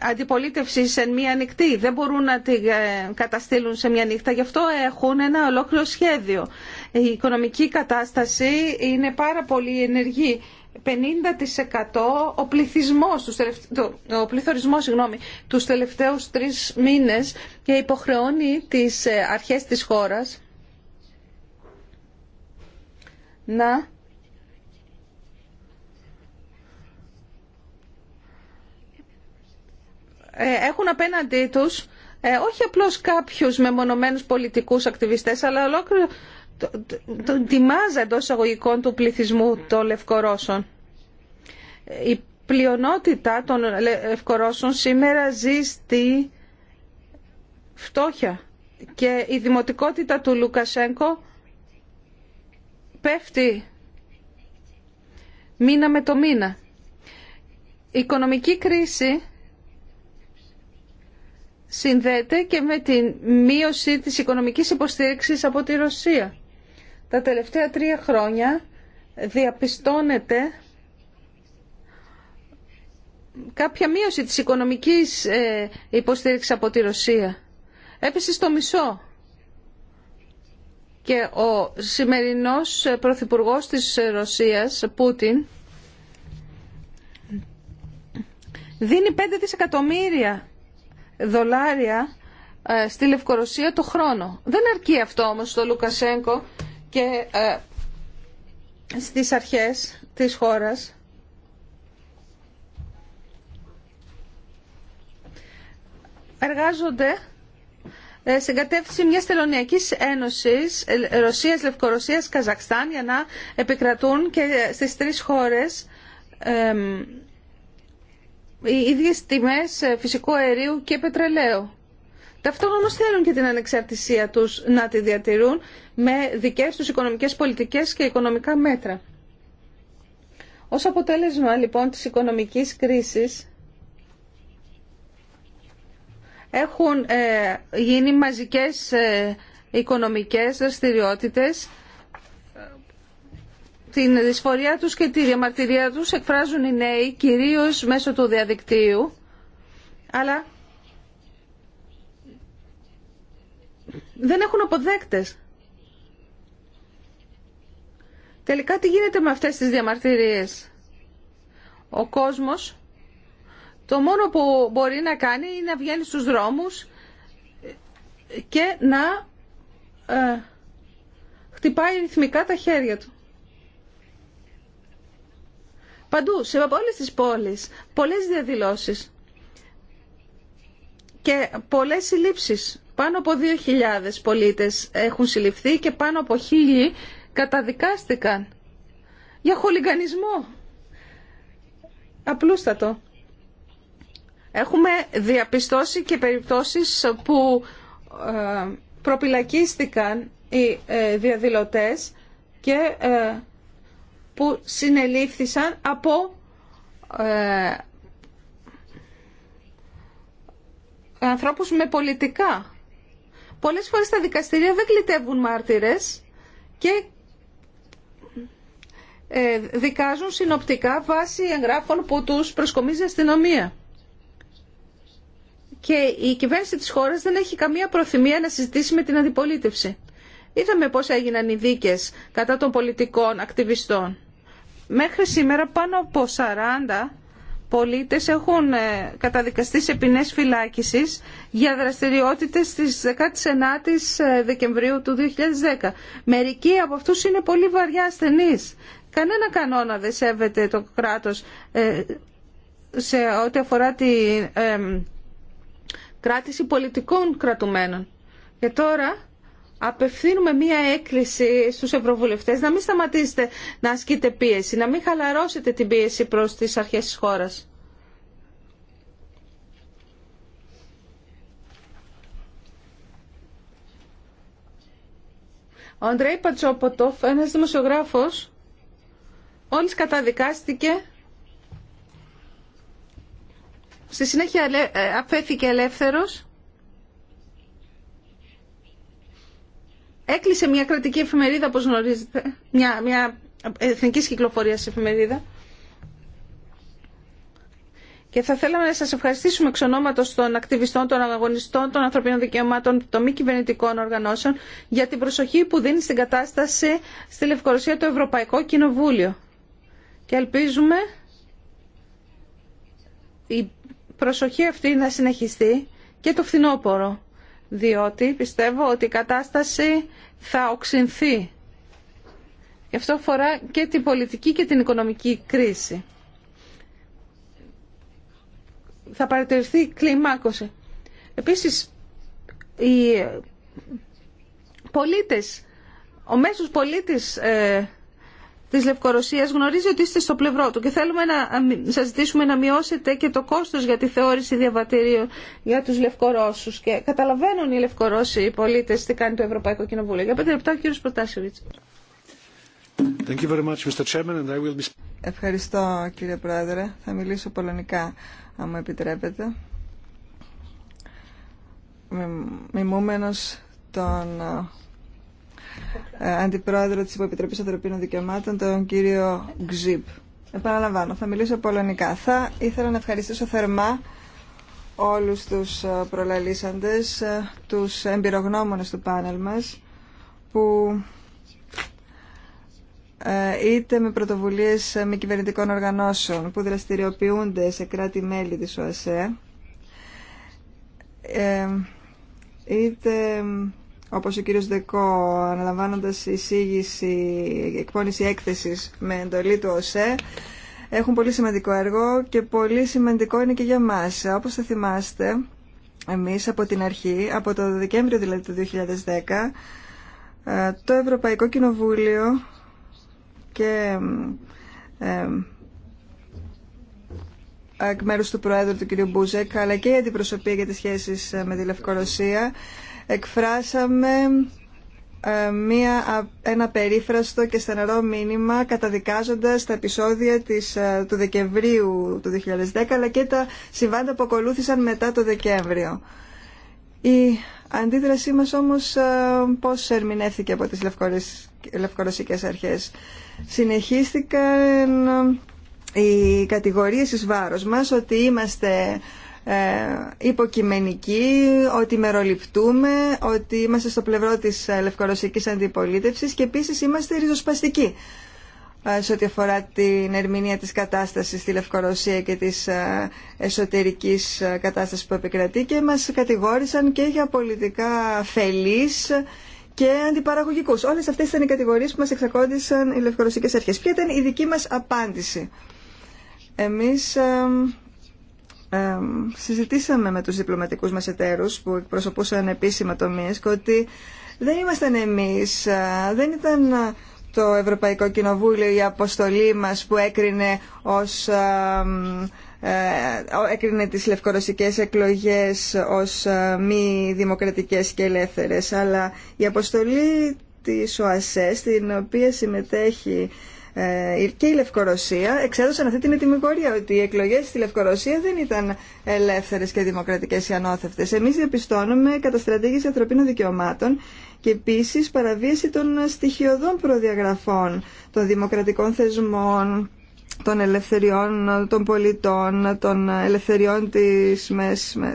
αντιπολίτευσης εν μία νυχτή. Δεν μπορούν να την ε, καταστήλουν σε μία νύχτα. Γι' αυτό έχουν ένα ολόκληρο σχέδιο. Η οικονομική κατάσταση είναι πάρα πολύ ενεργή. 50% ο πληθυσμός, τους ο πληθωρισμός, συγγνώμη, τους τελευταίους τρεις μήνες και υποχρεώνει τις αρχές της χώρας να ε, έχουν απέναντί τους ε, όχι απλώς κάποιους μεμονωμένους πολιτικούς ακτιβιστές, αλλά ολόκληρο το, μάζα εντό εισαγωγικών του πληθυσμού των Λευκορώσων. Η πλειονότητα των Λευκορώσων σήμερα ζει στη φτώχεια και η δημοτικότητα του Λουκασέγκο πέφτει μήνα με το μήνα. Η οικονομική κρίση συνδέεται και με τη μείωση της οικονομικής υποστήριξης από τη Ρωσία. Τα τελευταία τρία χρόνια διαπιστώνεται κάποια μείωση της οικονομικής ε, υποστήριξης από τη Ρωσία. Έπεσε στο μισό και ο σημερινός πρωθυπουργός της Ρωσίας, Πούτιν, δίνει 5 δισεκατομμύρια δολάρια ε, στη Λευκορωσία το χρόνο. Δεν αρκεί αυτό όμως στο Λουκασέγκο και ε, στις αρχές της χώρας. Εργάζονται ε, στην κατεύθυνση μια Τελωνιακή ένωσης ε, Ρωσίας, Λευκορωσίας, Καζακστάν για να επικρατούν και στις τρεις χώρες οι ίδιε τιμέ ε, φυσικού αερίου και πετρελαίου. Ταυτόχρονα όμως θέλουν και την ανεξαρτησία τους να τη διατηρούν με δικές τους οικονομικές πολιτικές και οικονομικά μέτρα. Ως αποτέλεσμα λοιπόν της οικονομικής κρίσης έχουν ε, γίνει μαζικές ε, οικονομικές δραστηριότητες. Την δυσφορία τους και τη διαμαρτυρία τους εκφράζουν οι νέοι, κυρίως μέσω του διαδικτύου. Αλλά δεν έχουν αποδέκτες. Τελικά τι γίνεται με αυτές τις διαμαρτυρίες. Ο κόσμος το μόνο που μπορεί να κάνει είναι να βγαίνει στους δρόμους και να ε, χτυπάει ρυθμικά τα χέρια του. Παντού, σε όλες τις πόλεις, πολλές διαδηλώσεις και πολλές συλλήψεις. Πάνω από 2.000 πολίτες έχουν συλληφθεί και πάνω από 1.000 καταδικάστηκαν για χολιγανισμό. Απλούστατο. Έχουμε διαπιστώσει και περιπτώσεις που ε, προπυλακίστηκαν οι ε, διαδηλωτές και ε, που συνελήφθησαν από ανθρώπους με πολιτικά. Πολλές φορές τα δικαστηρία δεν κλητεύουν μάρτυρες και δικάζουν συνοπτικά βάσει εγγράφων που τους προσκομίζει η αστυνομία και η κυβέρνηση της χώρας δεν έχει καμία προθυμία να συζητήσει με την αντιπολίτευση. Είδαμε πώς έγιναν οι δίκες κατά των πολιτικών ακτιβιστών. Μέχρι σήμερα πάνω από 40 πολίτες έχουν ε, καταδικαστεί σε ποινές φυλάκισης για δραστηριότητες στις 19 ε, Δεκεμβρίου του 2010. Μερικοί από αυτούς είναι πολύ βαριά ασθενείς. Κανένα κανόνα δεν σέβεται το κράτος ε, σε ό,τι αφορά τη κράτηση πολιτικών κρατουμένων. Και τώρα απευθύνουμε μία έκκληση στους ευρωβουλευτές να μην σταματήσετε να ασκείτε πίεση, να μην χαλαρώσετε την πίεση προς τις αρχές της χώρας. Ο Αντρέι Πατσόποτοφ, ένας δημοσιογράφος, όλης καταδικάστηκε Στη συνέχεια αφέθηκε ε, ελεύθερος. Έκλεισε μια κρατική εφημερίδα, όπως γνωρίζετε, μια, μια κυκλοφορία κυκλοφορίας εφημερίδα. Και θα θέλαμε να σας ευχαριστήσουμε εξ ονόματος των ακτιβιστών, των αγωνιστών, των ανθρωπίνων δικαιωμάτων, των μη κυβερνητικών οργανώσεων για την προσοχή που δίνει στην κατάσταση στη Λευκορωσία το Ευρωπαϊκό Κοινοβούλιο. Και ελπίζουμε προσοχή αυτή να συνεχιστεί και το φθινόπωρο, διότι πιστεύω ότι η κατάσταση θα οξυνθεί. Γι' αυτό αφορά και την πολιτική και την οικονομική κρίση. Θα παρατηρηθεί κλιμάκωση. Επίσης, οι πολίτες, ο μέσος πολίτης ε, Τη Λευκορωσία γνωρίζει ότι είστε στο πλευρό του και θέλουμε να σας ζητήσουμε να μειώσετε και το κόστος για τη θεώρηση διαβατηρίων για τους Λευκορώσους και καταλαβαίνουν οι Λευκορώσοι οι πολίτες τι κάνει το Ευρωπαϊκό Κοινοβούλιο. Για πέντε λεπτά ο κύριο Προτάσεβιτς. Ευχαριστώ κύριε Πρόεδρε. Θα μιλήσω πολωνικά αν μου επιτρέπετε. Μιμούμενος των ε, αντιπρόεδρο της Υποεπιτροπής Ανθρωπίνων Δικαιωμάτων, τον κύριο Γκζίπ. Επαναλαμβάνω, θα μιλήσω πολωνικά. Θα ήθελα να ευχαριστήσω θερμά όλους τους ε, προλαλήσαντες, ε, τους εμπειρογνώμονες του πάνελ μας, που είτε με πρωτοβουλίες μη κυβερνητικών οργανώσεων που δραστηριοποιούνται σε κράτη-μέλη της ΟΑΣΕ, είτε όπως ο κύριος Δεκό αναλαμβάνοντας εισήγηση, εκπόνηση έκθεσης με εντολή του ΟΣΕ έχουν πολύ σημαντικό έργο και πολύ σημαντικό είναι και για μας. Όπως θα θυμάστε, εμείς από την αρχή, από το Δεκέμβριο δηλαδή του 2010, ε, το Ευρωπαϊκό Κοινοβούλιο και ε, ε, εκ μέρους του Προέδρου του κ. Μπούζεκ αλλά και η αντιπροσωπεία για τις σχέσεις με τη Λευκορωσία εκφράσαμε ε, μία, ένα περίφραστο και στεναρό μήνυμα καταδικάζοντας τα επεισόδια της, ε, του Δεκεμβρίου του 2010 αλλά και τα συμβάντα που ακολούθησαν μετά το Δεκέμβριο. Η αντίδρασή μας όμως ε, πώς ερμηνεύθηκε από τις λευκορωσικές αρχές. Συνεχίστηκαν οι κατηγορίες εις βάρος μας ότι είμαστε ε, υποκειμενική, ότι μεροληπτούμε, ότι είμαστε στο πλευρό της ε, λευκορωσικής αντιπολίτευσης και επίσης είμαστε ριζοσπαστικοί ε, σε ό,τι αφορά την ερμηνεία της κατάστασης στη Λευκορωσία και της εσωτερικής κατάστασης που επικρατεί και μας κατηγόρησαν και για πολιτικά φελής και αντιπαραγωγικούς. Όλες αυτές ήταν οι κατηγορίες που μας εξακόντισαν οι λευκορωσικές αρχές. Ποια ήταν η δική μας απάντηση. Εμείς συζητήσαμε με τους διπλωματικούς μας εταίρους που εκπροσωπούσαν επίσημα το ΜΙΣΚ ότι δεν ήμασταν εμείς, ε, δεν ήταν ε, το Ευρωπαϊκό Κοινοβούλιο η αποστολή μας που έκρινε ως ε, έκρινε τις λευκορωσικές εκλογές ως ε, μη δημοκρατικές και ελεύθερες αλλά η αποστολή της ΟΑΣΕ στην οποία συμμετέχει ε, και η Λευκορωσία εξέδωσαν αυτή την ετοιμικόρια ότι οι εκλογέ στη Λευκορωσία δεν ήταν ελεύθερε και δημοκρατικέ ή ανώθευτε. Εμεί διαπιστώνουμε καταστρατήγηση ανθρωπίνων δικαιωμάτων και επίση παραβίαση των στοιχειωδών προδιαγραφών των δημοκρατικών θεσμών, των ελευθεριών των πολιτών, των ελευθεριών της,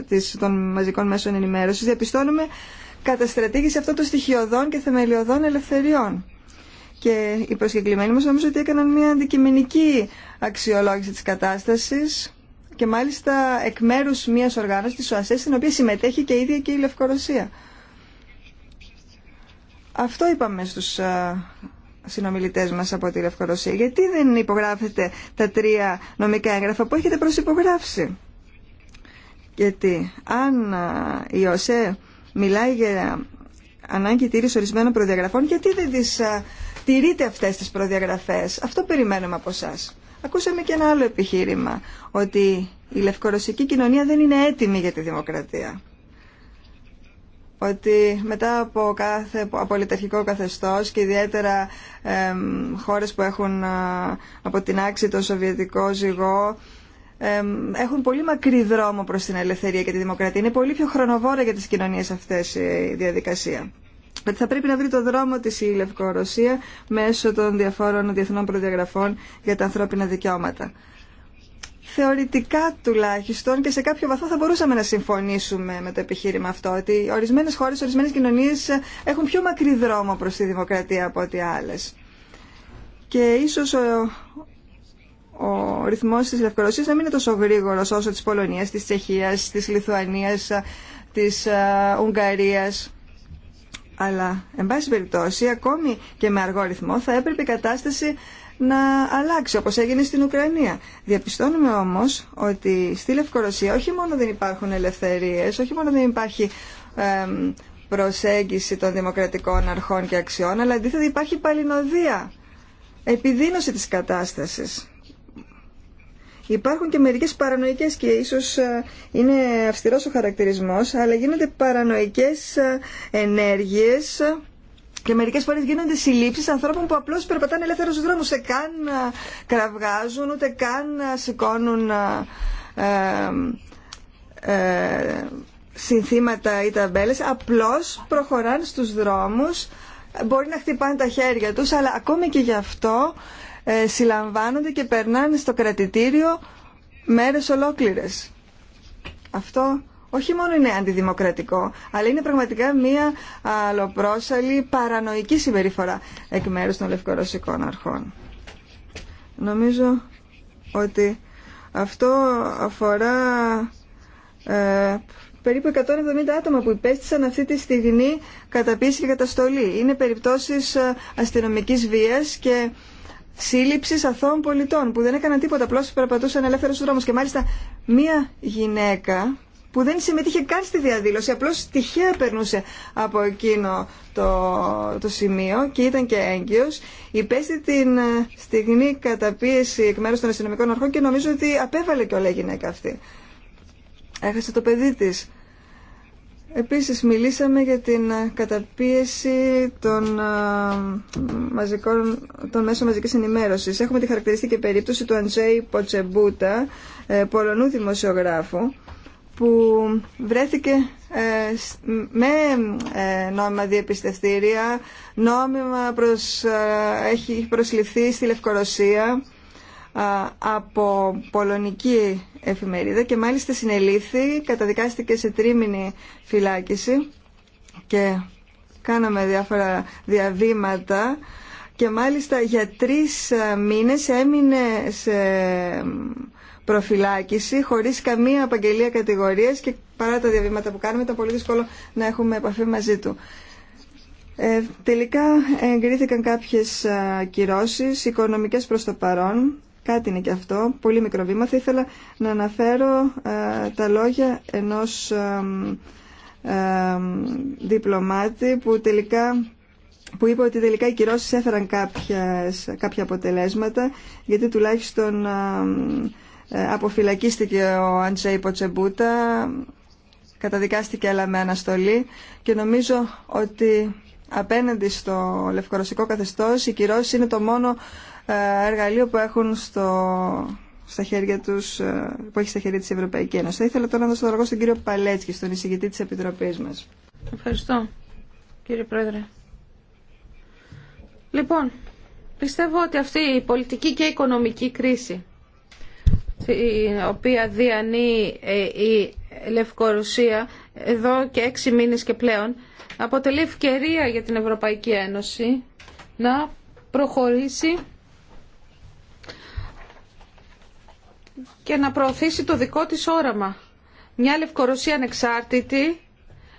της, των μαζικών μέσων ενημέρωσης. Διαπιστώνουμε καταστρατήγηση αυτών των στοιχειωδών και θεμελιωδών ελευθεριών. Και οι προσκεκλημένοι μας νομίζω ότι έκαναν μια αντικειμενική αξιολόγηση της κατάστασης και μάλιστα εκ μέρου μια οργάνωση τη ΟΑΣΕ, στην οποία συμμετέχει και η ίδια και η Λευκορωσία. Αυτό είπαμε στου συνομιλητέ μα από τη Λευκορωσία. Γιατί δεν υπογράφετε τα τρία νομικά έγγραφα που έχετε προσυπογράψει. Γιατί αν η ΟΣΕ μιλάει για ανάγκη τήρηση ορισμένων προδιαγραφών, γιατί δεν τις τηρείτε αυτές τις προδιαγραφές. Αυτό περιμένουμε από εσά. Ακούσαμε και ένα άλλο επιχείρημα, ότι η λευκορωσική κοινωνία δεν είναι έτοιμη για τη δημοκρατία. Ότι μετά από κάθε απολυταρχικό καθεστώς και ιδιαίτερα ε, χώρες που έχουν από την άξη το Σοβιετικό ζυγό, έχουν πολύ μακρύ δρόμο προς την ελευθερία και τη δημοκρατία. Είναι πολύ πιο χρονοβόρα για τις κοινωνίες αυτές η διαδικασία ότι θα πρέπει να βρει το δρόμο της η Λευκορωσία μέσω των διαφόρων διεθνών προδιαγραφών για τα ανθρώπινα δικαιώματα. Θεωρητικά τουλάχιστον και σε κάποιο βαθμό θα μπορούσαμε να συμφωνήσουμε με το επιχείρημα αυτό ότι ορισμένες χώρες, ορισμένες κοινωνίες έχουν πιο μακρύ δρόμο προς τη δημοκρατία από ό,τι άλλες. Και ίσως ο, ο ρυθμός της Λευκορωσίας να μην είναι τόσο γρήγορος όσο της Πολωνίας, της Τσεχίας, της Λιθουανίας, της ε, Ουγγαρία. Αλλά, εν πάση περιπτώσει, ακόμη και με αργό ρυθμό θα έπρεπε η κατάσταση να αλλάξει, όπως έγινε στην Ουκρανία. Διαπιστώνουμε όμως ότι στη Λευκορωσία όχι μόνο δεν υπάρχουν ελευθερίες, όχι μόνο δεν υπάρχει προσέγγιση των δημοκρατικών αρχών και αξιών, αλλά αντίθετα υπάρχει παλινοδία, επιδείνωση της κατάστασης. Υπάρχουν και μερικές παρανοϊκές και ίσως ε, είναι αυστηρός ο χαρακτηρισμός, αλλά γίνονται παρανοϊκές ε, ενέργειες και μερικές φορές γίνονται συλλήψεις ανθρώπων που απλώς περπατάνε ελεύθερος στους δρόμους, ούτε καν ε, κραυγάζουν, ούτε καν σηκώνουν ε, συνθήματα ή ταμπέλες, απλώς προχωράνε στους δρόμους, μπορεί να χτυπάνε τα χέρια τους, αλλά ακόμη και γι' αυτό ε, συλλαμβάνονται και περνάνε στο κρατητήριο μέρες ολόκληρες. Αυτό όχι μόνο είναι αντιδημοκρατικό, αλλά είναι πραγματικά μία αλλοπρόσαλη παρανοϊκή συμπεριφορά εκ μέρους των λευκορωσικών αρχών. Νομίζω ότι αυτό αφορά ε, περίπου 170 άτομα που υπέστησαν αυτή τη στιγμή καταπίεση και καταστολή. Είναι περιπτώσεις ε, αστυνομικής βίας και σύλληψη αθώων πολιτών που δεν έκαναν τίποτα, απλώ περπατούσαν ελεύθερου στου δρόμου. Και μάλιστα μία γυναίκα που δεν συμμετείχε καν στη διαδήλωση, απλώ τυχαία περνούσε από εκείνο το, το σημείο και ήταν και έγκυο. Υπέστη την ε, στιγμή καταπίεση εκ μέρου των αστυνομικών αρχών και νομίζω ότι απέβαλε κιόλα η γυναίκα αυτή. Έχασε το παιδί της. Επίσης μιλήσαμε για την ε, καταπίεση των, ε, μαζικών, των μέσων μαζικής ενημέρωσης. Έχουμε τη χαρακτηριστική περίπτωση του Αντζέι Ποτσεμπούτα, ε, Πολωνού δημοσιογράφου, που βρέθηκε με νόμιμα διεπιστευτήρια, νόμιμα προς, έχει προσληφθεί στη Λευκορωσία, από πολωνική εφημερίδα και μάλιστα συνελήθη καταδικάστηκε σε τρίμηνη φυλάκιση και κάναμε διάφορα διαβήματα και μάλιστα για τρεις ε, μήνες έμεινε σε προφυλάκηση χωρίς καμία απαγγελία κατηγορίας και παρά τα διαβήματα που κάνουμε ήταν πολύ δύσκολο να έχουμε επαφή μαζί του. Ε, τελικά εγκρίθηκαν κάποιες ε, κυρώσεις οικονομικές προς το παρόν Κάτι είναι και αυτό, πολύ μικρό βήμα. Θα ήθελα να αναφέρω ε, τα λόγια ενός διπλωμάτη που τελικά που είπε ότι τελικά οι κυρώσεις έφεραν κάποια αποτελέσματα γιατί τουλάχιστον ε, αποφυλακίστηκε ο Αντζέι Ποτσεμπούτα καταδικάστηκε αλλά με αναστολή και νομίζω ότι απέναντι στο λευκορωσικό καθεστώς οι κυρώσεις είναι το μόνο ε, εργαλείο που έχουν στο, στα χέρια τους, ε, που έχει στα χέρια της Ευρωπαϊκή Ένωση. Θα ήθελα τώρα να δώσω το λόγο στον κύριο Παλέτσκι, στον εισηγητή της Επιτροπής μας. Ευχαριστώ, κύριε Πρόεδρε. Λοιπόν, πιστεύω ότι αυτή η πολιτική και οικονομική κρίση η οποία διανύει ε, η Λευκορωσία εδώ και έξι μήνες και πλέον αποτελεί ευκαιρία για την Ευρωπαϊκή Ένωση να προχωρήσει και να προωθήσει το δικό της όραμα. Μια Λευκορωσία ανεξάρτητη,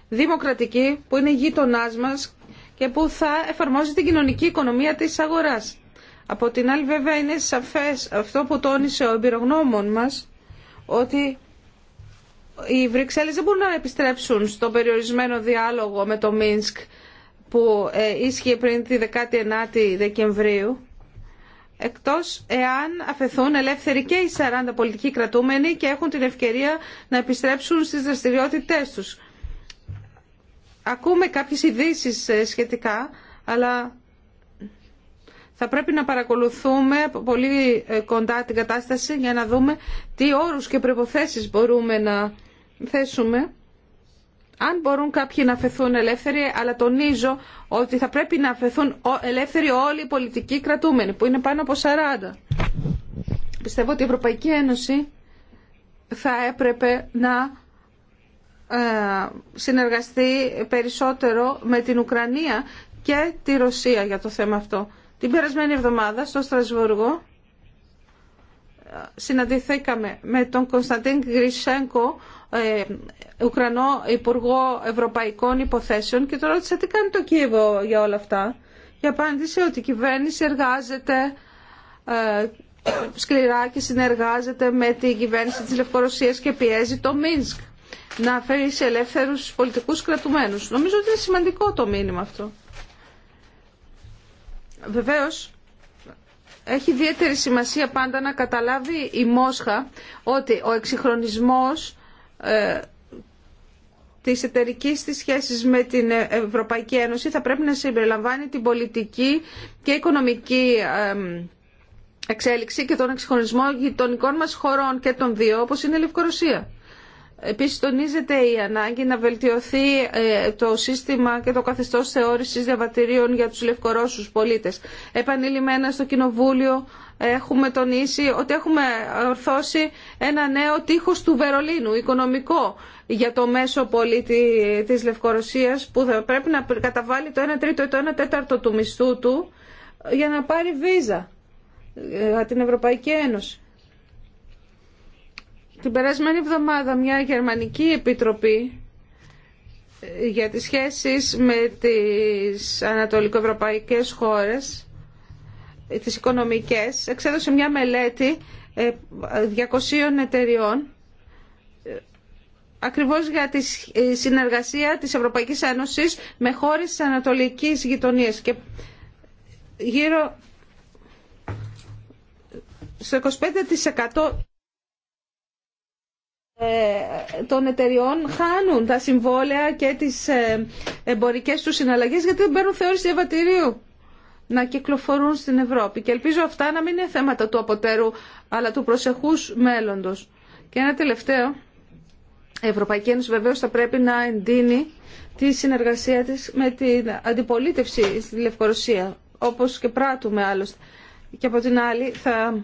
δημοκρατική, που είναι γείτονά μας και που θα εφαρμόζει την κοινωνική οικονομία της αγοράς. Από την άλλη βέβαια είναι σαφές αυτό που τόνισε ο εμπειρογνώμων μας, ότι οι Βρυξέλλες δεν μπορούν να επιστρέψουν στον περιορισμένο διάλογο με το Μίνσκ που ε, ίσχυε πριν τη 19η Δεκεμβρίου εκτός εάν αφαιθούν ελεύθεροι και οι 40 πολιτικοί κρατούμενοι και έχουν την ευκαιρία να επιστρέψουν στις δραστηριότητές τους. Ακούμε κάποιες ειδήσει ε, σχετικά, αλλά θα πρέπει να παρακολουθούμε πολύ ε, κοντά την κατάσταση για να δούμε τι όρους και προϋποθέσεις μπορούμε να θέσουμε αν μπορούν κάποιοι να αφαιθούν ελεύθεροι, αλλά τονίζω ότι θα πρέπει να αφαιθούν ελεύθεροι όλοι οι πολιτικοί κρατούμενοι, που είναι πάνω από 40. Πιστεύω ότι η Ευρωπαϊκή Ένωση θα έπρεπε να ε, συνεργαστεί περισσότερο με την Ουκρανία και τη Ρωσία για το θέμα αυτό. Την περασμένη εβδομάδα στο Στρασβούργο ε, συναντηθήκαμε με τον Κωνσταντίν Γκρισέγκο, ε, Ουκρανό Υπουργό Ευρωπαϊκών Υποθέσεων και το ρώτησα τι κάνει το Κίεβο για όλα αυτά. Και απάντησε ότι η κυβέρνηση εργάζεται ε, σκληρά και συνεργάζεται με την κυβέρνηση της Λευκορωσίας και πιέζει το Μίνσκ να φέρει σε ελεύθερους πολιτικούς κρατουμένους. Νομίζω ότι είναι σημαντικό το μήνυμα αυτό. Βεβαίως, έχει ιδιαίτερη σημασία πάντα να καταλάβει η Μόσχα ότι ο εξυγχρονισμός ε, της εταιρική της σχέσης με την ε- Ευρωπαϊκή Ένωση θα πρέπει να συμπεριλαμβάνει την πολιτική και οικονομική εξέλιξη και τον εξυγχρονισμό γειτονικών μας χωρών και των δύο όπως είναι η Λευκορωσία. Επίση τονίζεται η ανάγκη να βελτιωθεί ε, το σύστημα και το καθεστώ θεώρηση διαβατηρίων για τους λευκορώσους πολίτες. Επανειλημμένα στο Κοινοβούλιο έχουμε τονίσει ότι έχουμε ορθώσει ένα νέο τείχο του Βερολίνου, οικονομικό, για το μέσο πολίτη της Λευκορωσίας που θα πρέπει να καταβάλει το 1 τρίτο ή το 1 τέταρτο του μισθού του για να πάρει βίζα για ε, την Ευρωπαϊκή Ένωση. Την περασμένη εβδομάδα μια γερμανική επιτροπή ε, για τις σχέσεις με τις ανατολικοευρωπαϊκές χώρες, ε, τις οικονομικές, εξέδωσε μια μελέτη 200 ε, εταιριών ακριβώς για τη συνεργασία της Ευρωπαϊκής Ένωσης με χώρες της Ανατολικής Γειτονίας και γύρω στο 25% ε, των εταιριών χάνουν τα συμβόλαια και τις ε, εμπορικές τους συναλλαγές γιατί δεν παίρνουν θεώρηση διαβατηρίου να κυκλοφορούν στην Ευρώπη. Και ελπίζω αυτά να μην είναι θέματα του αποτέρου αλλά του προσεχούς μέλλοντος. Και ένα τελευταίο. Η Ευρωπαϊκή Ένωση βεβαίως θα πρέπει να εντείνει τη συνεργασία της με την αντιπολίτευση στη Λευκορωσία, όπως και πράττουμε άλλωστε. Και από την άλλη θα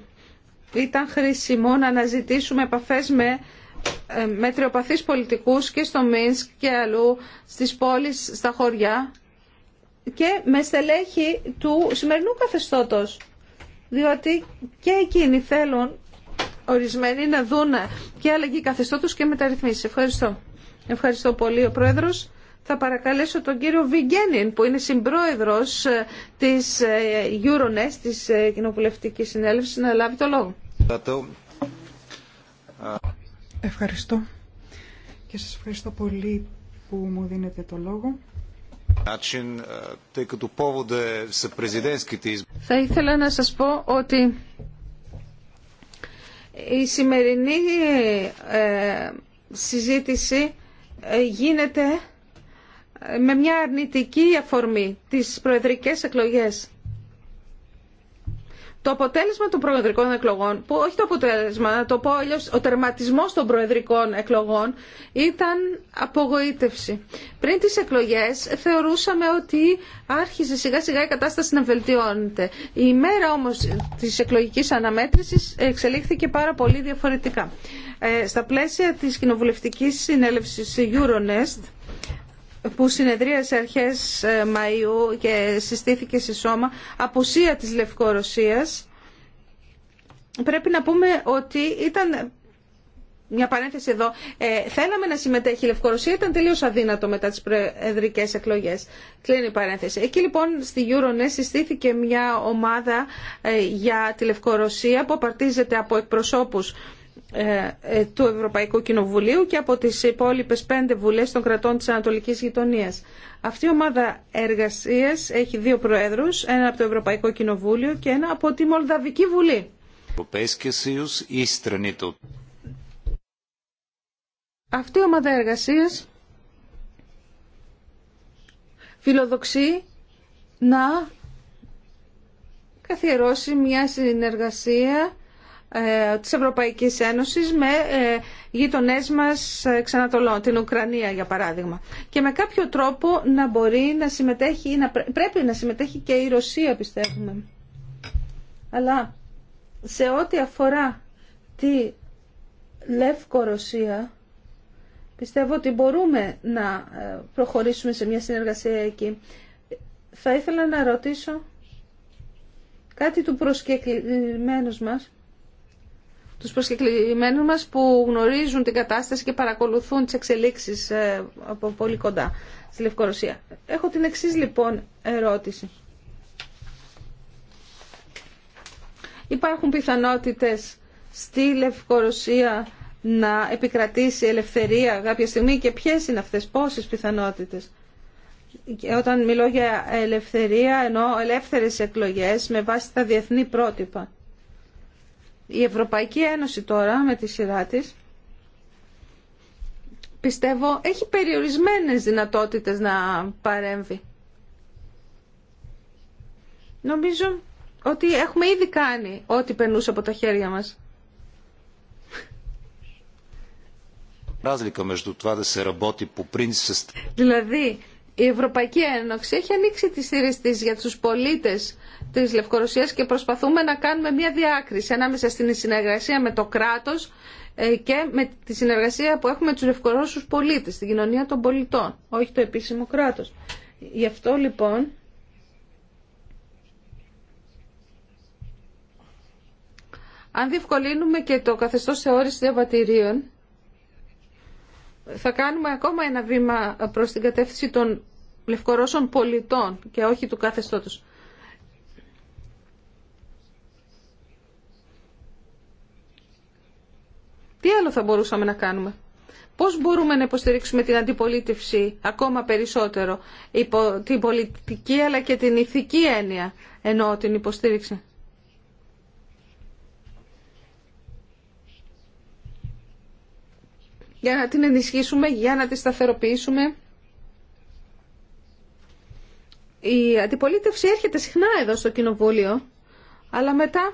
ήταν χρήσιμο να αναζητήσουμε επαφές με ε, μετριοπαθείς πολιτικούς και στο Μίνσκ και αλλού, στις πόλεις, στα χωριά και με στελέχη του σημερινού καθεστώτος. Διότι και εκείνοι θέλουν ορισμένοι να δουν και αλλαγή καθεστώτος και μεταρρυθμίσεις. Ευχαριστώ. Ευχαριστώ πολύ ο Πρόεδρος. Θα παρακαλέσω τον κύριο Βιγγένιν που είναι συμπρόεδρος ε, της ε, Euronest, της Κοινοβουλευτικής Συνέλευσης, να λάβει το λόγο. Ευχαριστώ και σας ευχαριστώ πολύ που μου δίνετε το λόγο. Ε, Θα ήθελα να σας πω ότι η σημερινή ε, συζήτηση ε, γίνεται με μια αρνητική αφορμή τις προεδρικές εκλογές. Το αποτέλεσμα των προεδρικών εκλογών, που όχι το αποτέλεσμα, το πω ο τερματισμός των προεδρικών εκλογών ήταν απογοήτευση. Πριν τις εκλογές θεωρούσαμε ότι άρχισε σιγά σιγά η κατάσταση να βελτιώνεται. Η ημέρα όμως της εκλογικής αναμέτρησης εξελίχθηκε πάρα πολύ διαφορετικά. Ε, στα πλαίσια της κοινοβουλευτικής συνέλευσης Euronest, που συνεδρίασε αρχές ε, Μαΐου και συστήθηκε σε σώμα, απουσία της Λευκορωσίας, πρέπει να πούμε ότι ήταν μια παρένθεση εδώ. Ε, θέλαμε να συμμετέχει η Λευκορωσία, ήταν τελείω αδύνατο μετά τι προεδρικέ εκλογέ. Κλείνει η παρένθεση. Εκεί λοιπόν στη Euronet συστήθηκε μια ομάδα ε, για τη Λευκορωσία που απαρτίζεται από εκπροσώπου ε, ε, του Ευρωπαϊκού Κοινοβουλίου και από τις υπόλοιπες πέντε βουλές των κρατών της Ανατολικής Γειτονίας. Αυτή η ομάδα εργασίας έχει δύο προέδρους, ένα από το Ευρωπαϊκό Κοινοβούλιο και ένα από τη Μολδαβική Βουλή. Αυτή η ομάδα εργασίας φιλοδοξεί να καθιερώσει μια συνεργασία ε, της Ευρωπαϊκής Ένωσης με ε, γειτονές μας ε, ξανατολών, την Ουκρανία για παράδειγμα. Και με κάποιο τρόπο να μπορεί να συμμετέχει, ή να πρέπει να συμμετέχει και η Ρωσία πιστεύουμε. Αλλά σε ό,τι αφορά τη Λεύκο πιστεύω ότι μπορούμε να προχωρήσουμε σε μια συνεργασία εκεί. Θα ήθελα να ρωτήσω κάτι του προσκεκλημένου μας τους προσκεκλημένους μας που γνωρίζουν την κατάσταση και παρακολουθούν τις εξελίξεις ε, από πολύ κοντά στη Λευκορωσία. Έχω την εξής λοιπόν ερώτηση. Υπάρχουν πιθανότητες στη Λευκορωσία να επικρατήσει ελευθερία κάποια στιγμή και ποιες είναι αυτές, πόσες πιθανότητες. Και όταν μιλώ για ελευθερία εννοώ ελεύθερες εκλογές με βάση τα διεθνή πρότυπα. Η Ευρωπαϊκή Ένωση τώρα με τη σειρά της πιστεύω έχει περιορισμένες δυνατότητες να παρέμβει. Νομίζω ότι έχουμε ήδη κάνει ό,τι περνούσε από τα χέρια μας. Δηλαδή, η Ευρωπαϊκή Ένωση έχει ανοίξει τις θύρες για τους πολίτες της Λευκορωσίας και προσπαθούμε να κάνουμε μια διάκριση ανάμεσα στην συνεργασία με το κράτος ε, και με τη συνεργασία που έχουμε με τους Λευκορώσους πολίτες, την κοινωνία των πολιτών, όχι το επίσημο κράτος. Γι' αυτό λοιπόν αν διευκολύνουμε και το καθεστώς θεώρηση διαβατηρίων θα κάνουμε ακόμα ένα βήμα προς την κατεύθυνση των λευκορώσων πολιτών και όχι του καθεστώτος. Τι άλλο θα μπορούσαμε να κάνουμε. Πώς μπορούμε να υποστηρίξουμε την αντιπολίτευση ακόμα περισσότερο υπό την πολιτική αλλά και την ηθική έννοια ενώ την υποστήριξη. για να την ενισχύσουμε, για να τη σταθεροποιήσουμε. Η αντιπολίτευση έρχεται συχνά εδώ στο Κοινοβούλιο, αλλά μετά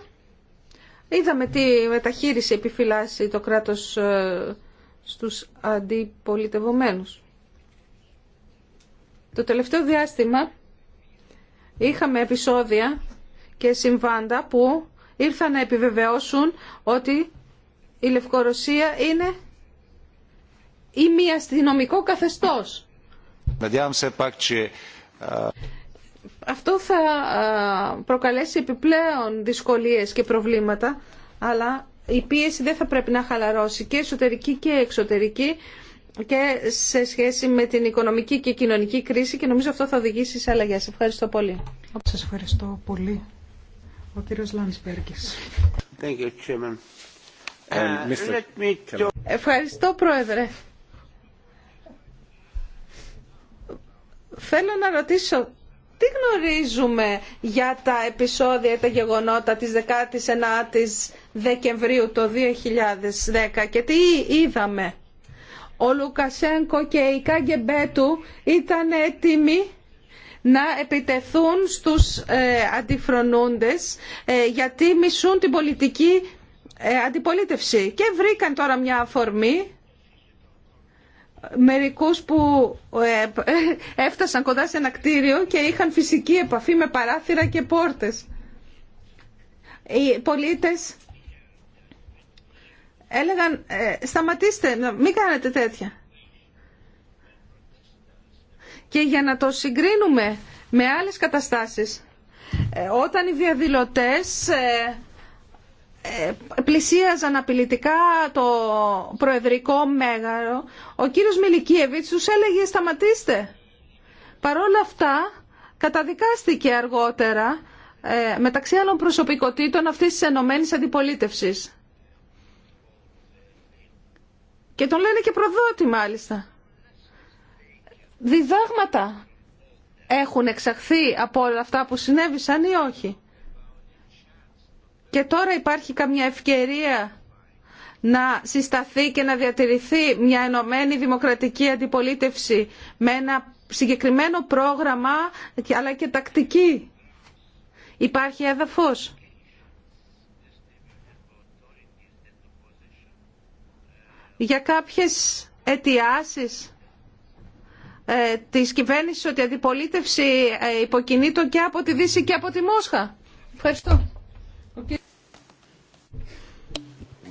είδαμε τι μεταχείριση επιφυλάσσει το κράτος ε, στους αντιπολιτευομένους. Το τελευταίο διάστημα είχαμε επεισόδια και συμβάντα που ήρθαν να επιβεβαιώσουν ότι η Λευκορωσία είναι ή μη αστυνομικό καθεστώς. Αυτό θα προκαλέσει επιπλέον δυσκολίες και προβλήματα, αλλά η πίεση δεν θα πρέπει να χαλαρώσει και εσωτερική και εξωτερική και σε σχέση με την οικονομική και κοινωνική κρίση και νομίζω αυτό θα οδηγήσει σε αλλαγές. Ευχαριστώ πολύ. ευχαριστώ πολύ. Ο κύριος uh, Ευχαριστώ, Πρόεδρε. Θέλω να ρωτήσω, τι γνωρίζουμε για τα επεισόδια, τα γεγονότα της 19ης Δεκεμβρίου το 2010 και τι είδαμε. Ο Λουκασένκο και η Κάγκεμπέ του ήταν έτοιμοι να επιτεθούν στους ε, αντιφρονούντες ε, γιατί μισούν την πολιτική ε, αντιπολίτευση. Και βρήκαν τώρα μια αφορμή μερικούς που ε, έφτασαν κοντά σε ένα κτίριο και είχαν φυσική επαφή με παράθυρα και πόρτες. Οι πολίτες έλεγαν ε, «σταματήστε, μην κάνετε τέτοια». Και για να το συγκρίνουμε με άλλες καταστάσεις, ε, όταν οι διαδηλωτές ε, πλησίαζαν απειλητικά το προεδρικό μέγαρο, ο κύριος Μιλικίεβιτς τους έλεγε σταματήστε. Παρόλα αυτά καταδικάστηκε αργότερα ε, μεταξύ άλλων προσωπικότητων αυτής της ενωμένη αντιπολίτευσης. Και τον λένε και προδότη μάλιστα. Διδάγματα έχουν εξαχθεί από όλα αυτά που συνέβησαν ή όχι. Και τώρα υπάρχει καμιά ευκαιρία να συσταθεί και να διατηρηθεί μια ενωμένη δημοκρατική αντιπολίτευση με ένα συγκεκριμένο πρόγραμμα αλλά και τακτική. Υπάρχει έδαφος. Για κάποιες αιτιάσεις ε, της κυβέρνησης ότι η αντιπολίτευση ε, υποκινείται και από τη Δύση και από τη Μόσχα. Ευχαριστώ.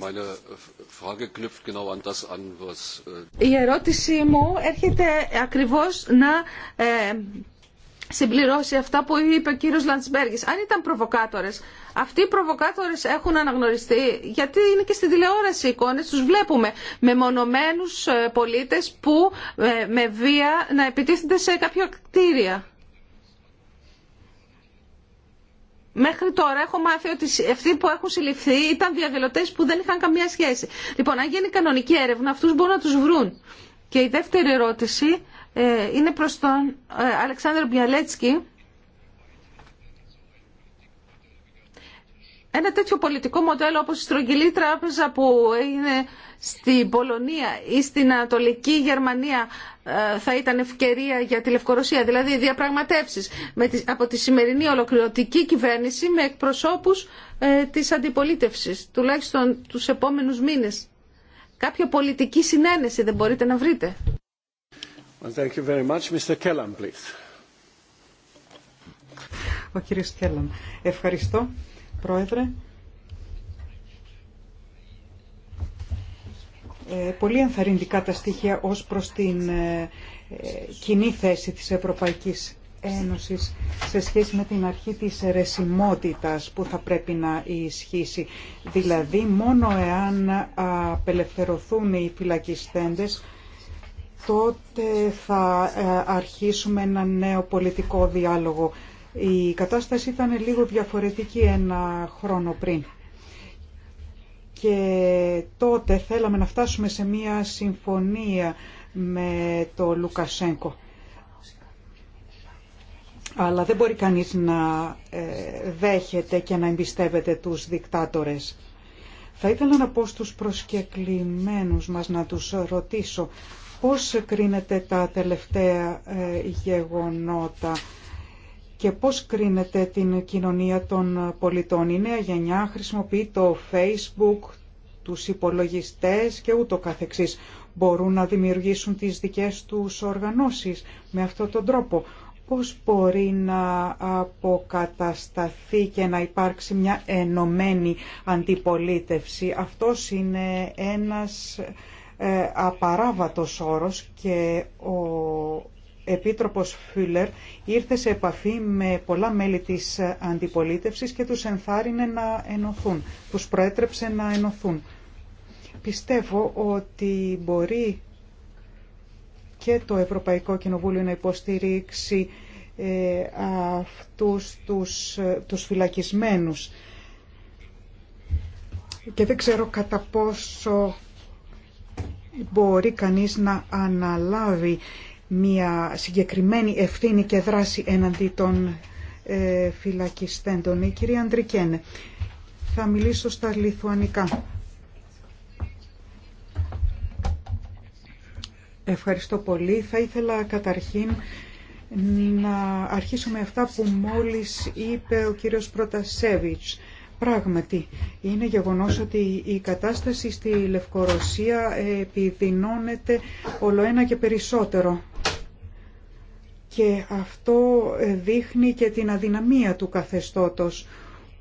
Äh, Η ερώτησή μου έρχεται ακριβώς να ε, συμπληρώσει αυτά που είπε ο κύριος Λαντσμπέργης. Αν ήταν προβοκάτορες, αυτοί οι προβοκάτορες έχουν αναγνωριστεί, γιατί είναι και στη τηλεόραση εικόνες, τους βλέπουμε με μονομένους ε, πολίτες που ε, με βία να επιτίθενται σε κάποια κτίρια. Μέχρι τώρα έχω μάθει ότι αυτοί που έχουν συλληφθεί ήταν διαδηλωτέ που δεν είχαν καμία σχέση. Λοιπόν, αν γίνει κανονική έρευνα, αυτού μπορούν να του βρουν. Και η δεύτερη ερώτηση ε, είναι προ τον ε, Αλεξάνδρου Μπιαλέτσκι Ένα τέτοιο πολιτικό μοντέλο όπως η στρογγυλή τράπεζα που είναι στην Πολωνία ή στην Ανατολική Γερμανία ε, θα ήταν ευκαιρία για τη Λευκορωσία. Δηλαδή διαπραγματεύσεις από τη σημερινή ολοκληρωτική κυβέρνηση με εκπροσώπους ε, της αντιπολίτευσης, τουλάχιστον τους επόμενους μήνες. Κάποια πολιτική συνένεση δεν μπορείτε να βρείτε. Ευχαριστώ. Πρόεδρε. Ε, πολύ ενθαρρυντικά τα στοιχεία ως προς την ε, ε, κοινή θέση της Ευρωπαϊκής Ένωσης σε σχέση με την αρχή της ερεσιμότητας που θα πρέπει να ισχύσει. Δηλαδή, μόνο εάν απελευθερωθούν οι φυλακιστέντες, τότε θα αρχίσουμε ένα νέο πολιτικό διάλογο η κατάσταση ήταν λίγο διαφορετική ένα χρόνο πριν. Και τότε θέλαμε να φτάσουμε σε μία συμφωνία με το Λουκασέγκο. Αλλά δεν μπορεί κανείς να ε, δέχεται και να εμπιστεύεται τους δικτάτορες. Θα ήθελα να πω στους προσκεκλημένους μας να τους ρωτήσω πώς κρίνεται τα τελευταία ε, γεγονότα και πώς κρίνεται την κοινωνία των πολιτών. Η νέα γενιά χρησιμοποιεί το Facebook, τους υπολογιστές και ούτω καθεξής. Μπορούν να δημιουργήσουν τις δικές τους οργανώσεις με αυτόν τον τρόπο. Πώς μπορεί να αποκατασταθεί και να υπάρξει μια ενωμένη αντιπολίτευση. Αυτός είναι ένας ε, απαράβατος όρος και ο Επίτροπος Φούλερ ήρθε σε επαφή με πολλά μέλη της αντιπολίτευσης και τους ενθάρρυνε να ενωθούν, τους προέτρεψε να ενωθούν. Πιστεύω ότι μπορεί και το Ευρωπαϊκό Κοινοβούλιο να υποστηρίξει ε, αυτούς τους, ε, τους φυλακισμένους και δεν ξέρω κατά πόσο μπορεί κανείς να αναλάβει μια συγκεκριμένη ευθύνη και δράση εναντί των ε, φυλακιστέντων. Η κυρία Αντρικένε, θα μιλήσω στα λιθουανικά. Ευχαριστώ πολύ. Θα ήθελα καταρχήν να αρχίσω με αυτά που μόλις είπε ο κύριος Πρωτασέβιτς. Πράγματι, είναι γεγονός ότι η κατάσταση στη Λευκορωσία επιδεινώνεται ένα και περισσότερο. Και αυτό δείχνει και την αδυναμία του καθεστώτος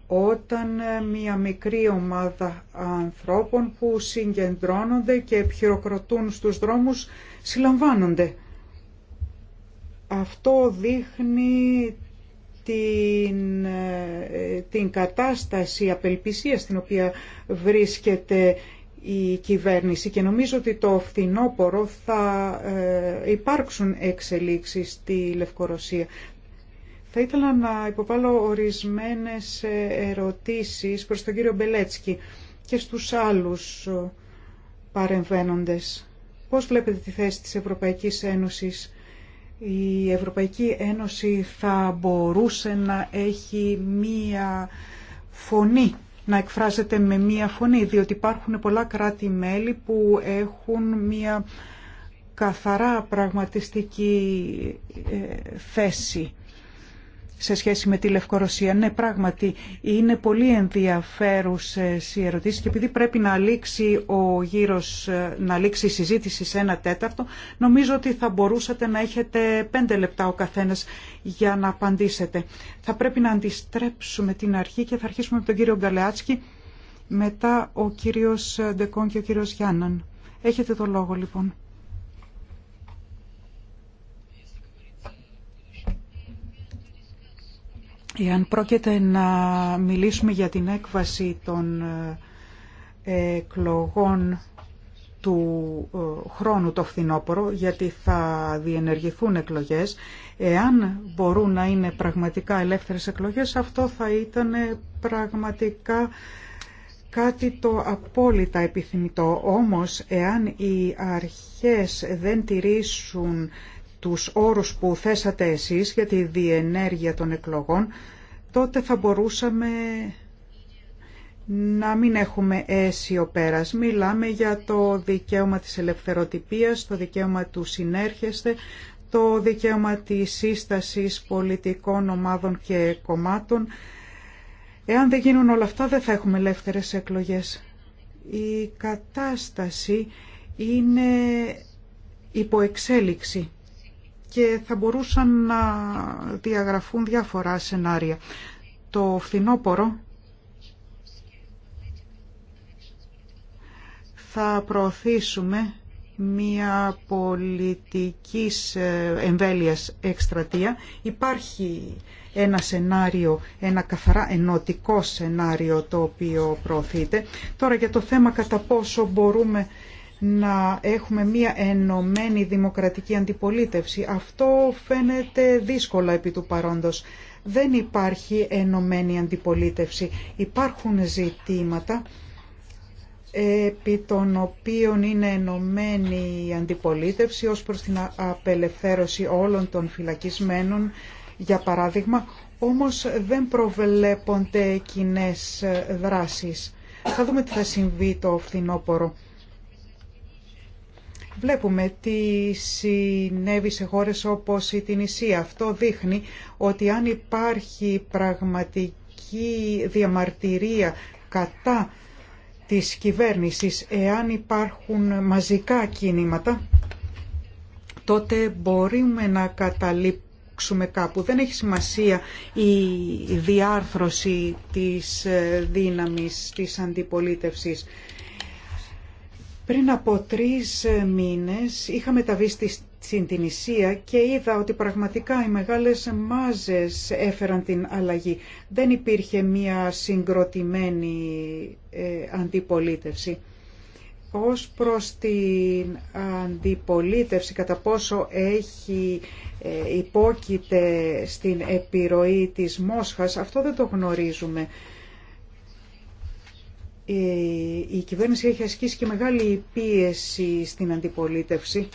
όταν μια μικρή ομάδα ανθρώπων που συγκεντρώνονται και επιχειροκροτούν στους δρόμους συλλαμβάνονται. Αυτό δείχνει την, την κατάσταση απελπισία στην οποία βρίσκεται η κυβέρνηση και νομίζω ότι το φθινόπωρο θα ε, υπάρξουν εξελίξεις στη Λευκορωσία. Θα ήθελα να υποβάλω ορισμένες ερωτήσεις προς τον κύριο Μπελέτσκι και στους άλλους παρεμβαίνοντες. Πώς βλέπετε τη θέση της Ευρωπαϊκής Ένωσης η Ευρωπαϊκή Ένωση θα μπορούσε να έχει μία φωνή, να εκφράζεται με μία φωνή, διότι υπάρχουν πολλά κράτη-μέλη που έχουν μία καθαρά πραγματιστική ε, θέση σε σχέση με τη Λευκορωσία. Ναι, πράγματι, είναι πολύ ενδιαφέρουσε οι ερωτήσεις και επειδή πρέπει να λήξει ο γύρος, να λήξει η συζήτηση σε ένα τέταρτο, νομίζω ότι θα μπορούσατε να έχετε πέντε λεπτά ο καθένας για να απαντήσετε. Θα πρέπει να αντιστρέψουμε την αρχή και θα αρχίσουμε με τον κύριο Γκαλεάτσκι, μετά ο κύριο Ντεκόν και ο κύριο Γιάνναν. Έχετε το λόγο λοιπόν. Εάν πρόκειται να μιλήσουμε για την έκβαση των ε, εκλογών του ε, χρόνου το φθινόπωρο, γιατί θα διενεργηθούν εκλογές, εάν μπορούν να είναι πραγματικά ελεύθερες εκλογές, αυτό θα ήταν πραγματικά κάτι το απόλυτα επιθυμητό. Όμως, εάν οι αρχές δεν τηρήσουν τους όρους που θέσατε εσείς για τη διενέργεια των εκλογών, τότε θα μπορούσαμε να μην έχουμε αίσιο πέρας. Μιλάμε για το δικαίωμα της ελευθεροτυπίας, το δικαίωμα του συνέρχεστε, το δικαίωμα της σύστασης πολιτικών ομάδων και κομμάτων. Εάν δεν γίνουν όλα αυτά δεν θα έχουμε ελεύθερες εκλογές. Η κατάσταση είναι υποεξέλιξη και θα μπορούσαν να διαγραφούν διάφορα σενάρια. Το φθινόπορο θα προωθήσουμε μια πολιτική ε, εμβέλειας εκστρατεία. Υπάρχει ένα σενάριο, ένα καθαρά ενωτικό σενάριο το οποίο προωθείται. Τώρα για το θέμα κατά πόσο μπορούμε να έχουμε μία ενωμένη δημοκρατική αντιπολίτευση. Αυτό φαίνεται δύσκολο επί του παρόντος. Δεν υπάρχει ενωμένη αντιπολίτευση. Υπάρχουν ζητήματα επί των οποίων είναι ενωμένη η αντιπολίτευση ως προς την απελευθέρωση όλων των φυλακισμένων, για παράδειγμα, όμως δεν προβλέπονται κοινέ δράσεις. Θα δούμε τι θα συμβεί το φθινόπωρο. Βλέπουμε τι συνέβη σε χώρες όπως η Τινησία. Αυτό δείχνει ότι αν υπάρχει πραγματική διαμαρτυρία κατά της κυβέρνησης, εάν υπάρχουν μαζικά κίνηματα, τότε μπορούμε να καταλήξουμε κάπου. Δεν έχει σημασία η διάρθρωση της ε, δύναμης της αντιπολίτευσης. Πριν από τρεις ε, μήνες είχα μεταβεί στην Τινησία και είδα ότι πραγματικά οι μεγάλες μάζες έφεραν την αλλαγή. Δεν υπήρχε μία συγκροτημένη ε, αντιπολίτευση. Ως προς την αντιπολίτευση, κατά πόσο έχει ε, υπόκειται στην επιρροή της Μόσχας, αυτό δεν το γνωρίζουμε. Ε, η κυβέρνηση έχει ασκήσει και μεγάλη πίεση στην αντιπολίτευση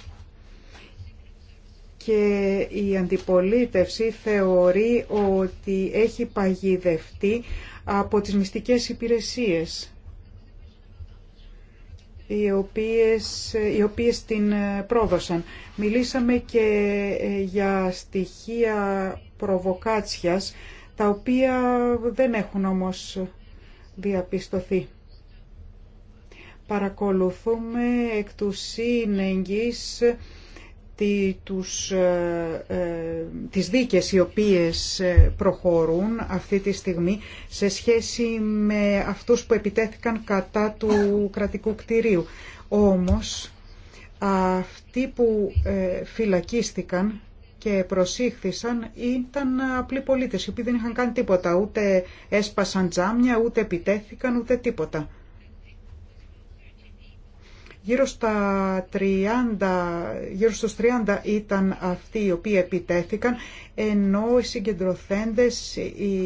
και η αντιπολίτευση θεωρεί ότι έχει παγιδευτεί από τις μυστικές υπηρεσίες οι οποίες, οι οποίες την ε, πρόδωσαν. Μιλήσαμε και ε, για στοιχεία προβοκάτσιας, τα οποία δεν έχουν όμως διαπιστωθεί παρακολουθούμε εκ του σύνεγγυς τι τους, ε, ε, τις δίκες οι οποίες ε, προχωρούν αυτή τη στιγμή σε σχέση με αυτούς που επιτέθηκαν κατά του κρατικού κτηρίου. Όμως αυτοί που φυλακίστηκαν και προσήχθησαν ήταν απλοί πολίτες οι οποίοι δεν είχαν κάνει τίποτα, ούτε έσπασαν τζάμια, ούτε επιτέθηκαν, ούτε τίποτα. Γύρω, στα 30, γύρω στους 30 ήταν αυτοί οι οποίοι επιτέθηκαν, ενώ οι συγκεντρωθέντες, οι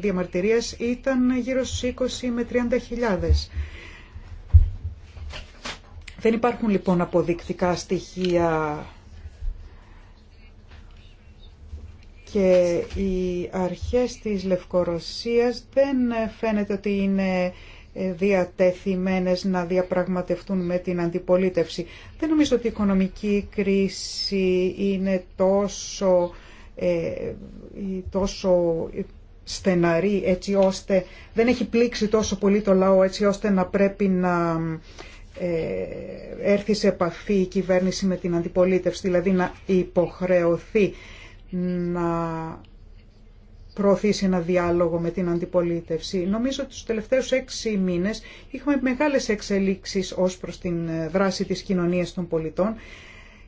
διαμαρτυρίες ήταν γύρω στους 20 με 30 χιλιάδες. Δεν υπάρχουν λοιπόν αποδεικτικά στοιχεία και οι αρχές της Λευκορωσίας δεν φαίνεται ότι είναι διατεθειμένες να διαπραγματευτούν με την αντιπολίτευση. Δεν νομίζω ότι η οικονομική κρίση είναι τόσο, ε, τόσο στεναρή έτσι ώστε δεν έχει πλήξει τόσο πολύ το λαό έτσι ώστε να πρέπει να ε, έρθει σε επαφή η κυβέρνηση με την αντιπολίτευση, δηλαδή να υποχρεωθεί να προωθήσει ένα διάλογο με την αντιπολίτευση. Νομίζω ότι τους τελευταίους έξι μήνες είχαμε μεγάλες εξελίξεις ως προς την ε, δράση της κοινωνίας των πολιτών.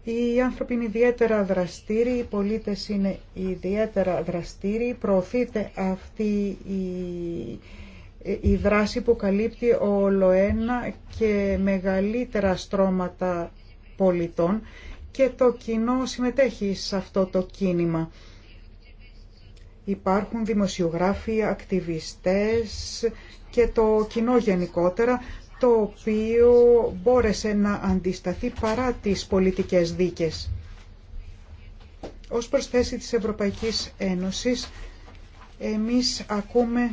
Οι άνθρωποι είναι ιδιαίτερα δραστήριοι, οι πολίτες είναι ιδιαίτερα δραστήριοι. Προωθείται αυτή η, ε, η δράση που καλύπτει ένα και μεγαλύτερα στρώματα πολιτών και το κοινό συμμετέχει σε αυτό το κίνημα. Υπάρχουν δημοσιογράφοι, ακτιβιστές και το κοινό γενικότερα, το οποίο μπόρεσε να αντισταθεί παρά τις πολιτικές δίκες. Ως προσθέση της Ευρωπαϊκής Ένωσης, εμείς ακούμε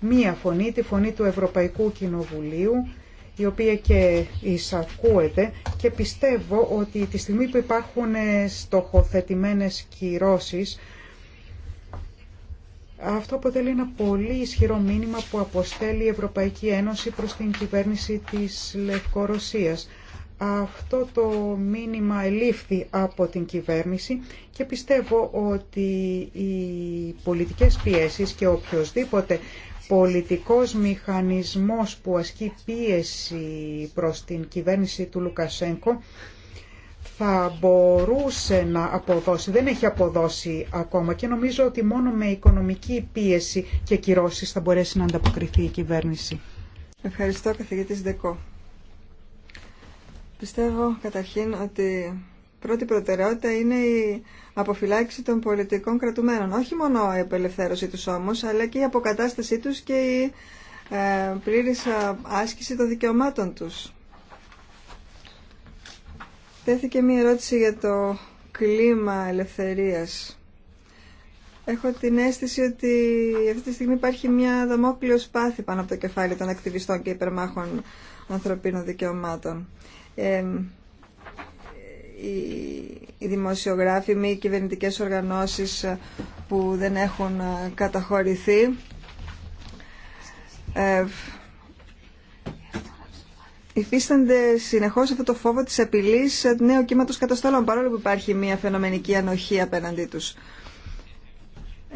μία φωνή, τη φωνή του Ευρωπαϊκού Κοινοβουλίου, η οποία και εισακούεται και πιστεύω ότι τη στιγμή που υπάρχουν στοχοθετημένες κυρώσεις αυτό αποτελεί ένα πολύ ισχυρό μήνυμα που αποστέλει η Ευρωπαϊκή Ένωση προς την κυβέρνηση της Λευκορωσίας. Αυτό το μήνυμα ελήφθη από την κυβέρνηση και πιστεύω ότι οι πολιτικές πιέσεις και οποιοδήποτε πολιτικός μηχανισμός που ασκεί πίεση προς την κυβέρνηση του Λουκασένκο θα μπορούσε να αποδώσει. Δεν έχει αποδώσει ακόμα και νομίζω ότι μόνο με οικονομική πίεση και κυρώσεις θα μπορέσει να ανταποκριθεί η κυβέρνηση. Ευχαριστώ καθηγητής Δεκό. Πιστεύω καταρχήν ότι πρώτη προτεραιότητα είναι η αποφυλάξη των πολιτικών κρατουμένων. Όχι μόνο η απελευθέρωση τους όμως, αλλά και η αποκατάστασή τους και η ε, πλήρης ε, άσκηση των δικαιωμάτων τους. Τέθηκε μία ερώτηση για το κλίμα ελευθερίας. Έχω την αίσθηση ότι αυτή τη στιγμή υπάρχει μια δαμόκλειο σπάθη πάνω από το κεφάλι των ακτιβιστών και υπερμάχων ανθρωπίνων δικαιωμάτων. Ε, οι δημοσιογράφοι, μη κυβερνητικέ οργανώσεις που δεν έχουν καταχωρηθεί ε, υφίστανται συνεχώς αυτό το φόβο της απειλής νέου κύματο καταστολών, παρόλο που υπάρχει μια φαινομενική ανοχή απέναντί του.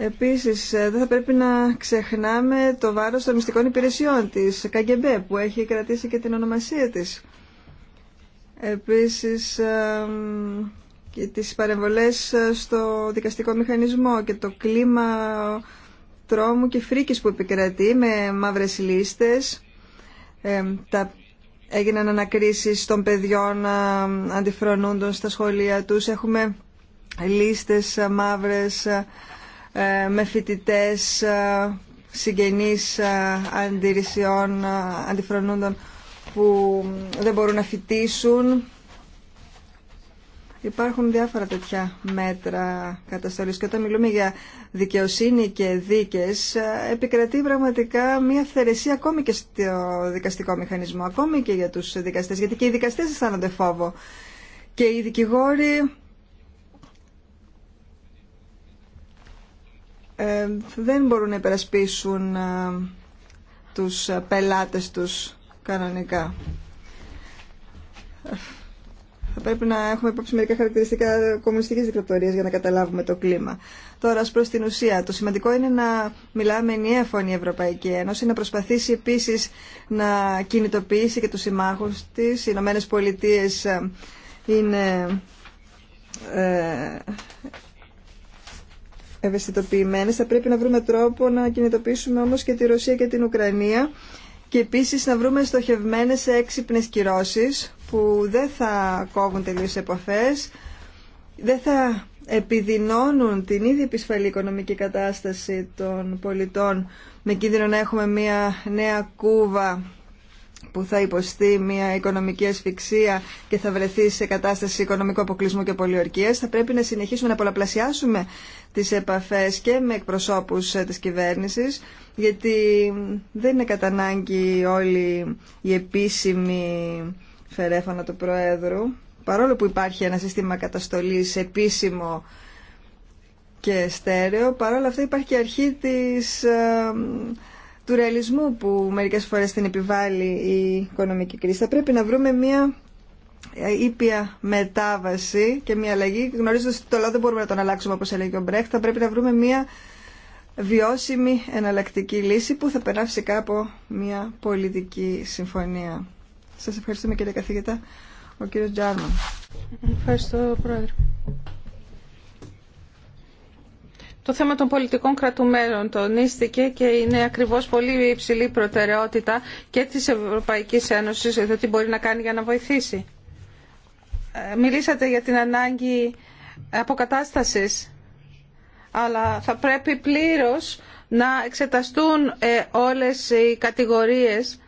Επίσης, ε, δεν θα πρέπει να ξεχνάμε το βάρος των μυστικών υπηρεσιών της ΚΑΚΕΜΠΕ, που έχει κρατήσει και την ονομασία της. Επίσης, και τις παρεμβολές ε, στο δικαστικό μηχανισμό και το κλίμα τρόμου και φρίκης που επικρατεί με μαύρες λίστες, τα έγιναν ανακρίσεις των παιδιών αντιφρονούντων στα σχολεία τους. Έχουμε λίστες μαύρες ε, με φοιτητέ συγγενείς αντιρρησιών, αντιφρονούντων που δεν μπορούν να φοιτήσουν Υπάρχουν διάφορα τέτοια μέτρα καταστολής και όταν μιλούμε για δικαιοσύνη και δίκες ε, επικρατεί πραγματικά μια θερεσία ακόμη και στο δικαστικό μηχανισμό, ακόμη και για τους δικαστές, γιατί και οι δικαστές αισθάνονται φόβο και οι δικηγόροι ε, δεν μπορούν να υπερασπίσουν ε, τους πελάτες τους κανονικά θα πρέπει να έχουμε υπόψη μερικά χαρακτηριστικά κομμουνιστική δικτατορία για να καταλάβουμε το κλίμα. Τώρα, ω προς την ουσία, το σημαντικό είναι να μιλάμε ενιαία φωνή η Ευρωπαϊκή Ένωση, να προσπαθήσει επίση να κινητοποιήσει και του συμμάχου τη. Οι Ηνωμένε Πολιτείε ε, είναι ε, ευαισθητοποιημένε. Θα πρέπει να βρούμε τρόπο να κινητοποιήσουμε όμω και τη Ρωσία και την Ουκρανία και επίσης να βρούμε στοχευμένες έξυπνες κυρώσει που δεν θα κόβουν τελείως επαφές, δεν θα επιδεινώνουν την ίδια επισφαλή οικονομική κατάσταση των πολιτών με κίνδυνο να έχουμε μια νέα κούβα που θα υποστεί μια οικονομική ασφυξία και θα βρεθεί σε κατάσταση οικονομικού αποκλεισμού και πολιορκίας. Θα πρέπει να συνεχίσουμε να πολλαπλασιάσουμε τις επαφές και με εκπροσώπους ε, της κυβέρνησης, γιατί δεν είναι κατά ανάγκη όλοι οι φερέφανα του Προέδρου, παρόλο που υπάρχει ένα σύστημα καταστολής επίσημο και στέρεο, παρόλα αυτά υπάρχει και αρχή της, ε, του ρεαλισμού που μερικές φορές την επιβάλλει η οικονομική κρίση. Θα πρέπει να βρούμε μια ε, ήπια μετάβαση και μια αλλαγή. Γνωρίζοντα ότι το λαό δεν μπορούμε να τον αλλάξουμε όπως έλεγε ο Μπρέχ, θα πρέπει να βρούμε μια βιώσιμη εναλλακτική λύση που θα περάσει κάπου μια πολιτική συμφωνία. Σας ευχαριστούμε κύριε καθηγητά. Ο κύριος Τζάρμαν. Ευχαριστώ πρόεδρε. Το θέμα των πολιτικών κρατουμένων τονίστηκε και είναι ακριβώς πολύ υψηλή προτεραιότητα και της Ευρωπαϊκής Ένωσης εδώ τι μπορεί να κάνει για να βοηθήσει. Ε, μιλήσατε για την ανάγκη αποκατάστασης, αλλά θα πρέπει πλήρως να εξεταστούν ε, όλες οι κατηγορίες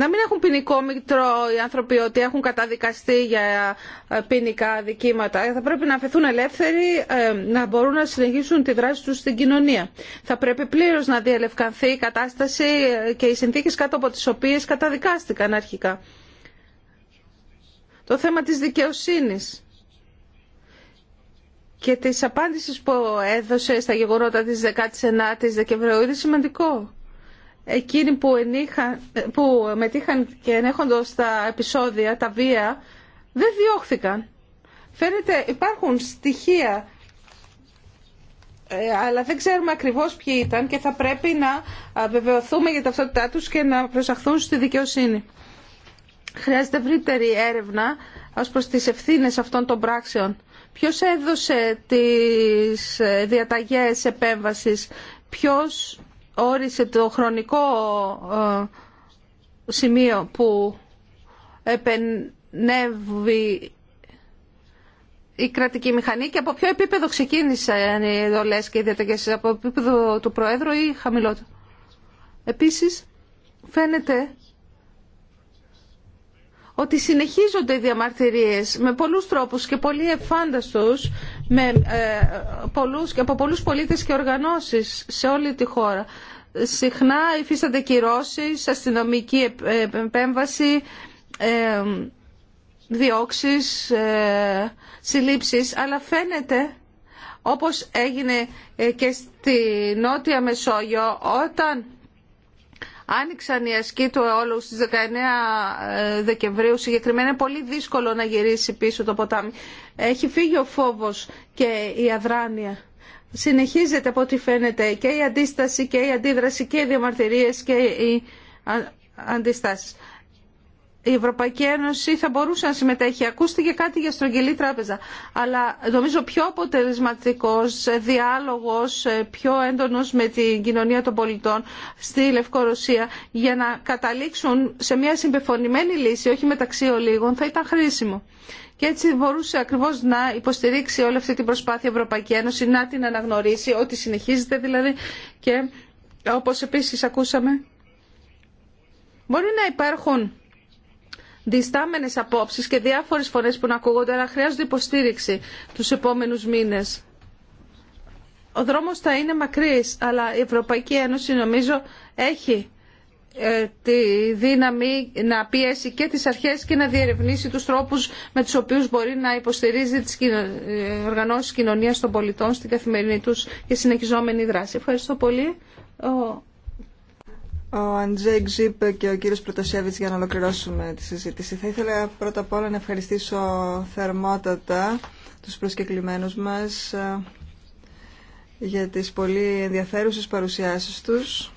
να μην έχουν ποινικό μητρό οι άνθρωποι ότι έχουν καταδικαστεί για ε, ποινικά δικήματα. Θα πρέπει να αφαιθούν ελεύθεροι ε, να μπορούν να συνεχίσουν τη δράση τους στην κοινωνία. Θα πρέπει πλήρως να διαλευκανθεί η κατάσταση ε, και οι συνθήκες κάτω από τις οποίες καταδικάστηκαν αρχικά. Το θέμα της δικαιοσύνης και της απάντησης που έδωσε στα γεγονότα της 19ης Δεκεμβρίου είναι σημαντικό εκείνοι που, ενήχαν, που μετήχαν και ενέχοντος τα επεισόδια, τα βία, δεν διώχθηκαν. Φαίνεται υπάρχουν στοιχεία, ε, αλλά δεν ξέρουμε ακριβώς ποιοι ήταν και θα πρέπει να βεβαιωθούμε για ταυτότητά τους και να προσαχθούν στη δικαιοσύνη. Χρειάζεται ευρύτερη έρευνα ως προς τις ευθύνες αυτών των πράξεων. Ποιος έδωσε τις ε, διαταγές επέμβασης, ποιος όρισε το χρονικό ε, σημείο που επενεύει η κρατική μηχανή και από ποιο επίπεδο ξεκίνησαν οι δολές και οι διαταγές, από επίπεδο του Προέδρου ή χαμηλότερο. Επίσης, φαίνεται ότι συνεχίζονται οι διαμαρτυρίες με πολλούς τρόπους και πολύ εφάνταστος, με ε, πολλούς, από πολλούς πολίτες και οργανώσεις σε όλη τη χώρα. Συχνά υφίστανται κυρώσεις, αστυνομική ε, επέμβαση, ε, διώξεις, συλλήψεις, αλλά φαίνεται όπως έγινε και στη Νότια Μεσόγειο όταν Άνοιξαν οι ασκοί του αιώλου στις 19 ε, Δεκεμβρίου συγκεκριμένα. Είναι πολύ δύσκολο να γυρίσει πίσω το ποτάμι. Έχει φύγει ο φόβος και η αδράνεια. Συνεχίζεται από ό,τι φαίνεται και η αντίσταση και η αντίδραση και οι διαμαρτυρίες και οι ε, αντιστάσεις η Ευρωπαϊκή Ένωση θα μπορούσε να συμμετέχει. Ακούστηκε κάτι για στρογγυλή τράπεζα. Αλλά νομίζω πιο αποτελεσματικό διάλογο, πιο έντονο με την κοινωνία των πολιτών στη Λευκορωσία για να καταλήξουν σε μια συμπεφωνημένη λύση, όχι μεταξύ ολίγων, θα ήταν χρήσιμο. Και έτσι μπορούσε ακριβώ να υποστηρίξει όλη αυτή την προσπάθεια η Ευρωπαϊκή Ένωση, να την αναγνωρίσει, ότι συνεχίζεται δηλαδή και όπω επίση ακούσαμε, μπορεί να υπάρχουν διστάμενες απόψεις και διάφορες φωνές που να ακούγονται, αλλά χρειάζονται υποστήριξη τους επόμενους μήνες. Ο δρόμος θα είναι μακρύς, αλλά η Ευρωπαϊκή Ένωση νομίζω έχει ε, τη δύναμη να πιέσει και τις αρχές και να διερευνήσει τους τρόπους με τους οποίους μπορεί να υποστηρίζει τις ε, οργανώσεις κοινωνίας των πολιτών στην καθημερινή τους και συνεχιζόμενη δράση. Ευχαριστώ πολύ ο Αντζέι Γκζίπ και ο κύριος Πρωτοσέβης για να ολοκληρώσουμε τη συζήτηση. Θα ήθελα πρώτα απ' όλα να ευχαριστήσω θερμότατα τους προσκεκλημένους μας ε, για τις πολύ ενδιαφέρουσες παρουσιάσεις τους.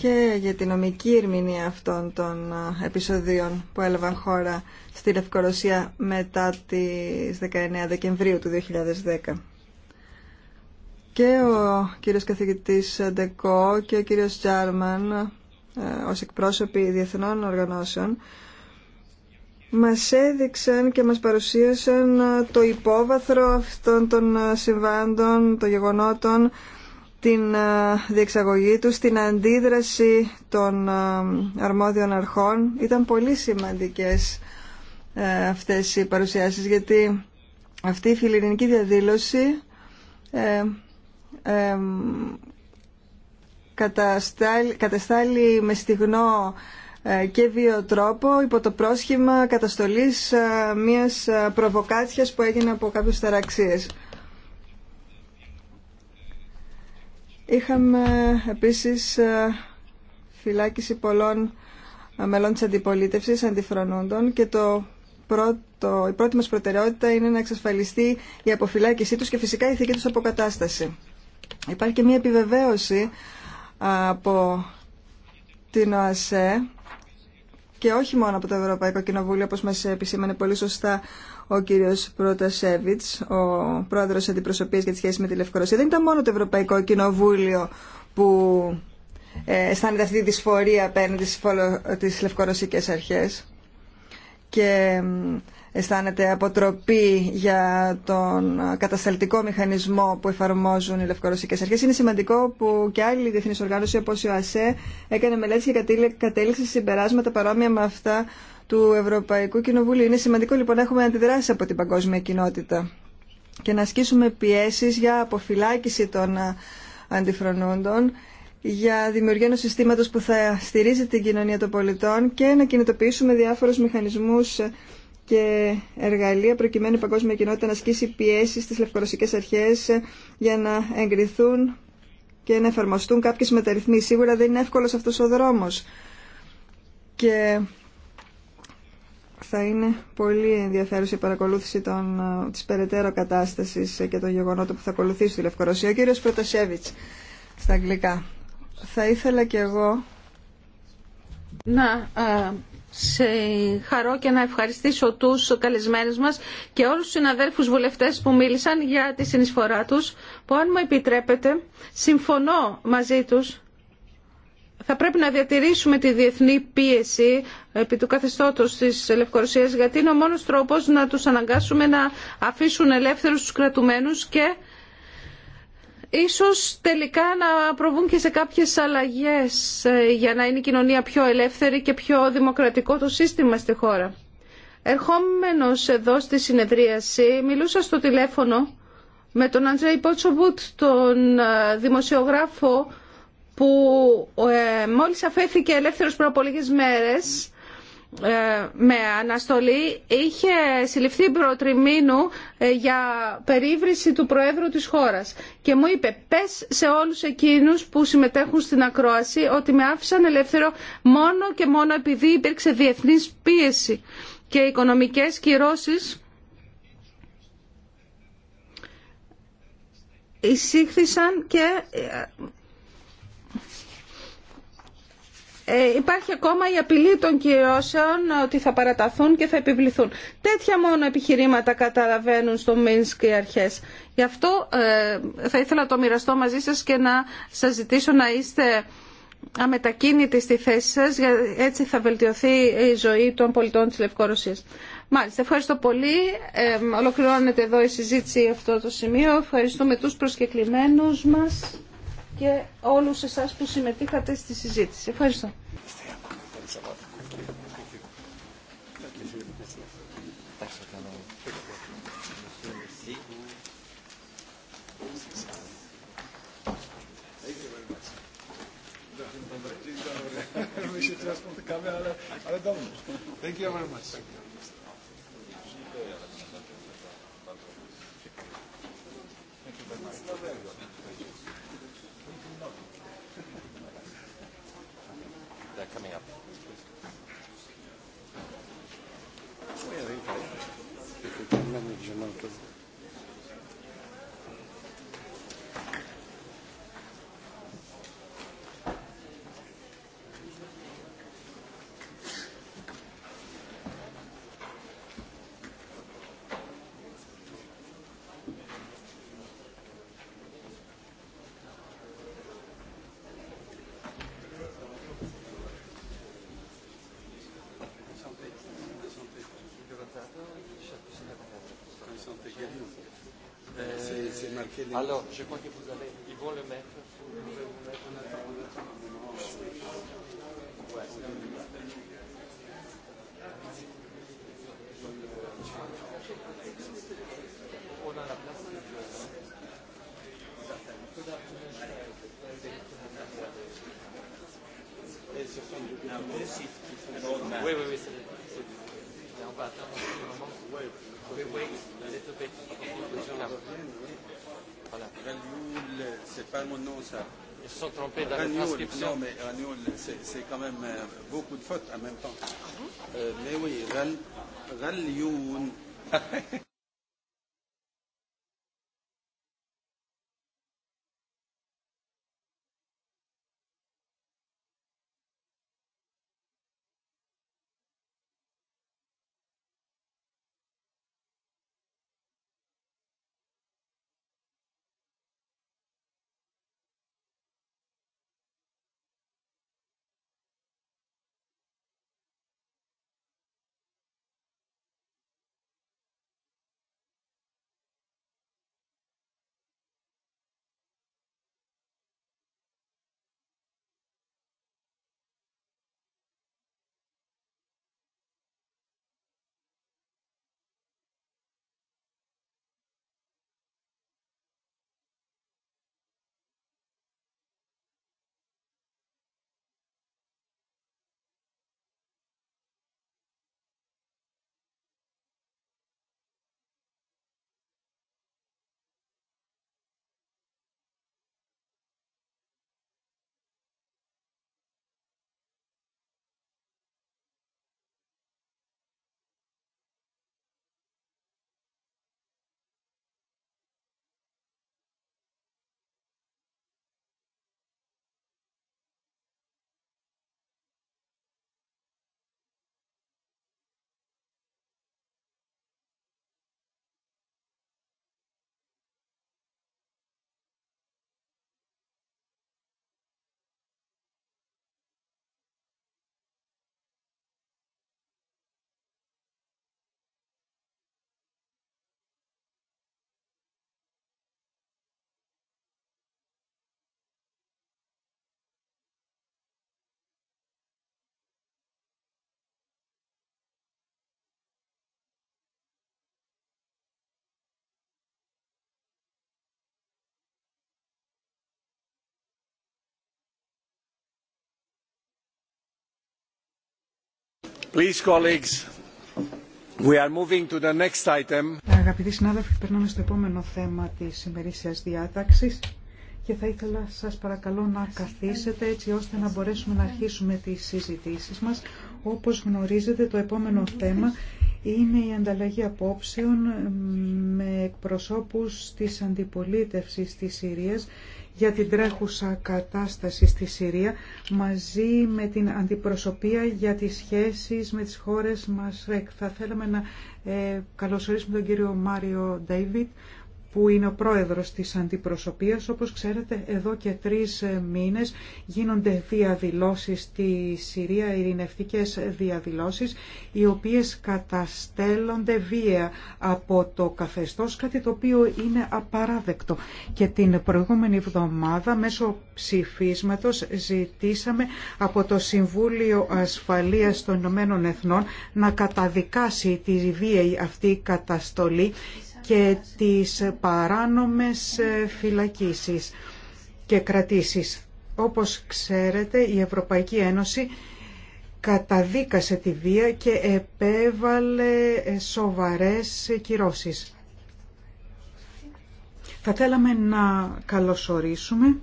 και για την νομική ερμηνεία αυτών των ε, επεισοδίων που έλαβαν χώρα στη Λευκορωσία μετά τις 19 Δεκεμβρίου του 2010 και ο κύριος καθηγητής Ντεκό και ο κύριος Τζάρμαν ε, ως εκπρόσωποι διεθνών οργανώσεων μας έδειξαν και μας παρουσίασαν ε, το υπόβαθρο αυτών των ε, συμβάντων, των γεγονότων, την διεξαγωγή τους, την αντίδραση των αρμόδιων αρχών. Ήταν πολύ σημαντικές αυτές οι παρουσιάσεις γιατί αυτή η φιλιρινική διαδήλωση καταστάλει με στιγνό ε, και βίο τρόπο υπό το πρόσχημα καταστολής ε, μιας ε, προβοκάτσιας που έγινε από κάποιες ταραξίες. Είχαμε επίσης φυλάκιση πολλών μελών της αντιπολίτευσης, αντιφρονούντων και το η πρώτη μας προτεραιότητα είναι να εξασφαλιστεί η αποφυλάκησή τους και φυσικά η ηθική τους αποκατάσταση. Υπάρχει και μια επιβεβαίωση από την ΟΑΣΕ και όχι μόνο από το Ευρωπαϊκό Κοινοβούλιο, όπως μας επισήμανε πολύ σωστά ο κύριος Πρότασεβιτς, ο πρόεδρος αντιπροσωπείας για τη σχέση με τη Λευκορωσία. Δεν ήταν μόνο το Ευρωπαϊκό Κοινοβούλιο που ε, αισθάνεται αυτή τη δυσφορία απέναντι στις λευκορωσικές αρχές. Και αισθάνεται αποτροπή για τον κατασταλτικό μηχανισμό που εφαρμόζουν οι λευκορωσικέ αρχές. Είναι σημαντικό που και άλλη διεθνή οργάνωση όπω η ΟΑΣΕ έκανε μελέτη και κατέληξε συμπεράσματα παρόμοια με αυτά του Ευρωπαϊκού Κοινοβουλίου. Είναι σημαντικό λοιπόν να έχουμε αντιδράσει από την παγκόσμια κοινότητα και να ασκήσουμε πιέσεις για αποφυλάκηση των αντιφρονούντων για δημιουργία ενός συστήματος που θα στηρίζει την κοινωνία των πολιτών και να κινητοποιήσουμε διάφορους μηχανισμούς και εργαλεία προκειμένου η παγκόσμια κοινότητα να ασκήσει πιέσει στις λευκορωσικές αρχές για να εγκριθούν και να εφαρμοστούν κάποιε μεταρρυθμίσει. Σίγουρα δεν είναι εύκολος αυτός ο δρόμος και θα είναι πολύ ενδιαφέρουσα η παρακολούθηση τη περαιτέρω κατάσταση και των γεγονότων που θα ακολουθήσει στη Λευκορωσία. Ο κύριο στα αγγλικά. Θα ήθελα κι εγώ να σε χαρώ και να ευχαριστήσω τους καλεσμένους μας και όλους τους συναδέλφους βουλευτές που μίλησαν για τη συνεισφορά τους, που αν μου επιτρέπετε, συμφωνώ μαζί τους. Θα πρέπει να διατηρήσουμε τη διεθνή πίεση επί του καθεστώτος της Λευκορωσίας, γιατί είναι ο μόνος τρόπος να τους αναγκάσουμε να αφήσουν ελεύθερους τους κρατουμένους και ίσως τελικά να προβούν και σε κάποιες αλλαγές ε, για να είναι η κοινωνία πιο ελεύθερη και πιο δημοκρατικό το σύστημα στη χώρα. Ερχόμενος εδώ στη συνεδρίαση μιλούσα στο τηλέφωνο με τον Αντζέι Πότσοβουτ, τον ε, δημοσιογράφο που ε, μόλις αφέθηκε ελεύθερος πριν από λίγες μέρες ε, με αναστολή είχε συλληφθεί προτριμήνου ε, για περίβριση του Προέδρου της χώρας και μου είπε πες σε όλους εκείνους που συμμετέχουν στην ακρόαση ότι με άφησαν ελεύθερο μόνο και μόνο επειδή υπήρξε διεθνής πίεση και οικονομικές κυρώσεις εισήχθησαν και ε, Ε, υπάρχει ακόμα η απειλή των κυρώσεων ότι θα παραταθούν και θα επιβληθούν. Τέτοια μόνο επιχειρήματα καταλαβαίνουν στο Μίνσκ οι αρχές. Γι' αυτό ε, θα ήθελα να το μοιραστώ μαζί σας και να σας ζητήσω να είστε αμετακίνητοι στη θέση σας, γιατί έτσι θα βελτιωθεί η ζωή των πολιτών της Λευκορωσίας. Μάλιστα, ευχαριστώ πολύ. Ε, ολοκληρώνεται εδώ η συζήτηση αυτό το σημείο. Ευχαριστούμε τους προσκεκλημένους μας και όλου εσά που συμμετείχατε στη συζήτηση. Ευχαριστώ. Thank you very much. Thank you very much. That coming up. Alors, je crois que se sont trompés dans la transcription. Non, mais Ragnoul, c'est quand même beaucoup de fautes en même temps. Mais oui, Ragnoul. Please, Αγαπητοί συνάδελφοι, περνάμε στο επόμενο θέμα της ημερήσιας διάταξης και θα ήθελα σας παρακαλώ να καθίσετε έτσι ώστε να μπορέσουμε να αρχίσουμε τις συζητήσεις μας. Όπως γνωρίζετε το επόμενο θέμα είναι η ανταλλαγή απόψεων με εκπροσώπους της αντιπολίτευσης της Συρίας για την τρέχουσα κατάσταση στη Συρία μαζί με την αντιπροσωπεία για τις σχέσεις με τις χώρες μας. Θα θέλαμε να ε, καλωσορίσουμε τον κύριο Μάριο Ντέιβιτ που είναι ο πρόεδρος της αντιπροσωπείας. Όπως ξέρετε, εδώ και τρεις ε, μήνες γίνονται διαδηλώσεις στη Συρία, ειρηνευτικές διαδηλώσεις, οι οποίες καταστέλλονται βία από το καθεστώς, κάτι το οποίο είναι απαράδεκτο. Και την προηγούμενη εβδομάδα, μέσω ψηφίσματος, ζητήσαμε από το Συμβούλιο Ασφαλείας των Ηνωμένων Εθνών να καταδικάσει τη βία αυτή καταστολή και τις παράνομες ε, φυλακίσεις και κρατήσεις. Όπως ξέρετε, η Ευρωπαϊκή Ένωση καταδίκασε τη βία και επέβαλε ε, σοβαρές κυρώσεις. Θα θέλαμε να καλωσορίσουμε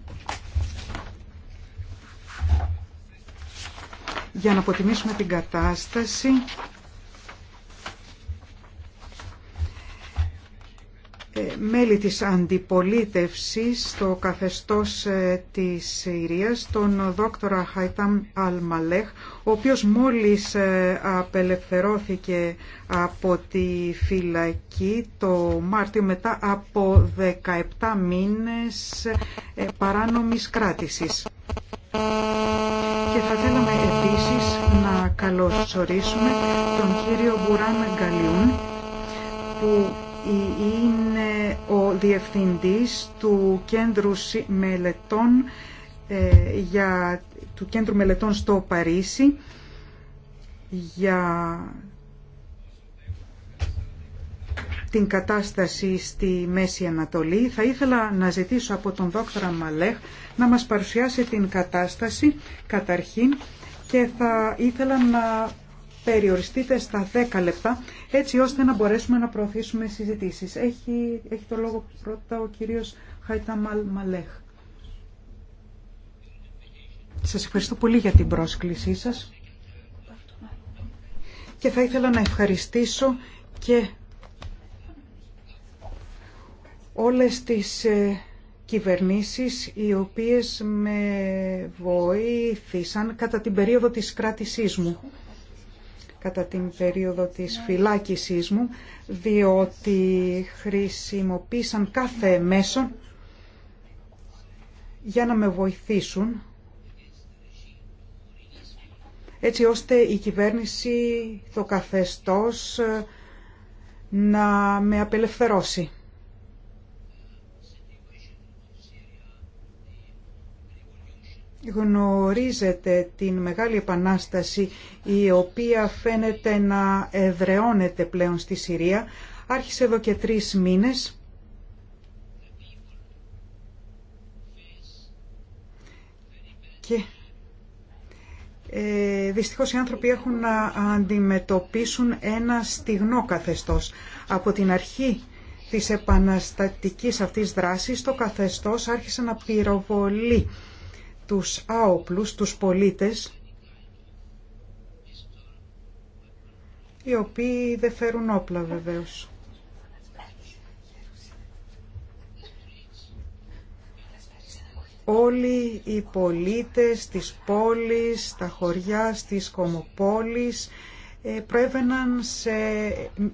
για να αποτιμήσουμε την κατάσταση Ε, μέλη της αντιπολίτευσης στο καθεστώς ε, της Συρίας, τον δόκτορα Χαϊτάμ Αλμαλέχ, ο οποίος μόλις ε, απελευθερώθηκε από τη φυλακή το Μάρτιο μετά από 17 μήνες παράνομης κράτησης. Και θα θέλαμε επίσης να καλωσορίσουμε τον κύριο Μπουράν Γκαλιούν, που είναι ο διευθυντής του Κέντρου Μελετών, ε, για, του Κέντρου Μελετών στο Παρίσι για την κατάσταση στη Μέση Ανατολή. Θα ήθελα να ζητήσω από τον δόκτωρα Μαλέχ να μας παρουσιάσει την κατάσταση καταρχήν και θα ήθελα να περιοριστείτε στα 10 λεπτά έτσι ώστε να μπορέσουμε να προωθήσουμε συζητήσεις. Έχει, το λόγο πρώτα ο κύριος Χαϊταμαλ Μαλέχ. Σας ευχαριστώ πολύ για την πρόσκλησή σας και θα ήθελα να ευχαριστήσω και όλες τις ε, κυβερνήσεις οι οποίες με βοήθησαν κατά την περίοδο της κράτησής μου κατά την περίοδο της φυλάκισής μου, διότι χρησιμοποίησαν κάθε μέσο για να με βοηθήσουν, έτσι ώστε η κυβέρνηση, το καθεστώς, να με απελευθερώσει. γνωρίζετε την μεγάλη επανάσταση η οποία φαίνεται να εδρεώνεται πλέον στη Συρία. Άρχισε εδώ και τρεις μήνες. Και ε, δυστυχώς οι άνθρωποι έχουν να αντιμετωπίσουν ένα στιγνό καθεστώς. Από την αρχή της επαναστατικής αυτής δράσης το καθεστώς άρχισε να πυροβολεί τους άοπλους, τους πολίτες, οι οποίοι δεν φέρουν όπλα βεβαίως. Όλοι οι πολίτες της πόλης, τα χωριά, στις κομοπόλεις ε, προέβαιναν σε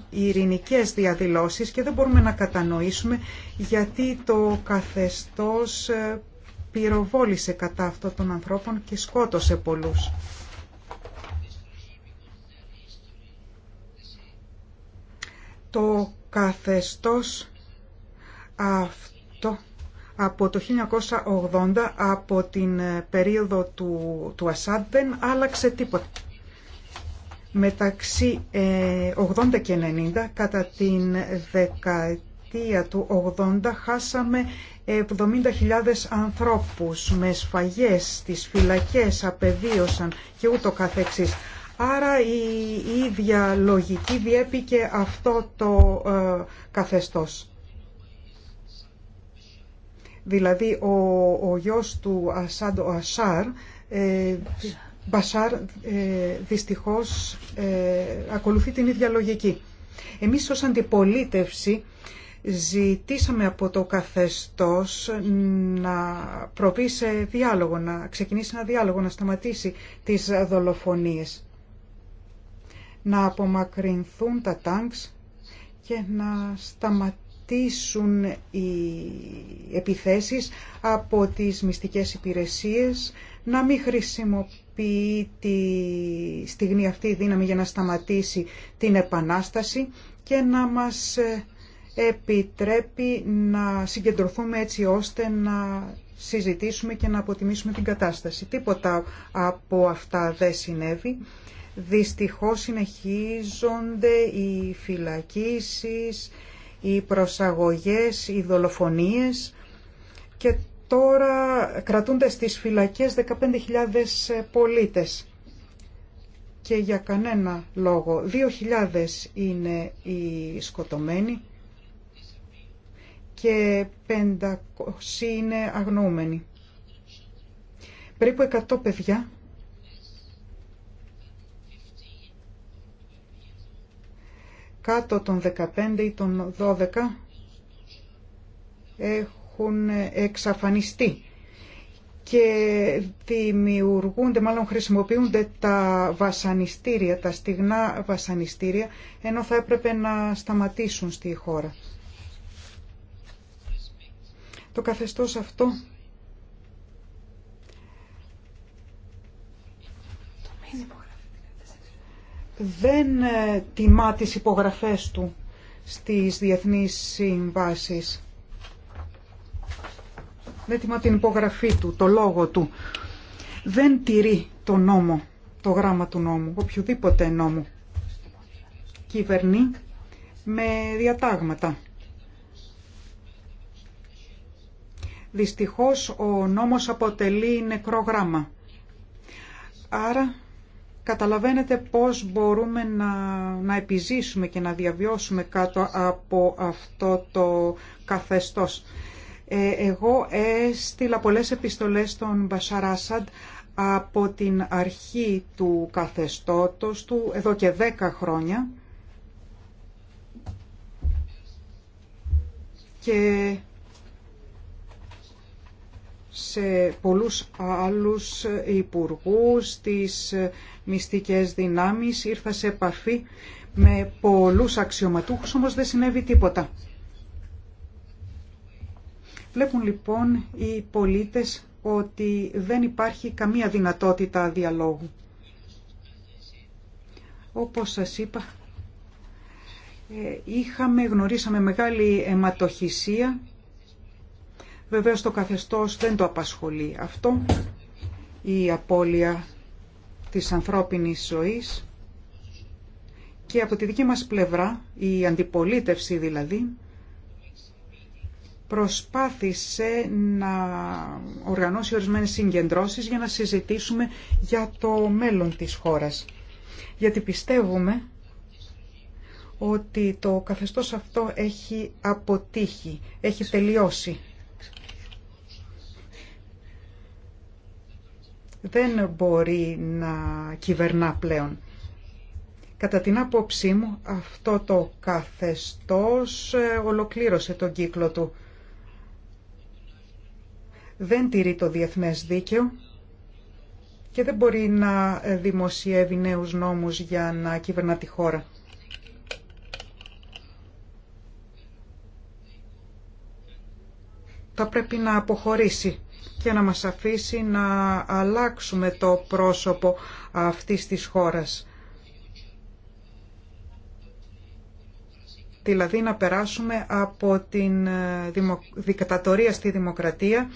ειρηνικές διαδηλώσεις και δεν μπορούμε να κατανοήσουμε γιατί το καθεστώς ε, πυροβόλησε κατά αυτών των ανθρώπων και σκότωσε πολλούς. Το καθεστώς αυτό από το 1980, από την ε, περίοδο του, του Ασάντ, δεν άλλαξε τίποτα. Μεταξύ ε, 80 και 90, κατά την δεκαετία δεκαετία του 80 χάσαμε 70.000 ανθρώπους με σφαγές, στις φυλακές απεβίωσαν και ούτω καθεξής. Άρα η ίδια λογική διέπει και αυτό το ε, καθεστώς. Δηλαδή ο, ο γιος του Ασάντ, ο Ασάρ, ε, Μπασάρ, ε, δυστυχώς ε, ακολουθεί την ίδια λογική. Εμείς ως αντιπολίτευση Ζητήσαμε από το καθεστώς να προβεί σε διάλογο, να ξεκινήσει ένα διάλογο, να σταματήσει τις δολοφονίες. Να απομακρυνθούν τα τάγκς και να σταματήσουν οι επιθέσεις από τις μυστικές υπηρεσίες, να μην χρησιμοποιεί τη στιγμή αυτή η δύναμη για να σταματήσει την επανάσταση και να μας ε, επιτρέπει να συγκεντρωθούμε έτσι ώστε να συζητήσουμε και να αποτιμήσουμε την κατάσταση. Τίποτα από αυτά δεν συνέβη. Δυστυχώς συνεχίζονται οι φυλακίσεις, οι προσαγωγές, οι δολοφονίες και τώρα κρατούνται στις φυλακές 15.000 πολίτες και για κανένα λόγο. 2.000 είναι οι σκοτωμένοι και 500 είναι αγνοούμενοι. Περίπου 100 παιδιά κάτω των 15 ή των 12 έχουν εξαφανιστεί και δημιουργούνται, μάλλον χρησιμοποιούνται τα βασανιστήρια, τα στιγνά βασανιστήρια, ενώ θα έπρεπε να σταματήσουν στη χώρα. Το καθεστώς αυτό δεν ε, τιμά τις υπογραφές του στις διεθνείς συμβάσεις. Δεν τιμά την υπογραφή του, το λόγο του. Δεν τηρεί το νόμο, το γράμμα του νόμου, οποιοδήποτε νόμου. Κυβερνεί με διατάγματα. Δυστυχώς ο νόμος αποτελεί νεκρό γράμμα. Άρα καταλαβαίνετε πώς μπορούμε να, να επιζήσουμε και να διαβιώσουμε κάτω από αυτό το καθεστώς. Ε, εγώ έστειλα πολλές επιστολές στον Μπασαράσαντ από την αρχή του καθεστώτος του εδώ και δέκα χρόνια και σε πολλούς άλλους υπουργούς, τις μυστικές δυνάμεις, ήρθα σε επαφή με πολλούς αξιωματούχους, όμως δεν συνέβη τίποτα. Βλέπουν λοιπόν οι πολίτες ότι δεν υπάρχει καμία δυνατότητα διαλόγου. Όπως σας είπα, ε, είχαμε, γνωρίσαμε μεγάλη αιματοχυσία Βεβαίως το καθεστώς δεν το απασχολεί αυτό. Η απώλεια της ανθρώπινης ζωής και από τη δική μας πλευρά, η αντιπολίτευση δηλαδή, προσπάθησε να οργανώσει ορισμένες συγκεντρώσεις για να συζητήσουμε για το μέλλον της χώρας. Γιατί πιστεύουμε ότι το καθεστώς αυτό έχει αποτύχει, έχει τελειώσει. δεν μπορεί να κυβερνά πλέον. Κατά την άποψή μου αυτό το καθεστώς ε, ολοκλήρωσε τον κύκλο του. Δεν τηρεί το διεθνές δίκαιο και δεν μπορεί να δημοσιεύει νέους νόμους για να κυβερνά τη χώρα. Θα πρέπει να αποχωρήσει και να μας αφήσει να αλλάξουμε το πρόσωπο αυτής της χώρας. Δηλαδή να περάσουμε από την ε, δικατατορία στη δημοκρατία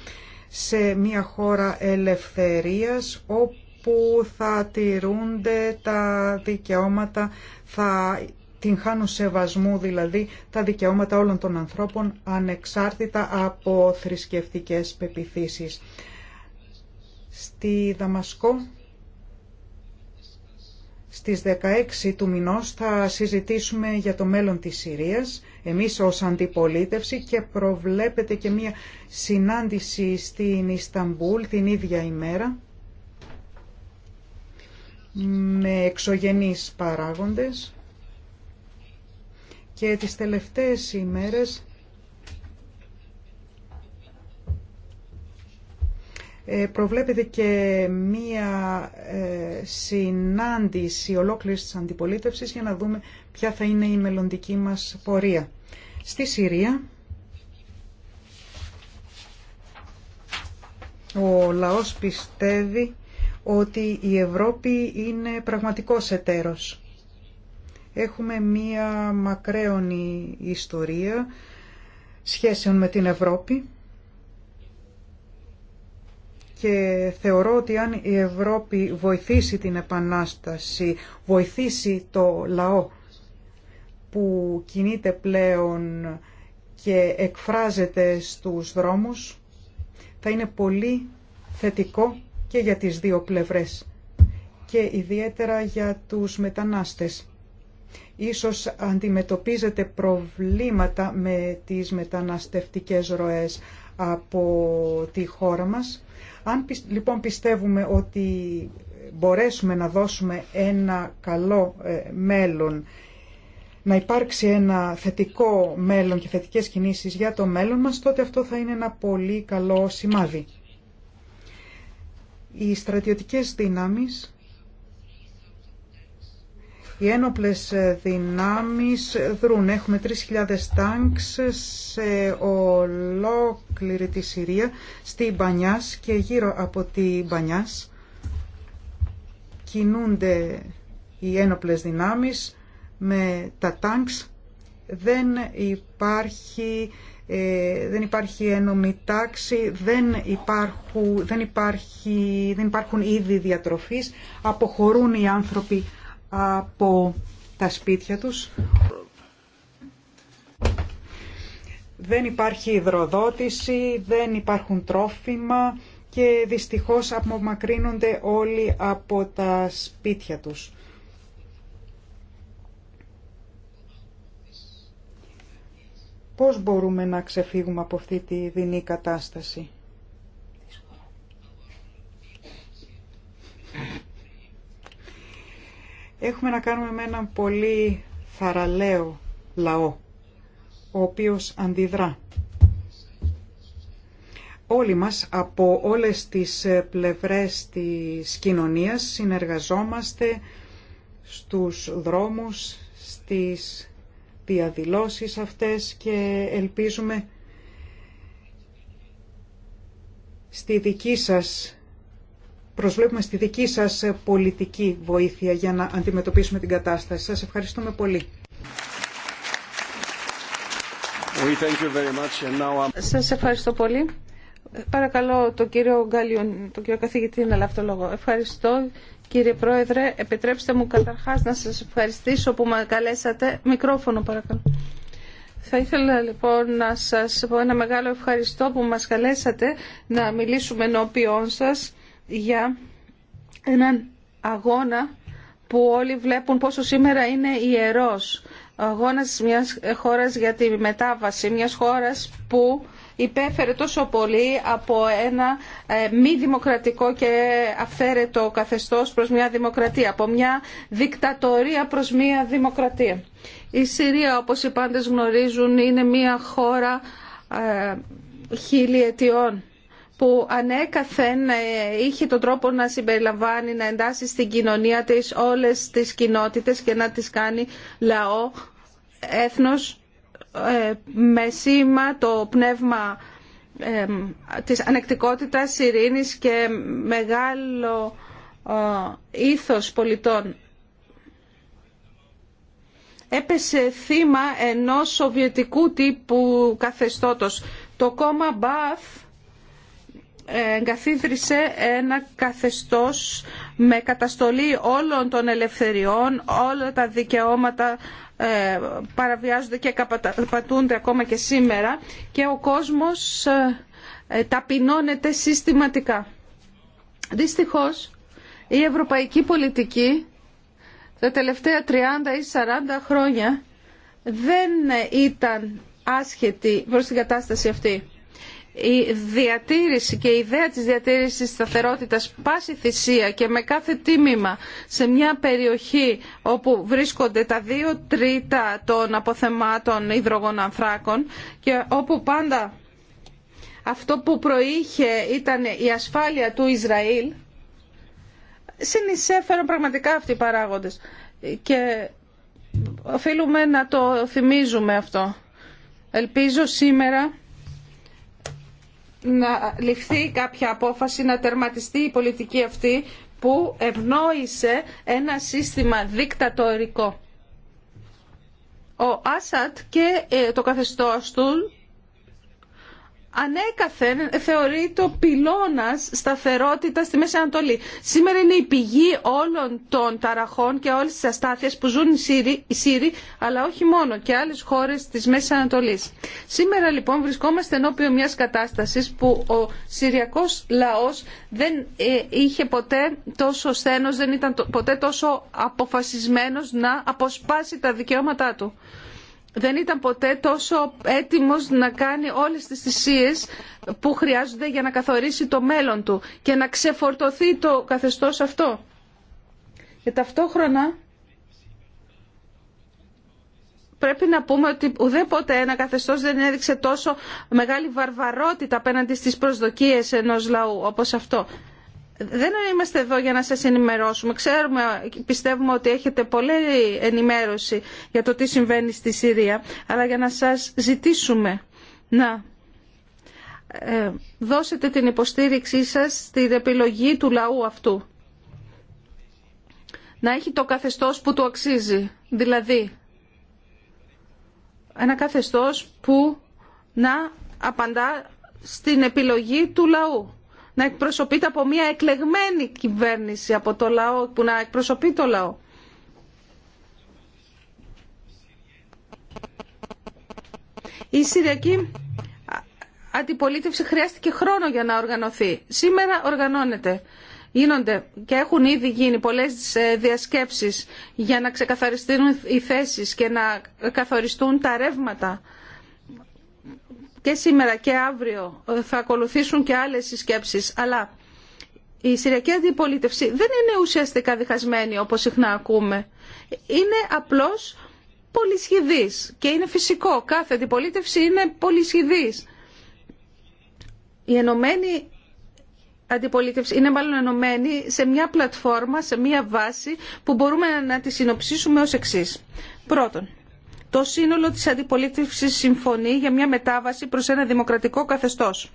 σε μια χώρα ελευθερίας όπου θα τηρούνται τα δικαιώματα, θα την χάνουν σεβασμού δηλαδή τα δικαιώματα όλων των ανθρώπων ανεξάρτητα από θρησκευτικές πεπιθήσεις. Στη Δαμασκό στις 16 του μηνός θα συζητήσουμε για το μέλλον της Συρίας, εμείς ως αντιπολίτευση και προβλέπεται και μία συνάντηση στην Ισταμπούλ την ίδια ημέρα με εξωγενείς παράγοντες και τις τελευταίες ημέρες ε, προβλέπεται και μία ε, συνάντηση ολόκληρης της αντιπολίτευσης για να δούμε ποια θα είναι η μελλοντική μας πορεία. Στη Συρία ο λαός πιστεύει ότι η Ευρώπη είναι πραγματικός εταίρος Έχουμε μία μακραίωνη ιστορία σχέσεων με την Ευρώπη και θεωρώ ότι αν η Ευρώπη βοηθήσει την επανάσταση, βοηθήσει το λαό που κινείται πλέον και εκφράζεται στους δρόμους, θα είναι πολύ θετικό και για τις δύο πλευρές και ιδιαίτερα για τους μετανάστες. Ίσως αντιμετωπίζετε προβλήματα με τις μεταναστευτικές ροές από τη χώρα μας. Αν λοιπόν πιστεύουμε ότι μπορέσουμε να δώσουμε ένα καλό ε, μέλλον, να υπάρξει ένα θετικό μέλλον και θετικές κινήσεις για το μέλλον μας, τότε αυτό θα είναι ένα πολύ καλό σημάδι. Οι στρατιωτικές δυνάμεις οι ένοπλες δυνάμεις δρούν. Έχουμε 3.000 τάγκ σε ολόκληρη τη Συρία, στη Μπανιάς και γύρω από τη Μπανιάς. Κινούνται οι ένοπλες δυνάμεις με τα τάγκ. Δεν υπάρχει ε, δεν υπάρχει ένομη τάξη, δεν, υπάρχουν, δεν, υπάρχει, δεν υπάρχουν είδη διατροφής, αποχωρούν οι άνθρωποι από τα σπίτια τους. Δεν υπάρχει υδροδότηση, δεν υπάρχουν τρόφιμα και δυστυχώς απομακρύνονται όλοι από τα σπίτια τους. Πώς μπορούμε να ξεφύγουμε από αυτή τη δινή κατάσταση. Έχουμε να κάνουμε με έναν πολύ θαραλέο λαό, ο οποίος αντιδρά. Όλοι μας από όλες τις πλευρές της κοινωνίας συνεργαζόμαστε στους δρόμους, στις διαδηλώσεις αυτές και ελπίζουμε στη δική σας προσβλέπουμε στη δική σας πολιτική βοήθεια για να αντιμετωπίσουμε την κατάσταση. Σας ευχαριστούμε πολύ. Thank σας ευχαριστώ πολύ. Παρακαλώ τον κύριο Γκάλιον, τον κύριο καθηγητή να λάβει το λόγο. Ευχαριστώ κύριε Πρόεδρε. Επιτρέψτε μου καταρχάς να σας ευχαριστήσω που με καλέσατε. Μικρόφωνο παρακαλώ. Θα ήθελα λοιπόν να σας πω ένα μεγάλο ευχαριστώ που μας καλέσατε να μιλήσουμε ενώπιόν σας για έναν αγώνα που όλοι βλέπουν πόσο σήμερα είναι ιερός. Ο αγώνας μιας χώρας για τη μετάβαση, μιας χώρας που υπέφερε τόσο πολύ από ένα ε, μη δημοκρατικό και αυθαίρετο καθεστώς προς μια δημοκρατία, από μια δικτατορία προς μια δημοκρατία. Η Συρία, όπως οι πάντες γνωρίζουν, είναι μια χώρα ε, χίλιετιών που ανέκαθεν ε, είχε τον τρόπο να συμπεριλαμβάνει, να εντάσσει στην κοινωνία της όλες τις κοινότητες και να τις κάνει λαό, έθνος, ε, με σήμα το πνεύμα ε, της ανεκτικότητας, ειρήνης και μεγάλο ήθος πολιτών. Έπεσε θύμα ενός σοβιετικού τύπου καθεστώτος. Το κόμμα Μπαθ εγκαθίδρυσε ένα καθεστώς με καταστολή όλων των ελευθεριών, όλα τα δικαιώματα ε, παραβιάζονται και καπατούνται ακόμα και σήμερα και ο κόσμος ε, ε, ταπεινώνεται συστηματικά. Δυστυχώς η ευρωπαϊκή πολιτική τα τελευταία 30 ή 40 χρόνια δεν ήταν άσχετη προς την κατάσταση αυτή η διατήρηση και η ιδέα της διατήρησης της σταθερότητας πάση θυσία και με κάθε τίμημα σε μια περιοχή όπου βρίσκονται τα δύο τρίτα των αποθεμάτων υδρογονανθράκων και όπου πάντα αυτό που προείχε ήταν η ασφάλεια του Ισραήλ συνεισέφεραν πραγματικά αυτοί οι παράγοντες και οφείλουμε να το θυμίζουμε αυτό. Ελπίζω σήμερα να ληφθεί κάποια απόφαση να τερματιστεί η πολιτική αυτή που ευνόησε ένα σύστημα δικτατορικό. Ο Άσαντ και ε, το καθεστώς του ανέκαθεν θεωρεί το πυλώνα σταθερότητα στη Μέση Ανατολή. Σήμερα είναι η πηγή όλων των ταραχών και όλες τις αστάθειες που ζουν οι Σύριοι, αλλά όχι μόνο και άλλες χώρες της Μέσης Ανατολής. Σήμερα λοιπόν βρισκόμαστε ενώπιον μιας κατάστασης που ο Συριακός λαός δεν ε, είχε ποτέ τόσο στένος, δεν ήταν ποτέ τόσο αποφασισμένος να αποσπάσει τα δικαιώματά του δεν ήταν ποτέ τόσο έτοιμος να κάνει όλες τις θυσίε που χρειάζονται για να καθορίσει το μέλλον του και να ξεφορτωθεί το καθεστώς αυτό. Και ταυτόχρονα πρέπει να πούμε ότι ουδέποτε ένα καθεστώς δεν έδειξε τόσο μεγάλη βαρβαρότητα απέναντι στις προσδοκίες ενός λαού όπως αυτό δεν είμαστε εδώ για να σας ενημερώσουμε. Ξέρουμε, πιστεύουμε ότι έχετε πολλή ενημέρωση για το τι συμβαίνει στη Συρία, αλλά για να σας ζητήσουμε να ε, δώσετε την υποστήριξή σας στην επιλογή του λαού αυτού. Να έχει το καθεστώς που του αξίζει. Δηλαδή, ένα καθεστώς που να απαντά στην επιλογή του λαού να εκπροσωπείται από μια εκλεγμένη κυβέρνηση από το λαό, που να εκπροσωπεί το λαό. Η Συριακή αντιπολίτευση χρειάστηκε χρόνο για να οργανωθεί. Σήμερα οργανώνεται. Γίνονται και έχουν ήδη γίνει πολλές ε, διασκέψεις για να ξεκαθαριστούν οι θέσεις και να καθοριστούν τα ρεύματα και σήμερα και αύριο ε, θα ακολουθήσουν και άλλες συσκέψεις, αλλά η Συριακή Αντιπολίτευση δεν είναι ουσιαστικά διχασμένη όπως συχνά ακούμε. Είναι απλώς πολυσχηδής και είναι φυσικό. Κάθε αντιπολίτευση είναι πολυσχηδής. Η ενωμένη αντιπολίτευση είναι μάλλον ενωμένη σε μια πλατφόρμα, σε μια βάση που μπορούμε να τη συνοψίσουμε ως εξής. Πρώτον, το σύνολο της αντιπολίτευσης συμφωνεί για μια μετάβαση προς ένα δημοκρατικό καθεστώς.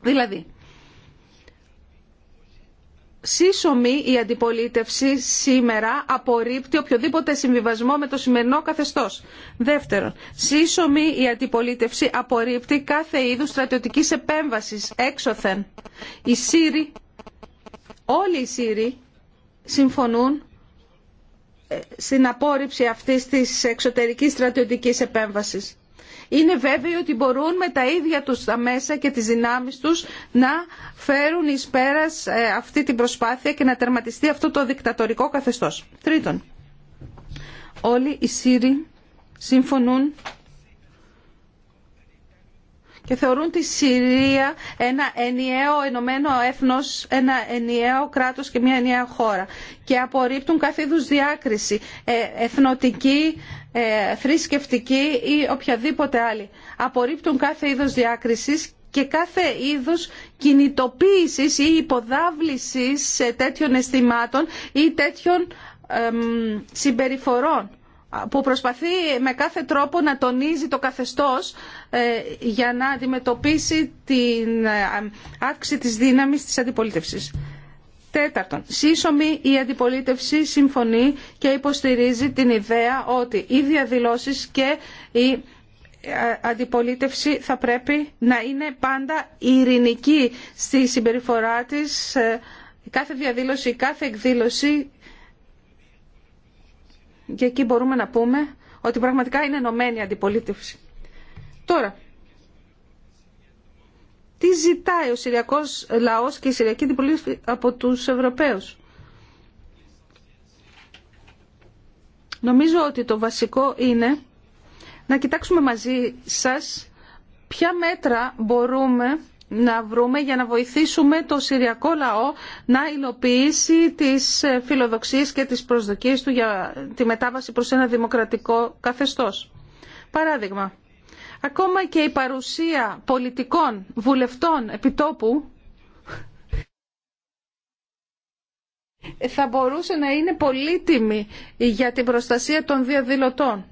Δηλαδή, σύσσωμη η αντιπολίτευση σήμερα απορρίπτει οποιοδήποτε συμβιβασμό με το σημερινό καθεστώς. Δεύτερον, σύσσωμη η αντιπολίτευση απορρίπτει κάθε είδους στρατιωτικής επέμβασης έξωθεν. Οι Σύροι, όλοι οι Σύροι συμφωνούν στην απόρριψη αυτής της εξωτερικής στρατιωτικής επέμβασης. Είναι βέβαιο ότι μπορούν με τα ίδια τους τα μέσα και τις δυνάμεις τους να φέρουν εις πέρας ε, αυτή την προσπάθεια και να τερματιστεί αυτό το δικτατορικό καθεστώς. Τρίτον, όλοι οι Σύροι συμφωνούν και θεωρούν τη Συρία ένα ενιαίο ενωμένο έθνος, ένα ενιαίο κράτος και μια ενιαία χώρα και απορρίπτουν κάθε είδους διάκριση ε, εθνοτική, ε, θρησκευτική ή οποιαδήποτε άλλη. Απορρίπτουν κάθε είδος διάκρισης και κάθε είδους κινητοποίησης ή υποδάβλησης τέτοιων αισθημάτων ή τέτοιων συμπεριφορών που προσπαθεί με κάθε τρόπο να τονίζει το καθεστώς ε, για να αντιμετωπίσει την ε, αύξηση της δύναμης της αντιπολίτευσης. Τέταρτον, σύσσωμη η αντιπολίτευση συμφωνεί και υποστηρίζει την ιδέα ότι οι διαδηλώσεις και η ε, αντιπολίτευση θα πρέπει να είναι πάντα ειρηνική στη συμπεριφορά της κάθε διαδήλωση, κάθε εκδήλωση και εκεί μπορούμε να πούμε ότι πραγματικά είναι ενωμένη η αντιπολίτευση. Τώρα, τι ζητάει ο Συριακός λαός και η Συριακή αντιπολίτευση από τους Ευρωπαίους. Νομίζω ότι το βασικό είναι να κοιτάξουμε μαζί σας ποια μέτρα μπορούμε να βρούμε για να βοηθήσουμε το Συριακό λαό να υλοποιήσει τις ε, φιλοδοξίες και τις προσδοκίες του για τη μετάβαση προς ένα δημοκρατικό καθεστώς. Παράδειγμα, ακόμα και η παρουσία πολιτικών βουλευτών επιτόπου θα μπορούσε να είναι πολύτιμη για την προστασία των διαδηλωτών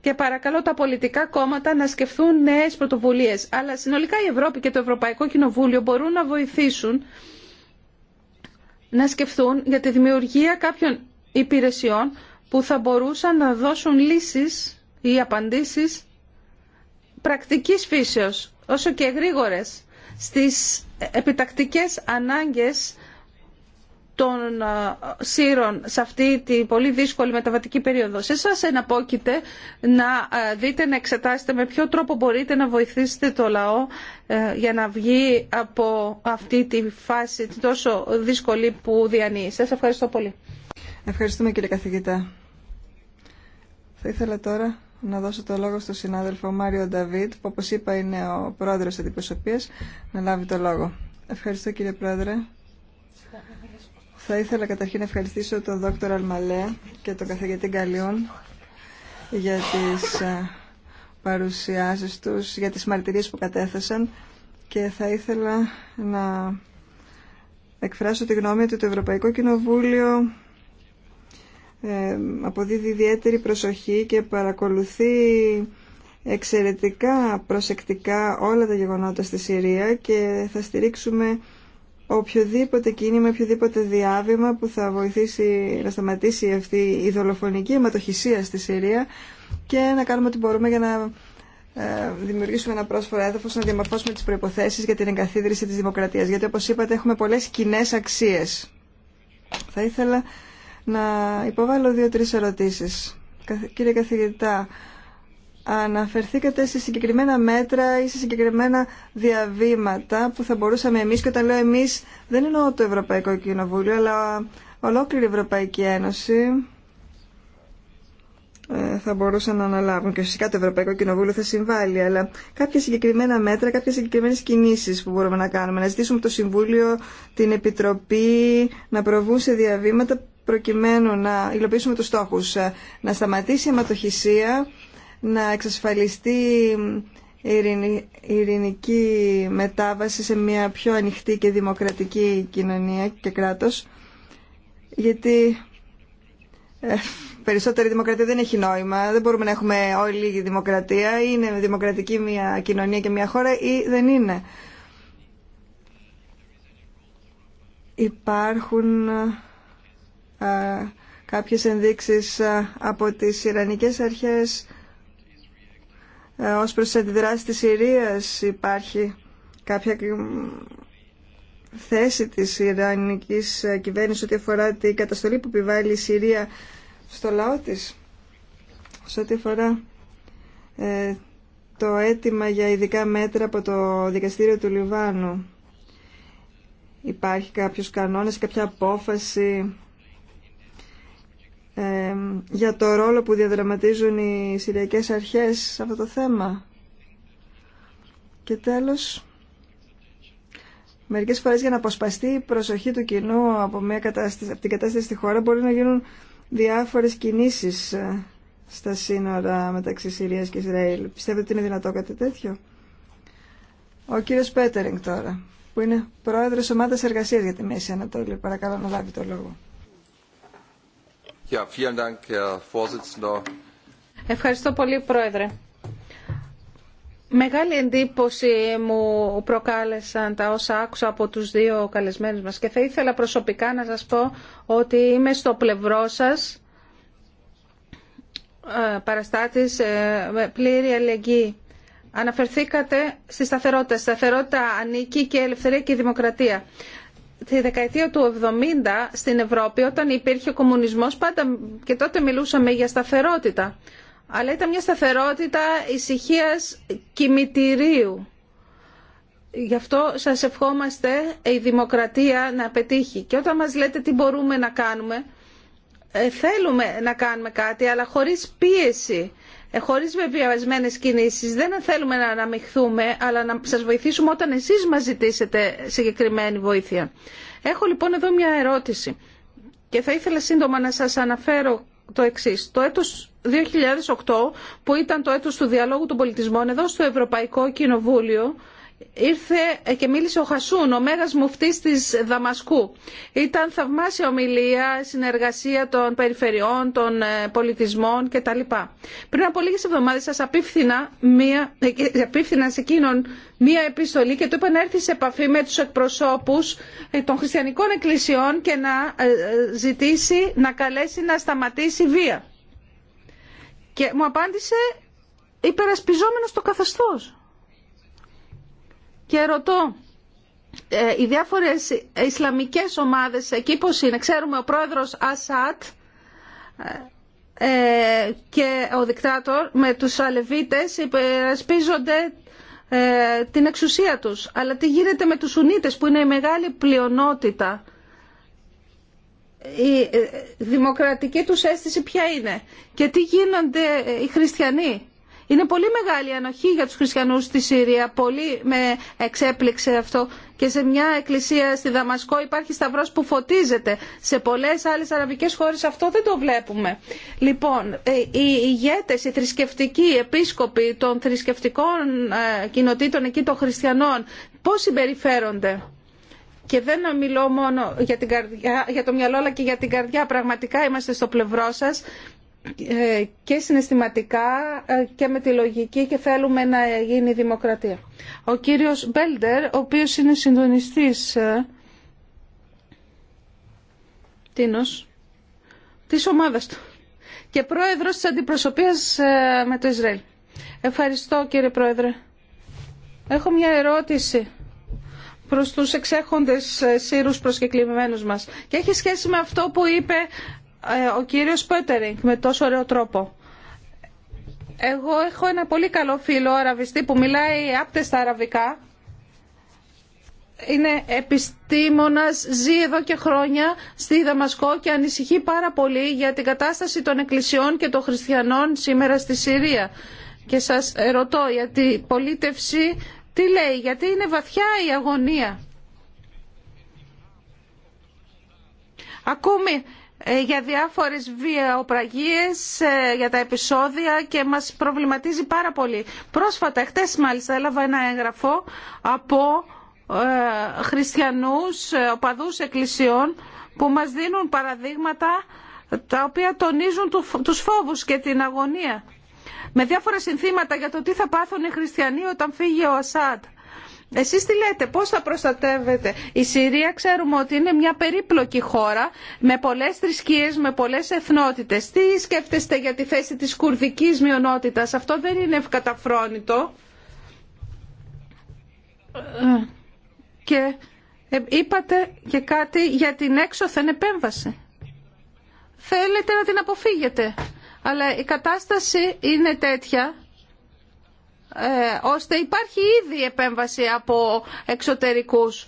και παρακαλώ τα πολιτικά κόμματα να σκεφτούν νέες πρωτοβουλίες. Αλλά συνολικά η Ευρώπη και το Ευρωπαϊκό Κοινοβούλιο μπορούν να βοηθήσουν να σκεφτούν για τη δημιουργία κάποιων υπηρεσιών που θα μπορούσαν να δώσουν λύσεις ή απαντήσεις πρακτικής φύσεως, όσο και γρήγορες, στις επιτακτικές ανάγκες των ε, σύρων σε αυτή τη πολύ δύσκολη μεταβατική περίοδο. Σε εσάς εναπόκειται να ε, δείτε, να εξετάσετε με ποιο τρόπο μπορείτε να βοηθήσετε το λαό ε, για να βγει από αυτή τη φάση τόσο δύσκολη που διανύει. Σας ευχαριστώ πολύ. Ευχαριστούμε κύριε καθηγητά. Θα ήθελα τώρα να δώσω το λόγο στον συνάδελφο Μάριο Νταβίτ, που όπως είπα είναι ο πρόεδρος της αντιπροσωπείας, να λάβει το λόγο. Ευχαριστώ κύριε πρόεδρε. Θα ήθελα καταρχήν να ευχαριστήσω τον δόκτωρα Αλμαλέ και τον καθηγητή Γκαλιούν για τις ε, παρουσιάσεις τους, για τις μαρτυρίες που κατέθεσαν και θα ήθελα να εκφράσω τη γνώμη ότι το Ευρωπαϊκό Κοινοβούλιο ε, αποδίδει ιδιαίτερη προσοχή και παρακολουθεί εξαιρετικά προσεκτικά όλα τα γεγονότα στη Συρία και θα στηρίξουμε οποιοδήποτε κίνημα, οποιοδήποτε διάβημα που θα βοηθήσει να σταματήσει αυτή η δολοφονική αιματοχυσία στη Συρία και να κάνουμε ό,τι μπορούμε για να ε, δημιουργήσουμε ένα πρόσφορο έδαφο, να διαμορφώσουμε τι προποθέσει για την εγκαθίδρυση τη δημοκρατία. Γιατί, όπω είπατε, έχουμε πολλέ κοινέ αξίε. Θα ήθελα να υποβάλω δύο-τρει ερωτήσει. Κύριε καθηγητά, αναφερθήκατε σε συγκεκριμένα μέτρα ή σε συγκεκριμένα διαβήματα που θα μπορούσαμε εμείς και όταν λέω εμείς δεν εννοώ το Ευρωπαϊκό Κοινοβούλιο αλλά ολόκληρη η Ευρωπαϊκή Ένωση ε, θα μπορούσαν να αναλάβουν και φυσικά το Ευρωπαϊκό Κοινοβούλιο θα συμβάλλει αλλά κάποια συγκεκριμένα μέτρα, κάποιες συγκεκριμένες κινήσεις που μπορούμε να κάνουμε να ζητήσουμε από το Συμβούλιο, την Επιτροπή να προβούν σε διαβήματα προκειμένου να υλοποιήσουμε τους στόχους ε, να σταματήσει η αιματοχυσία να εξασφαλιστεί η ειρηνική μετάβαση σε μια πιο ανοιχτή και δημοκρατική κοινωνία και κράτος γιατί ε, περισσότερη δημοκρατία δεν έχει νόημα δεν μπορούμε να έχουμε όλη δημοκρατία είναι δημοκρατική μια κοινωνία και μια χώρα ή δεν είναι υπάρχουν ε, κάποιες ενδείξεις ε, από τις Ιρανικές αρχές ε, ως προς αντιδράσεις της Συρίας υπάρχει κάποια θέση της Ιρανικής ε, κυβέρνησης ό,τι αφορά την καταστολή που επιβάλλει η Συρία στο λαό της σε ό,τι αφορά ε, το αίτημα για ειδικά μέτρα από το δικαστήριο του Λιβάνου υπάρχει κάποιος κανόνας, κάποια απόφαση για το ρόλο που διαδραματίζουν οι Συριακές Αρχές σε αυτό το θέμα. Και τέλος, μερικές φορές για να αποσπαστεί η προσοχή του κοινού από, μια κατάσταση, την κατάσταση στη χώρα μπορεί να γίνουν διάφορες κινήσεις ε, στα σύνορα μεταξύ Συρίας και Ισραήλ. Πιστεύετε ότι είναι δυνατό κάτι τέτοιο. Ο κύριος Πέτερινγκ τώρα, που είναι πρόεδρος ομάδας εργασίας για τη Μέση Ανατολή. Παρακαλώ να λάβει το λόγο. Ευχαριστώ πολύ, Πρόεδρε. Μεγάλη εντύπωση μου προκάλεσαν τα όσα άκουσα από τους δύο καλεσμένους μας και θα ήθελα προσωπικά να σας πω ότι είμαι στο πλευρό σας ε, παραστάτης ε, με πλήρη αλληλεγγύη. Αναφερθήκατε στη σταθερότητα. Σταθερότητα ανήκει και ελευθερία και δημοκρατία τη δεκαετία του 70 στην Ευρώπη όταν υπήρχε ο κομμουνισμός πάντα και τότε μιλούσαμε για σταθερότητα. Αλλά ήταν μια σταθερότητα ησυχία κημητηρίου. Γι' αυτό σας ευχόμαστε η δημοκρατία να πετύχει. Και όταν μας λέτε τι μπορούμε να κάνουμε, ε, θέλουμε να κάνουμε κάτι αλλά χωρίς πίεση ε, χωρί βεβαιασμένε κινήσεις. Δεν θέλουμε να αναμειχθούμε, αλλά να σας βοηθήσουμε όταν εσείς μα ζητήσετε συγκεκριμένη βοήθεια. Έχω λοιπόν εδώ μια ερώτηση και θα ήθελα σύντομα να σας αναφέρω το εξή. Το έτος 2008, που ήταν το έτος του διαλόγου των πολιτισμών, εδώ στο Ευρωπαϊκό Κοινοβούλιο, ήρθε ε, και μίλησε ο Χασούν, ο μέγας μουφτής της Δαμασκού. Ήταν θαυμάσια ομιλία, συνεργασία των περιφερειών, των ε, πολιτισμών κτλ. Πριν από λίγες εβδομάδες σας απίφθηνα, μία, ε, απίφθηνα σε εκείνον μία επιστολή και του είπα να έρθει σε επαφή με τους εκπροσώπους των χριστιανικών εκκλησιών και να ζητήσει, να καλέσει να σταματήσει βία. Και μου απάντησε υπερασπιζόμενος το καθεστώς. Και ρωτώ, ε, οι διάφορες Ισλαμικές ομάδες εκεί πώς είναι. Ξέρουμε ο πρόεδρος Ασάτ ε, ε, και ο δικτάτορ με τους Αλεβίτες υπερασπίζονται την εξουσία τους. Αλλά τι γίνεται με τους Σουνίτες που είναι η μεγάλη πλειονότητα. Η δημοκρατική τους αίσθηση ποια είναι. Και τι γίνονται οι χριστιανοί. Είναι πολύ μεγάλη ανοχή για τους χριστιανούς στη Συρία. Πολύ με εξέπληξε αυτό. Και σε μια εκκλησία στη Δαμασκό υπάρχει σταυρός που φωτίζεται. Σε πολλές άλλες αραβικές χώρες αυτό δεν το βλέπουμε. Λοιπόν, ε, οι ηγέτες, οι θρησκευτικοί, οι επίσκοποι των θρησκευτικών ε, κοινοτήτων εκεί των χριστιανών, πώς συμπεριφέρονται. Και δεν μιλώ μόνο για, την για το μυαλό αλλά και για την καρδιά. Πραγματικά είμαστε στο πλευρό σας ε, και συναισθηματικά ε, και με τη λογική και θέλουμε να γίνει δημοκρατία. Ο κύριος Μπέλντερ, ο οποίος είναι συντονιστής ε, τίνος, της ομάδας του και πρόεδρος της αντιπροσωπείας με το Ισραήλ. Ευχαριστώ κύριε πρόεδρε. Έχω μια ερώτηση προς τους εξέχοντες σύρους προσκεκλημένους μας. Και έχει σχέση με αυτό που είπε ε, ο κύριος Πέτερινγκ με τόσο ωραίο τρόπο. Εγώ έχω ένα πολύ καλό φίλο αραβιστή που μιλάει στα αραβικά. Είναι επιστήμονας, ζει εδώ και χρόνια στη Δαμασκό και ανησυχεί πάρα πολύ για την κατάσταση των εκκλησιών και των χριστιανών σήμερα στη Συρία. Και σας ρωτώ για την πολίτευση τι λέει, γιατί είναι βαθιά η αγωνία. ακούμε ε, για διάφορες βιαοπραγίες, ε, για τα επεισόδια και μας προβληματίζει πάρα πολύ. Πρόσφατα, χτες μάλιστα, έλαβα ένα έγγραφο από ε, χριστιανούς, οπαδούς εκκλησιών που μας δίνουν παραδείγματα τα οποία τονίζουν τους φόβους και την αγωνία. Με διάφορα συνθήματα για το τι θα πάθουν οι χριστιανοί όταν φύγει ο Ασάντ. Εσείς τι λέτε, πώς θα προστατεύετε. Η Συρία ξέρουμε ότι είναι μια περίπλοκη χώρα με πολλές θρησκείες, με πολλές εθνότητες. Τι σκέφτεστε για τη θέση της κουρδικής μειονότητας. Αυτό δεν είναι ευκαταφρόνητο. Και ε, είπατε και κάτι για την έξωθεν επέμβαση. Θέλετε να την αποφύγετε. Αλλά η κατάσταση είναι τέτοια ε, ώστε υπάρχει ήδη επέμβαση από εξωτερικούς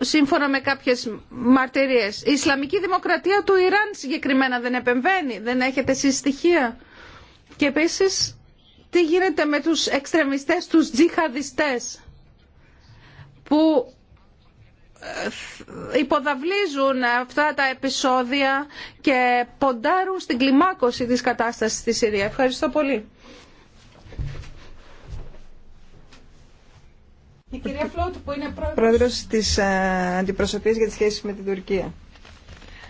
σύμφωνα με κάποιες μαρτυρίες. Η Ισλαμική Δημοκρατία του Ιράν συγκεκριμένα δεν επεμβαίνει, δεν έχετε εσείς Και επίσης τι γίνεται με τους εξτρεμιστές, τους τζιχαδιστές που ε, υποδαβλίζουν αυτά τα επεισόδια και ποντάρουν στην κλιμάκωση της κατάστασης στη Συρία. Ευχαριστώ πολύ. Η κυρία Φλότ που είναι πρόεδρος, πρόεδρος της ε, Αντιπροσωπείας για τις σχέσεις με την Τουρκία.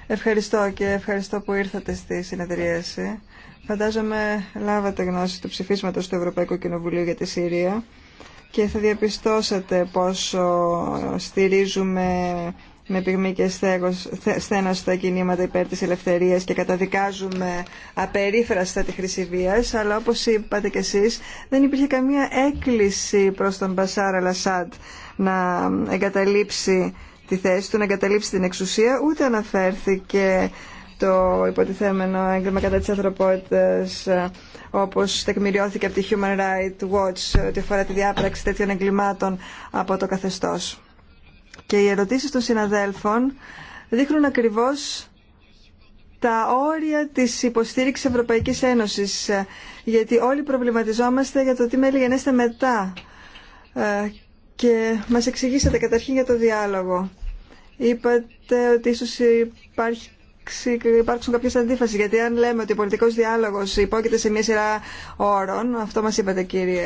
Ευχαριστώ και ευχαριστώ που ήρθατε στη συνεδρίαση. Φαντάζομαι λάβατε γνώση του ψηφίσματος του Ευρωπαϊκού Κοινοβουλίου για τη Συρία και θα διαπιστώσατε πόσο στηρίζουμε με πυγμή και στένος στα κινήματα υπέρ της ελευθερίας και καταδικάζουμε απερίφραστα τη χρήση βίας, αλλά όπως είπατε κι εσείς δεν υπήρχε καμία έκκληση προς τον Μπασάρα Λασάντ να εγκαταλείψει τη θέση του, να εγκαταλείψει την εξουσία, ούτε αναφέρθηκε το υποτιθέμενο έγκλημα κατά της ανθρωπότητας όπως τεκμηριώθηκε από τη Human Rights Watch ότι αφορά τη διάπραξη τέτοιων εγκλημάτων από το καθεστώς και οι ερωτήσεις των συναδέλφων δείχνουν ακριβώς τα όρια της υποστήριξης Ευρωπαϊκής Ένωσης ε, γιατί όλοι προβληματιζόμαστε για το τι μέλη μετά ε, και μας εξηγήσατε καταρχήν για το διάλογο. Είπατε ότι ίσως υπάρχει υπάρξουν κάποιε αντίφασει. Γιατί αν λέμε ότι ο πολιτικό διάλογο υπόκειται σε μια σειρά όρων, αυτό μα είπατε κύριε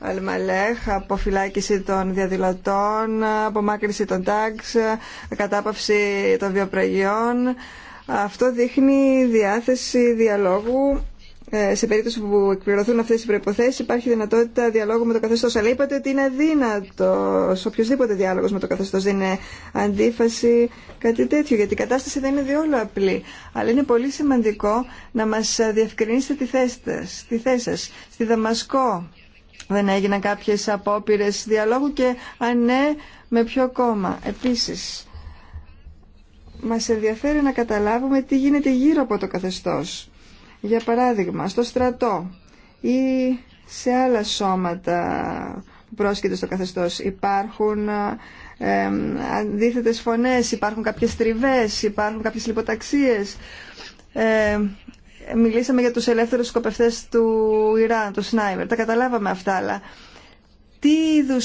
Αλμαλέχ, αποφυλάκηση των διαδηλωτών, απομάκρυνση των τάξ, κατάπαυση των βιοπραγιών. Αυτό δείχνει διάθεση διαλόγου. Ε, σε περίπτωση που εκπληρωθούν αυτές οι προϋποθέσεις υπάρχει δυνατότητα διαλόγου με το καθεστώς. Αλλά είπατε ότι είναι αδύνατος. οποιοδήποτε διάλογος με το καθεστώς δεν είναι αντίφαση, κάτι τέτοιο. Γιατί η κατάσταση δεν είναι διόλου απλή. Αλλά είναι πολύ σημαντικό να μας διευκρινίσετε τη θέση σας. Στη Δαμασκό δεν έγιναν κάποιες απόπειρες διαλόγου και αν ναι, με ποιο κόμμα. Επίσης, μας ενδιαφέρει να καταλάβουμε τι γίνεται γύρω από το καθεστώς. Για παράδειγμα, στο στρατό ή σε άλλα σώματα που πρόσκειται στο καθεστώς υπάρχουν ε, αντίθετες φωνές, υπάρχουν κάποιες τριβές, υπάρχουν κάποιες λιποταξίες μιλήσαμε για τους ελεύθερους σκοπευτές του Ιράν, του Σνάιμερ. Τα καταλάβαμε αυτά, αλλά τι είδου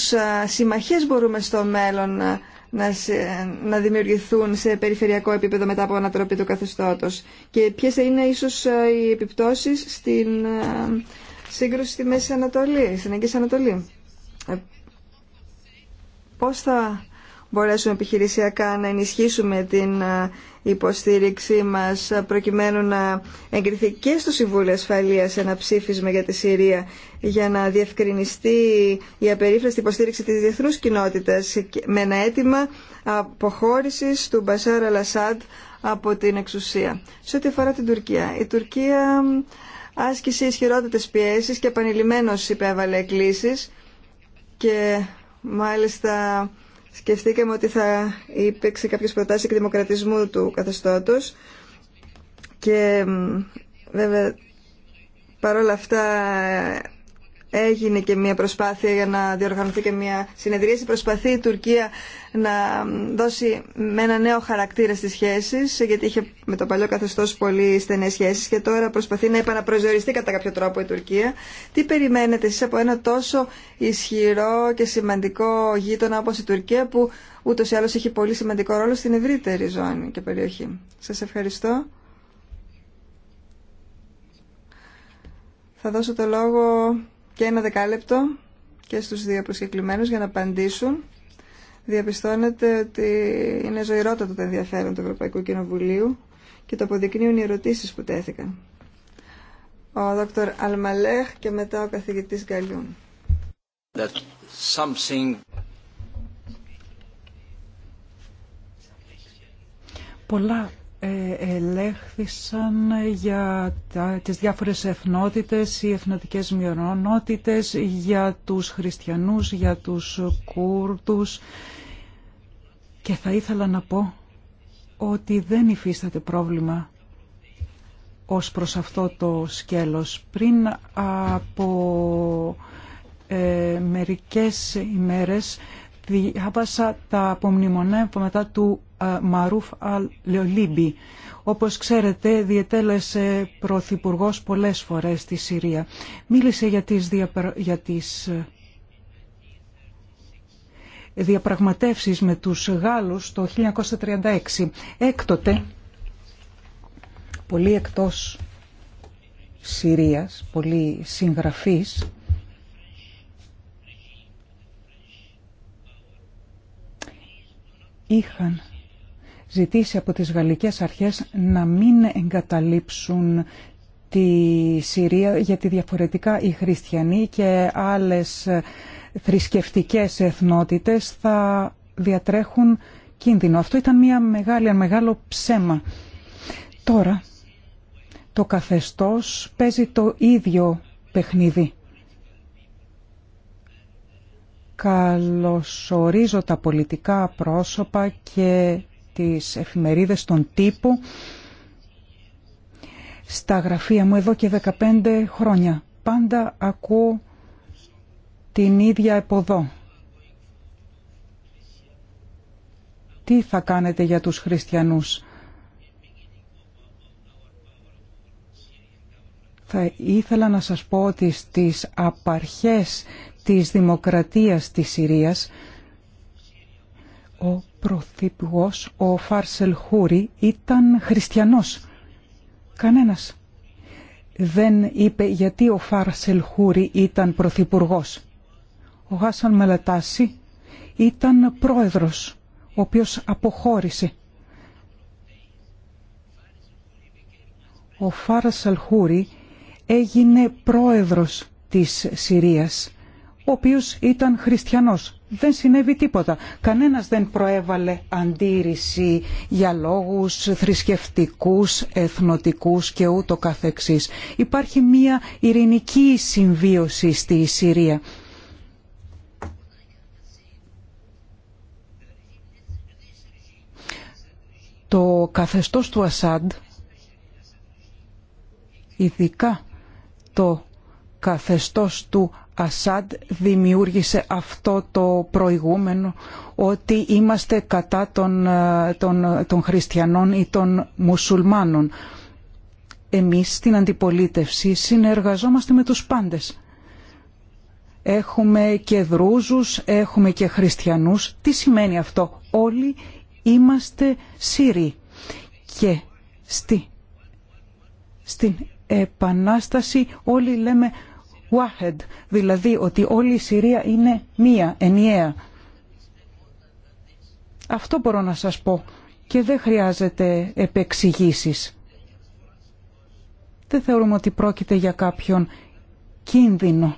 συμμαχίες μπορούμε στο μέλλον να, να δημιουργηθούν σε περιφερειακό επίπεδο μετά από ανατροπή του καθεστώτος και ποιες θα είναι ίσως οι επιπτώσεις στην σύγκρουση στη Μέση Ανατολή, στην Αγγής Ανατολή. Ε, πώς θα μπορέσουμε επιχειρησιακά να ενισχύσουμε την ε, υποστήριξή μας ε, προκειμένου να εγκριθεί και στο Συμβούλιο Ασφαλείας ένα ψήφισμα για τη Συρία για να διευκρινιστεί η απερίφραστη υποστήριξη της διεθνούς κοινότητας με ένα αίτημα αποχώρησης του Μπασάρα Λασάντ από την εξουσία. Σε ό,τι αφορά την Τουρκία. Η Τουρκία άσκησε ισχυρότητε πιέσεις και επανειλημμένως υπέβαλε εκκλήσεις και μάλιστα σκεφτήκαμε ότι θα υπήρξε κάποιες προτάσεις εκδημοκρατισμού του καθεστώτος και βέβαια παρόλα αυτά έγινε και μια προσπάθεια για να διοργανωθεί και μια συνεδρίαση. Προσπαθεί η Τουρκία να δώσει με ένα νέο χαρακτήρα στις σχέσεις, γιατί είχε με το παλιό καθεστώς πολύ στενές σχέσεις και τώρα προσπαθεί να επαναπροσδιοριστεί κατά κάποιο τρόπο η Τουρκία. Τι περιμένετε εσείς από ένα τόσο ισχυρό και σημαντικό γείτονα όπως η Τουρκία που ούτως ή άλλως έχει πολύ σημαντικό ρόλο στην ευρύτερη ζώνη και περιοχή. Σας ευχαριστώ. Θα δώσω το λόγο και ένα δεκάλεπτο και στους δύο προσκεκλημένους για να απαντήσουν. Διαπιστώνεται ότι είναι ζωηρότατο το ενδιαφέρον του Ευρωπαϊκού Κοινοβουλίου και το αποδεικνύουν οι ερωτήσεις που τέθηκαν. Ο δόκτωρ Αλμαλέχ και μετά ο καθηγητής Γκαλιούν. Πολλά ελέγχθησαν για τις διάφορες εθνότητες ή εθνοτικές μειονότητες, για τους χριστιανούς, για τους κούρτους. και θα ήθελα να πω ότι δεν υφίσταται πρόβλημα ως προς αυτό το σκέλος. Πριν από ε, μερικές ημέρες διάβασα τα απομνημονεύματα μετά του ε, Μαρούφ Αλ-Λιολίμπη. Όπως ξέρετε, διετέλεσε Πρωθυπουργό πολλές φορές στη Συρία. Μίλησε για τις, διαπρα... Ε, διαπραγματεύσεις με τους Γάλλους το 1936. Έκτοτε, πολύ εκτός Συρίας, πολύ συγγραφής, είχαν ζητήσει από τις γαλλικές αρχές να μην εγκαταλείψουν τη Συρία γιατί διαφορετικά οι χριστιανοί και άλλες θρησκευτικές εθνότητες θα διατρέχουν κίνδυνο. Αυτό ήταν μια μεγάλη, ένα μεγάλο ψέμα. Τώρα το καθεστώς παίζει το ίδιο παιχνίδι καλωσορίζω τα πολιτικά πρόσωπα και τις εφημερίδες των τύπου στα γραφεία μου εδώ και 15 χρόνια. Πάντα ακούω την ίδια εποδό. Τι θα κάνετε για τους χριστιανούς. Θα ήθελα να σας πω ότι στις απαρχές της δημοκρατίας της Συρίας ο πρωθυπουργός, ο Φάρσελ Χούρι, ήταν χριστιανός. Κανένας δεν είπε γιατί ο Φάρσελ Χούρι ήταν πρωθυπουργό. Ο Γάσαν Μελετάση ήταν πρόεδρος, ο οποίος αποχώρησε. Ο Φάρσελ Χούρι έγινε πρόεδρος της Συρίας, ο οποίος ήταν χριστιανός. Δεν συνέβη τίποτα. Κανένας δεν προέβαλε αντίρρηση για λόγους θρησκευτικούς, εθνοτικούς και ούτω καθεξής. Υπάρχει μια ειρηνική συμβίωση στη Συρία. Το καθεστώς του Ασάντ, ειδικά το καθεστώς του Ασάντ δημιούργησε αυτό το προηγούμενο ότι είμαστε κατά των, ε, των, των χριστιανών ή των μουσουλμάνων. Εμείς στην αντιπολίτευση συνεργαζόμαστε με τους πάντες. Έχουμε και δρούζους, έχουμε και χριστιανούς. Τι σημαίνει αυτό. Όλοι είμαστε Σύριοι. Και στη, στην επανάσταση όλοι λέμε «wahed», δηλαδή ότι όλη η Συρία είναι μία, ενιαία. Αυτό μπορώ να σας πω και δεν χρειάζεται επεξηγήσεις. Δεν θεωρούμε ότι πρόκειται για κάποιον κίνδυνο.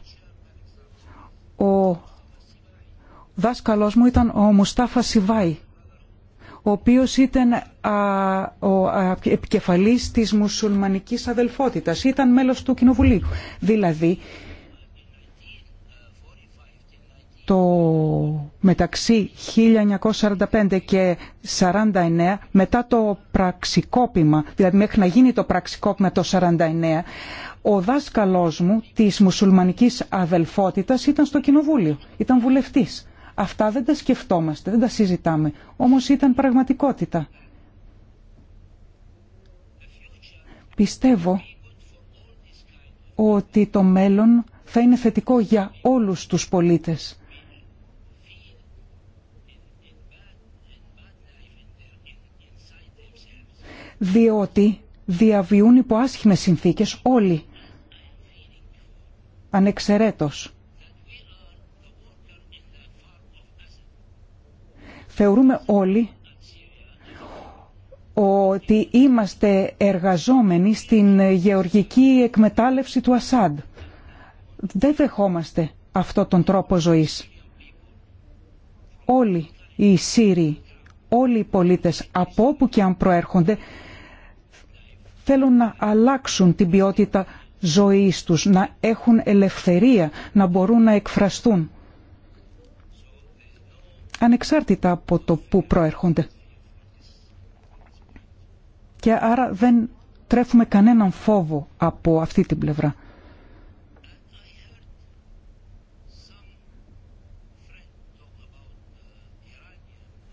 Ο δάσκαλός μου ήταν ο Μουστάφα Σιβάη ο οποίος ήταν ο επικεφαλής της μουσουλμανικής αδελφότητας. Ήταν μέλος του Κοινοβουλίου. Δηλαδή, το μεταξύ 1945 και 49 μετά το πραξικόπημα, δηλαδή μέχρι να γίνει το πραξικόπημα το 49, ο δάσκαλός μου της μουσουλμανικής αδελφότητας ήταν στο κοινοβούλιο, ήταν βουλευτής. Αυτά δεν τα σκεφτόμαστε, δεν τα συζητάμε. Όμως ήταν πραγματικότητα. Πιστεύω ότι το μέλλον θα είναι θετικό για όλους τους πολίτες. Διότι διαβιούν υπό άσχημες συνθήκες όλοι, ανεξαιρέτως. Θεωρούμε όλοι ότι είμαστε εργαζόμενοι στην γεωργική εκμετάλλευση του Ασάντ. Δεν δεχόμαστε αυτό τον τρόπο ζωής. Όλοι οι Σύριοι, όλοι οι πολίτες, από όπου και αν προέρχονται, θέλουν να αλλάξουν την ποιότητα ζωής τους, να έχουν ελευθερία, να μπορούν να εκφραστούν ανεξάρτητα από το που προέρχονται. Και άρα δεν τρέφουμε κανέναν φόβο από αυτή την πλευρά.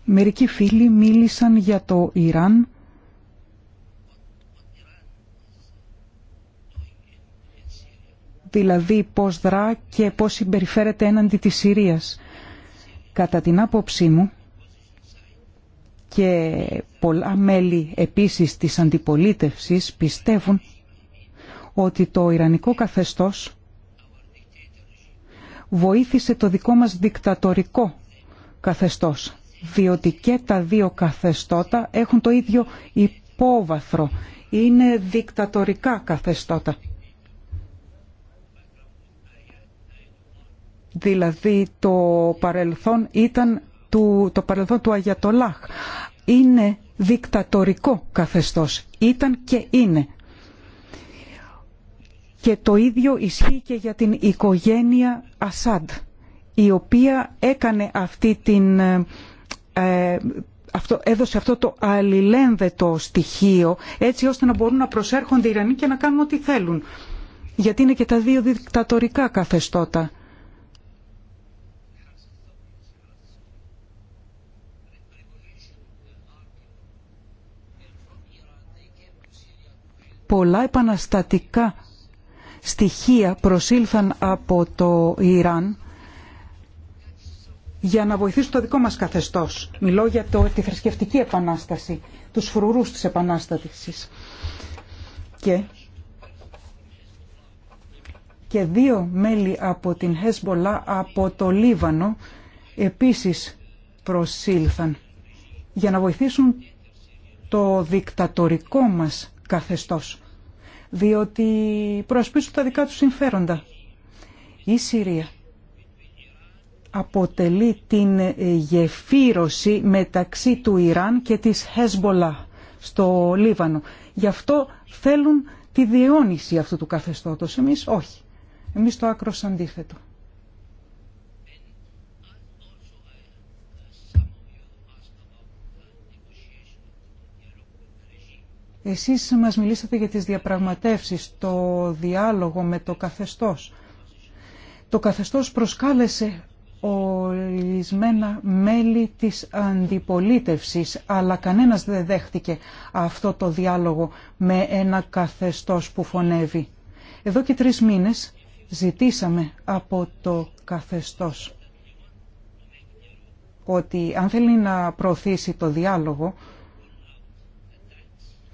Μερικοί φίλοι μίλησαν για το Ιράν δηλαδή πώς δρά και πώς συμπεριφέρεται έναντι της Συρίας. Κατά την άποψή μου και πολλά μέλη επίσης της αντιπολίτευσης πιστεύουν ότι το Ιρανικό καθεστώς βοήθησε το δικό μας δικτατορικό καθεστώς διότι και τα δύο καθεστώτα έχουν το ίδιο υπόβαθρο. Είναι δικτατορικά καθεστώτα. δηλαδή το παρελθόν ήταν του, το παρελθόν του Αγιατολάχ. Είναι δικτατορικό καθεστώς. Ήταν και είναι. Και το ίδιο ισχύει και για την οικογένεια Ασάντ, η οποία έκανε αυτή την, ε, αυτό, έδωσε αυτό το αλληλένδετο στοιχείο, έτσι ώστε να μπορούν να προσέρχονται οι Ιρανοί και να κάνουν ό,τι θέλουν. Γιατί είναι και τα δύο δικτατορικά καθεστώτα πολλά επαναστατικά στοιχεία προσήλθαν από το Ιράν για να βοηθήσουν το δικό μας καθεστώς. Μιλώ για το, τη θρησκευτική επανάσταση, τους φρουρούς της επανάστασης. Και, και δύο μέλη από την Χεσμολά από το Λίβανο επίσης προσήλθαν για να βοηθήσουν το δικτατορικό μας καθεστώς διότι προασπίζουν τα δικά τους συμφέροντα. Η Συρία αποτελεί την ε, γεφύρωση μεταξύ του Ιράν και της Χέσμπολα στο Λίβανο. Γι' αυτό θέλουν τη διαιώνιση αυτού του καθεστώτος. Εμείς όχι. Εμείς το άκρο αντίθετο. Εσείς μας μιλήσατε για τις διαπραγματεύσεις, το διάλογο με το καθεστώς. Το καθεστώς προσκάλεσε ορισμένα μέλη της αντιπολίτευσης, αλλά κανένας δεν δέχτηκε αυτό το διάλογο με ένα καθεστώς που φωνεύει. Εδώ και τρεις μήνες ζητήσαμε από το καθεστώς ότι αν θέλει να προωθήσει το διάλογο,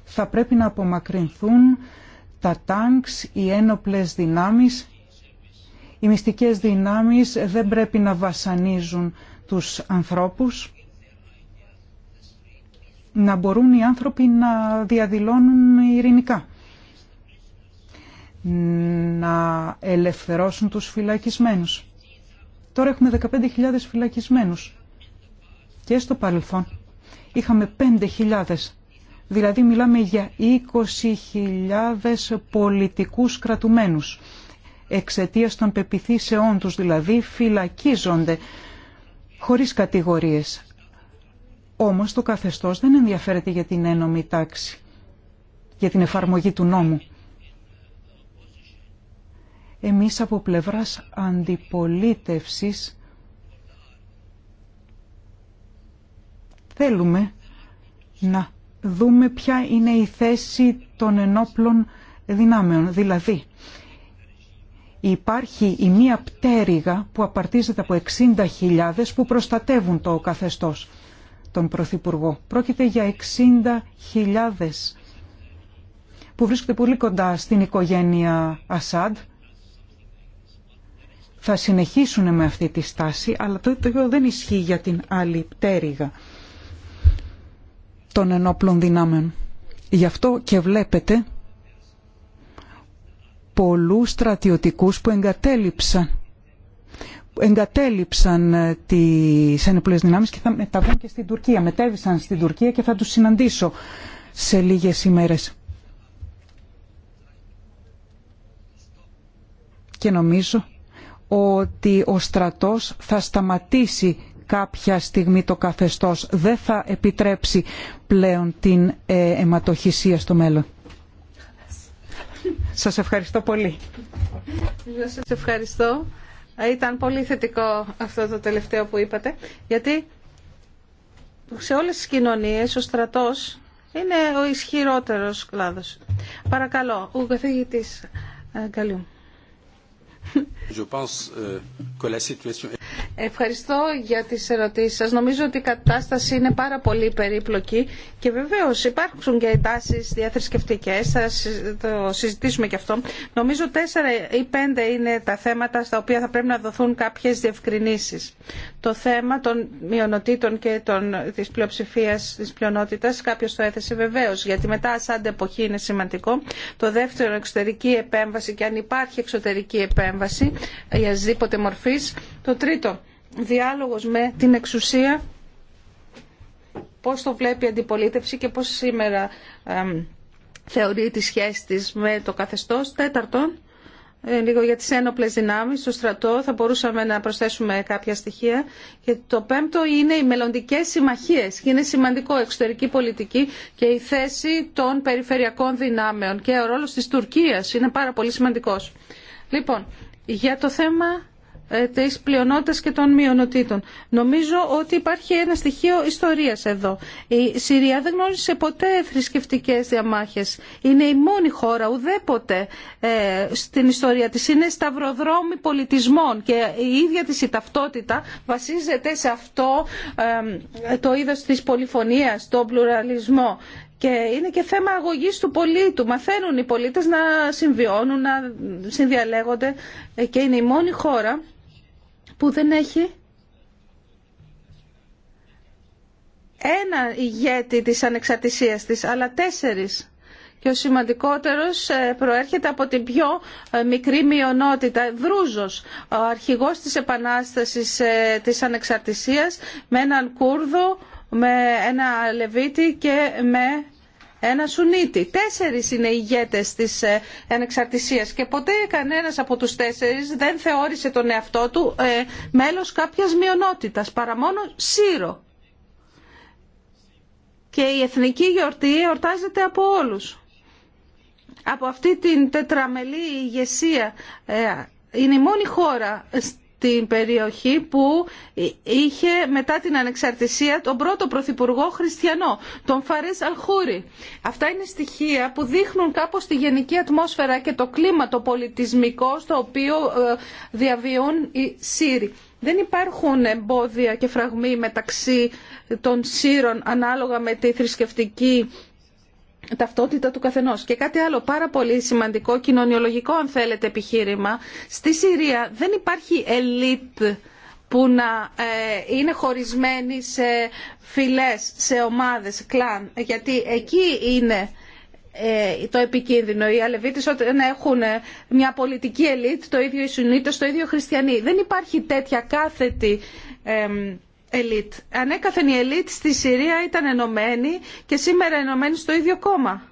θα πρέπει να απομακρυνθούν τα τάγκς, οι ένοπλες δυνάμεις. Οι μυστικές δυνάμεις δεν πρέπει να βασανίζουν τους ανθρώπους. Να μπορούν οι άνθρωποι να διαδηλώνουν ειρηνικά. Να ελευθερώσουν τους φυλακισμένους. Τώρα έχουμε 15.000 φυλακισμένους. Και στο παρελθόν είχαμε 5.000 Δηλαδή μιλάμε για 20.000 πολιτικούς κρατουμένους. Εξαιτίας των πεπιθήσεών τους δηλαδή φυλακίζονται χωρίς κατηγορίες. Όμως το καθεστώς δεν ενδιαφέρεται για την ένομη τάξη, για την εφαρμογή του νόμου. Εμείς από πλευράς αντιπολίτευσης θέλουμε να δούμε ποια είναι η θέση των ενόπλων δυνάμεων. Δηλαδή, υπάρχει η μία πτέρυγα που απαρτίζεται από 60.000 που προστατεύουν το καθεστώς τον Πρωθυπουργό. Πρόκειται για 60.000 που βρίσκονται πολύ κοντά στην οικογένεια Ασάντ. Θα συνεχίσουν με αυτή τη στάση, αλλά το ίδιο δεν ισχύει για την άλλη πτέρυγα των ενόπλων δυνάμεων. Γι' αυτό και βλέπετε πολλούς στρατιωτικούς που εγκατέλειψαν εγκατέλειψαν ε, τις ενοπλές δυνάμεις και θα μεταβούν και στην Τουρκία. Μετέβησαν στην Τουρκία και θα τους συναντήσω σε λίγες ημέρες. Και νομίζω ότι ο στρατός θα σταματήσει κάποια στιγμή το καθεστώς δεν θα επιτρέψει πλέον την ε, αιματοχυσία στο μέλλον. Σας ευχαριστώ πολύ. Σας ευχαριστώ. Ήταν πολύ θετικό αυτό το τελευταίο που είπατε, γιατί σε όλες τις κοινωνίες ο στρατός είναι ο ισχυρότερος κλάδος. Παρακαλώ, ο καθηγητής Γκαλιού. Ε, Euh, Ευχαριστώ για τις ερωτήσεις σας. Νομίζω ότι η κατάσταση είναι πάρα πολύ περίπλοκη και βεβαίως υπάρχουν και τάσεις διαθρησκευτικές, θα το συζητήσουμε και αυτό. Νομίζω τέσσερα ή πέντε είναι τα θέματα στα οποία θα πρέπει να δοθούν κάποιες διευκρινήσεις. Το θέμα των μειονοτήτων και των, της πλειοψηφίας της πλειονότητας, κάποιος το έθεσε βεβαίως, γιατί μετά σαν εποχή είναι σημαντικό. Το δεύτερο, εξωτερική επέμβαση και αν υπάρχει εξωτερική επέμβαση παρέμβαση ιασδήποτε μορφής. Το τρίτο, διάλογος με την εξουσία, πώς το βλέπει η αντιπολίτευση και πώς σήμερα θεωρεί τη σχέση της με το καθεστώς. Τέταρτον, ε, λίγο για τις ένοπλες δυνάμεις στο στρατό, θα μπορούσαμε να προσθέσουμε κάποια στοιχεία. Και το πέμπτο είναι οι μελλοντικέ συμμαχίες. Και είναι σημαντικό εξωτερική πολιτική και η θέση των περιφερειακών δυνάμεων και ο ρόλος της Τουρκίας είναι πάρα πολύ σημαντικός. Λοιπόν, για το θέμα ε, της πλειονότητας και των μειονοτήτων. Νομίζω ότι υπάρχει ένα στοιχείο ιστορίας εδώ. Η Συρία δεν γνώρισε ποτέ θρησκευτικές διαμάχες. Είναι η μόνη χώρα ουδέποτε ε, στην ιστορία της. Είναι σταυροδρόμι πολιτισμών και η ίδια της η ταυτότητα βασίζεται σε αυτό ε, το είδος της πολυφωνίας, τον πλουραλισμό. Και είναι και θέμα αγωγής του πολίτου. Μαθαίνουν οι πολίτες να συμβιώνουν, να συνδιαλέγονται ε, και είναι η μόνη χώρα που δεν έχει ένα ηγέτη της ανεξαρτησίας της, αλλά τέσσερις. Και ο σημαντικότερος ε, προέρχεται από την πιο ε, μικρή μειονότητα, Δρούζος, ο αρχηγός της Επανάστασης της Ανεξαρτησίας, με έναν Κούρδο με ένα Λεβίτη και με ένα Σουνίτη. Τέσσερις είναι οι ηγέτες της ε, ανεξαρτησίας και ποτέ κανένας από τους τέσσερις δεν θεώρησε τον εαυτό του ε, μέλος κάποιας μειονότητας, παρά μόνο Σύρο. Και η εθνική γιορτή εορτάζεται από όλους. Από αυτή την τετραμελή ηγεσία ε, είναι η μόνη χώρα την περιοχή που είχε μετά την ανεξαρτησία τον πρώτο πρωθυπουργό χριστιανό, τον Φαρές Αλχούρη. Αυτά είναι στοιχεία που δείχνουν κάπως τη γενική ατμόσφαιρα και το κλίμα το πολιτισμικό στο οποίο ε, διαβιούν οι Σύροι. Δεν υπάρχουν εμπόδια και φραγμοί μεταξύ των Σύρων ανάλογα με τη θρησκευτική ταυτότητα του καθενό. Και κάτι άλλο πάρα πολύ σημαντικό, κοινωνιολογικό αν θέλετε επιχείρημα, στη Συρία δεν υπάρχει ελίτ που να ε, είναι χωρισμένη σε φυλές, σε ομάδες, κλάν, γιατί εκεί είναι ε, το επικίνδυνο. Οι Αλεβίτες όταν έχουν ε, μια πολιτική ελίτ, το ίδιο οι Σουνίτες, το ίδιο οι Χριστιανοί. Δεν υπάρχει τέτοια κάθετη ελίτ. Ανέκαθεν η ελίτ στη Συρία ήταν ενωμένη και σήμερα ενωμένη στο ίδιο κόμμα.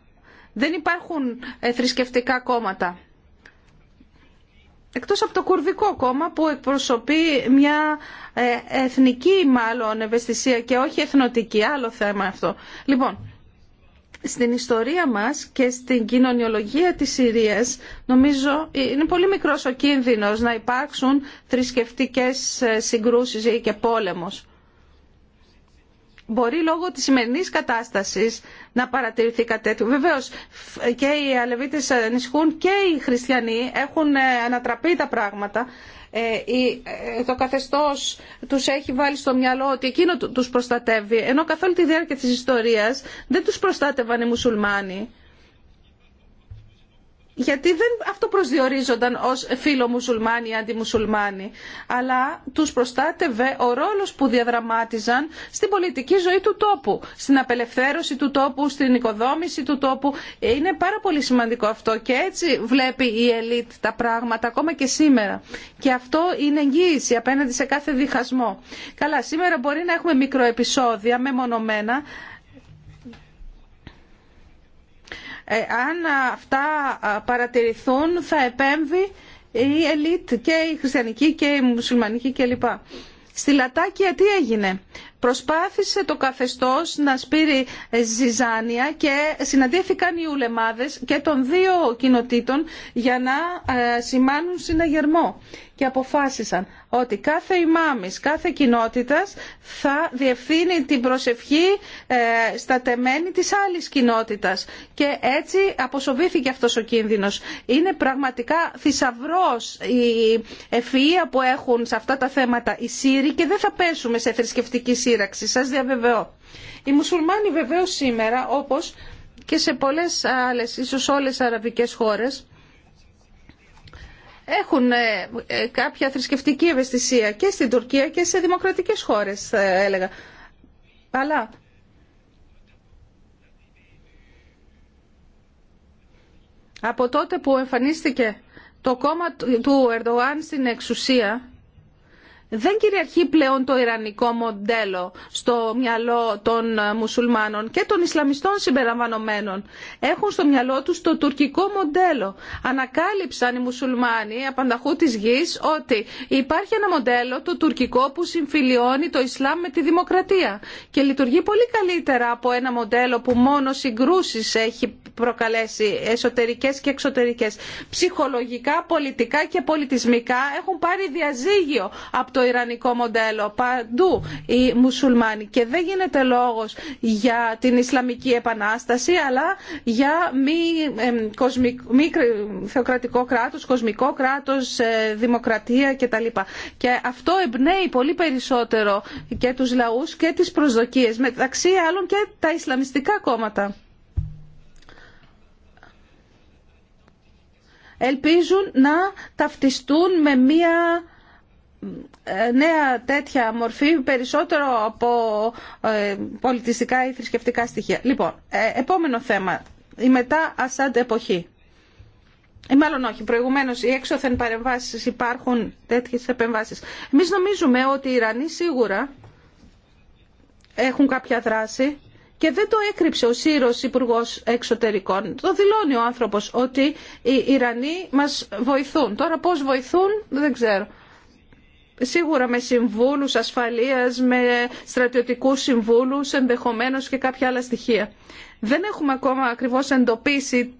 Δεν υπάρχουν ε, θρησκευτικά κόμματα. Εκτός από το κουρδικό κόμμα που εκπροσωπεί μια ε, εθνική μάλλον ευαισθησία και όχι εθνοτική. Άλλο θέμα αυτό. Λοιπόν, στην ιστορία μας και στην κοινωνιολογία της Συρίας νομίζω είναι πολύ μικρός ο κίνδυνος να υπάρξουν θρησκευτικές ε, συγκρούσεις ή και πόλεμος. Μπορεί λόγω της σημερινής κατάστασης να παρατηρηθεί κάτι τέτοιο. Βεβαίως και οι Αλεβίτες ανησυχούν και οι Χριστιανοί έχουν ε, ανατραπεί τα πράγματα ε, ε, το καθεστώς τους έχει βάλει στο μυαλό ότι εκείνο τους προστατεύει, ενώ καθ' όλη τη διάρκεια της ιστορίας δεν τους προστάτευαν οι μουσουλμάνοι γιατί δεν αυτό προσδιορίζονταν ως φίλο μουσουλμάνοι ή αντιμουσουλμάνοι, αλλά τους προστάτευε ο ρόλος που διαδραμάτιζαν στην πολιτική ζωή του τόπου, στην απελευθέρωση του τόπου, στην οικοδόμηση του τόπου. Είναι πάρα πολύ σημαντικό αυτό και έτσι βλέπει η ελίτ τα πράγματα ακόμα και σήμερα. Και αυτό είναι εγγύηση απέναντι σε κάθε διχασμό. Καλά, σήμερα μπορεί να έχουμε μικροεπισόδια μεμονωμένα, Ε, αν αυτά παρατηρηθούν θα επέμβει η ελίτ και η χριστιανική και η μουσουλμανική κλπ. Στη Λατάκια τι έγινε. Προσπάθησε το καθεστώς να σπείρει ε, ζυζάνια και συναντήθηκαν οι ουλεμάδες και των δύο κοινοτήτων για να ε, σημάνουν συναγερμό και αποφάσισαν ότι κάθε ημάμις, κάθε κοινότητα θα διευθύνει την προσευχή ε, στα τεμένη της άλλης κοινότητας και έτσι αποσοβήθηκε αυτός ο κίνδυνος. Είναι πραγματικά θησαυρό η ευφυΐα που έχουν σε αυτά τα θέματα οι Σύροι και δεν θα πέσουμε σε θρησκευτική σύραξη, σας διαβεβαιώ. Οι μουσουλμάνοι βεβαίως σήμερα όπως και σε πολλές άλλες, ίσως όλες αραβικές χώρες, έχουν ε, ε, κάποια θρησκευτική ευαισθησία και στην Τουρκία και σε δημοκρατικές χώρες θα έλεγα. Αλλά από τότε που εμφανίστηκε το κόμμα του Ερντογάν στην εξουσία δεν κυριαρχεί πλέον το ιρανικό μοντέλο στο μυαλό των ε, μουσουλμάνων και των Ισλαμιστών συμπεριλαμβανομένων. Έχουν στο μυαλό τους το τουρκικό μοντέλο. Ανακάλυψαν οι μουσουλμάνοι απανταχού της γης ότι υπάρχει ένα μοντέλο το τουρκικό που συμφιλιώνει το Ισλάμ με τη δημοκρατία και λειτουργεί πολύ καλύτερα από ένα μοντέλο που μόνο συγκρούσεις έχει προκαλέσει εσωτερικές και εξωτερικές. Ψυχολογικά, πολιτικά και πολιτισμικά έχουν πάρει διαζύγιο το Ιρανικό μοντέλο. Παντού οι μουσουλμάνοι. Και δεν γίνεται λόγος για την Ισλαμική Επανάσταση, αλλά για μη, ε, θεοκρατικό κράτος, κοσμικό κράτος, ε, δημοκρατία κτλ. Και αυτό εμπνέει πολύ περισσότερο και τους λαούς και τις προσδοκίες, μεταξύ άλλων και τα Ισλαμιστικά κόμματα. ελπίζουν να ταυτιστούν με μία νέα τέτοια μορφή περισσότερο από ε, πολιτιστικά ή θρησκευτικά στοιχεία. Λοιπόν, ε, επόμενο θέμα. Η μετά Ασάντ εποχή. Ή μάλλον όχι, προηγουμένω οι έξωθεν παρεμβάσει υπάρχουν τέτοιε επεμβάσει. Εμεί νομίζουμε ότι οι Ιρανοί σίγουρα έχουν κάποια δράση και δεν το έκρυψε ο Σύρος Υπουργό Εξωτερικών. Το δηλώνει ο άνθρωπο ότι οι Ιρανοί μα βοηθούν. Τώρα πώ βοηθούν δεν ξέρω σίγουρα με συμβούλους ασφαλείας, με στρατιωτικούς συμβούλους, ενδεχομένως και κάποια άλλα στοιχεία. Δεν έχουμε ακόμα ακριβώς εντοπίσει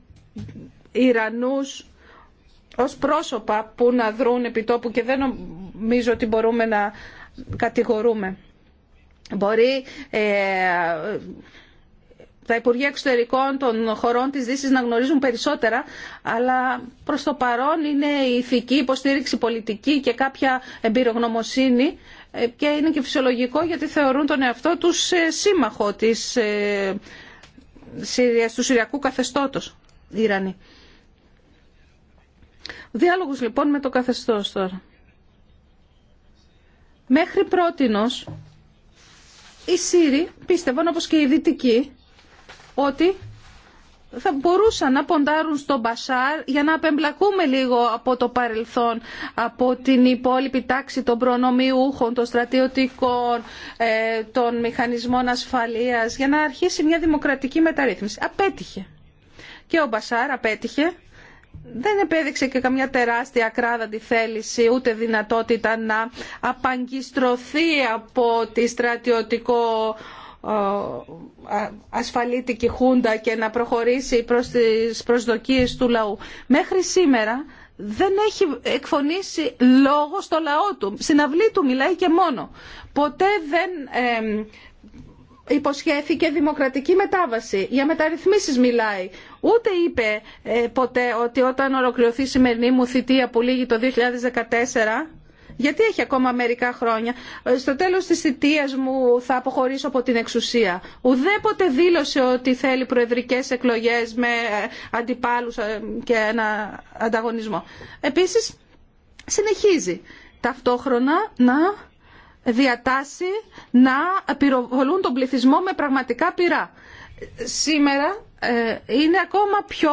Ιρανούς ως πρόσωπα που να δρούν επιτόπου και δεν νομίζω ότι μπορούμε να κατηγορούμε. Μπορεί ε, τα Υπουργεία Εξωτερικών των χωρών της Δύσης να γνωρίζουν περισσότερα, αλλά προς το παρόν είναι η ηθική υποστήριξη πολιτική και κάποια εμπειρογνωμοσύνη ε, και είναι και φυσιολογικό γιατί θεωρούν τον εαυτό τους ε, σύμμαχο της, ε, του Συριακού καθεστώτος Ιρανή. Διάλογος λοιπόν με το καθεστώς τώρα. Μέχρι πρότινος οι Σύριοι πίστευαν όπως και οι Δυτικοί, ότι θα μπορούσαν να ποντάρουν στον Μπασάρ για να απεμπλακούμε λίγο από το παρελθόν, από την υπόλοιπη τάξη των προνομιούχων, των στρατιωτικών, ε, των μηχανισμών ασφαλείας, για να αρχίσει μια δημοκρατική μεταρρύθμιση. Απέτυχε. Και ο Μπασάρ απέτυχε. Δεν επέδειξε και καμιά τεράστια τη θέληση, ούτε δυνατότητα να απαγκιστρωθεί από τη στρατιωτικό ασφαλίτικη χούντα και να προχωρήσει προς τις προσδοκίες του λαού. Μέχρι σήμερα δεν έχει εκφωνήσει λόγο στο λαό του. Στην αυλή του μιλάει και μόνο. Ποτέ δεν υποσχέθηκε δημοκρατική μετάβαση. Για μεταρρυθμίσεις μιλάει. Ούτε είπε ε, ποτέ ότι όταν ολοκληρωθεί η σημερινή μου θητεία που λύγει το 2014 γιατί έχει ακόμα μερικά χρόνια. Στο τέλος της θητεία μου θα αποχωρήσω από την εξουσία. Ουδέποτε δήλωσε ότι θέλει προεδρικές εκλογές με ε, αντιπάλους ε, και ένα ανταγωνισμό. Επίσης, συνεχίζει ταυτόχρονα να διατάσει να πυροβολούν τον πληθυσμό με πραγματικά πυρά. Σήμερα ε, είναι ακόμα πιο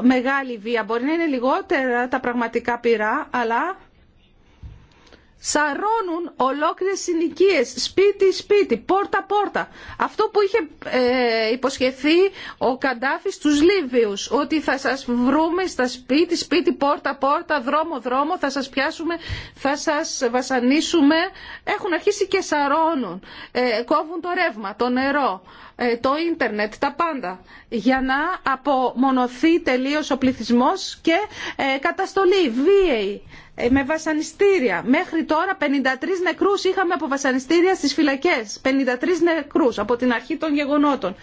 μεγάλη βία. Μπορεί να είναι λιγότερα τα πραγματικά πυρά, αλλά σαρώνουν ολόκληρες συνοικίες, σπίτι-σπίτι, πόρτα-πόρτα. Αυτό που είχε ε, υποσχεθεί ο Καντάφης στους Λίβιους, ότι θα σας βρούμε στα σπίτι, σπίτι, πόρτα-πόρτα, δρόμο-δρόμο, θα σας πιάσουμε, θα σας βασανίσουμε. Έχουν αρχίσει και σαρώνουν, ε, κόβουν το ρεύμα, το νερό, ε, το ίντερνετ, τα πάντα, για να απομονωθεί τελείως ο πληθυσμός και καταστολή, βίαιη. Ε, με βασανιστήρια. Μέχρι τώρα 53 νεκρούς είχαμε από βασανιστήρια στις φυλακές. 53 νεκρούς από την αρχή των γεγονότων.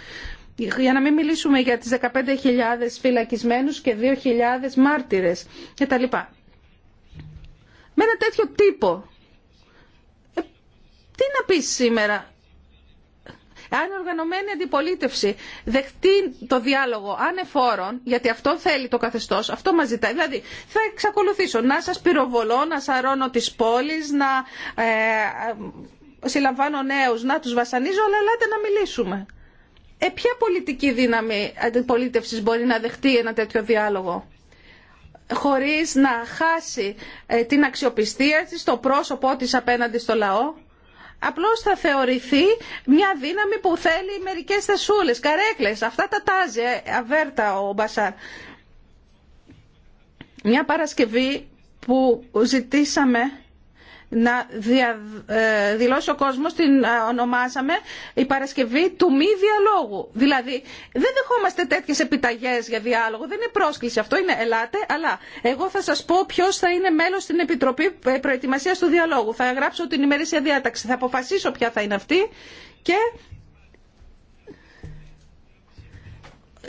Για να μην μιλήσουμε για τις 15.000 φυλακισμένους και 2.000 μάρτυρες κτλ. Με ένα τέτοιο τύπο, ε, τι να πεις σήμερα αν οργανωμένη αντιπολίτευση δεχτεί το διάλογο ανεφόρων, γιατί αυτό θέλει το καθεστώ, αυτό μα ζητάει. Δηλαδή, θα εξακολουθήσω να σα πυροβολώ, να σαρώνω τι πόλει, να ε, ε συλλαμβάνω νέου, να του βασανίζω, αλλά ελάτε να μιλήσουμε. Ε, ποια πολιτική δύναμη αντιπολίτευσης μπορεί να δεχτεί ένα τέτοιο διάλογο χωρίς να χάσει ε, την αξιοπιστία της, το πρόσωπό της απέναντι στο λαό απλώς θα θεωρηθεί μια δύναμη που θέλει μερικές θεσούλες, καρέκλες. Αυτά τα τάζει ε, αβέρτα ο Μπασάρ. Μια Παρασκευή που ζητήσαμε να δια, ε, δηλώσει ο κόσμος, την ε, ονομάσαμε η Παρασκευή του μη διαλόγου. Δηλαδή δεν δεχόμαστε τέτοιες επιταγές για διάλογο, δεν είναι πρόσκληση αυτό, είναι ελάτε, αλλά εγώ θα σας πω ποιος θα είναι μέλος στην Επιτροπή ε, Προετοιμασίας του Διαλόγου. Θα γράψω την ημερήσια διάταξη, θα αποφασίσω ποια θα είναι αυτή και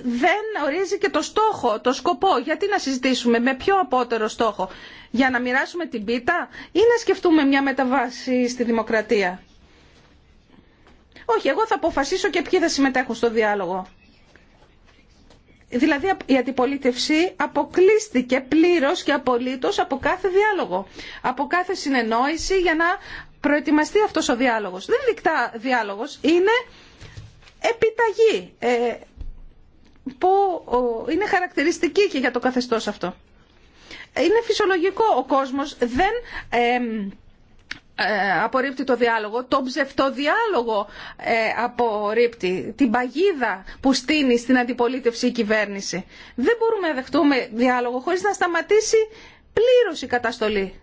δεν ορίζει και το στόχο, το σκοπό. Γιατί να συζητήσουμε με πιο απότερο στόχο. Για να μοιράσουμε την πίτα ή να σκεφτούμε μια μεταβάση στη δημοκρατία. Όχι, εγώ θα αποφασίσω και ποιοι θα συμμετέχουν στο διάλογο. Δηλαδή η αντιπολίτευση αποκλείστηκε πλήρως και απολύτως από κάθε διάλογο, από κάθε συνεννόηση για να προετοιμαστεί αυτός ο διάλογος. Δεν δικτά διάλογος, είναι επιταγή, ε, που είναι χαρακτηριστική και για το καθεστώς αυτό. Είναι φυσιολογικό ο κόσμος δεν ε, απορρίπτει το διάλογο, Το ψευτοδιάλογο διάλογο ε, απορρίπτει, την παγίδα που στείνει στην αντιπολίτευση η κυβέρνηση. Δεν μπορούμε να δεχτούμε διάλογο χωρίς να σταματήσει πλήρως η καταστολή.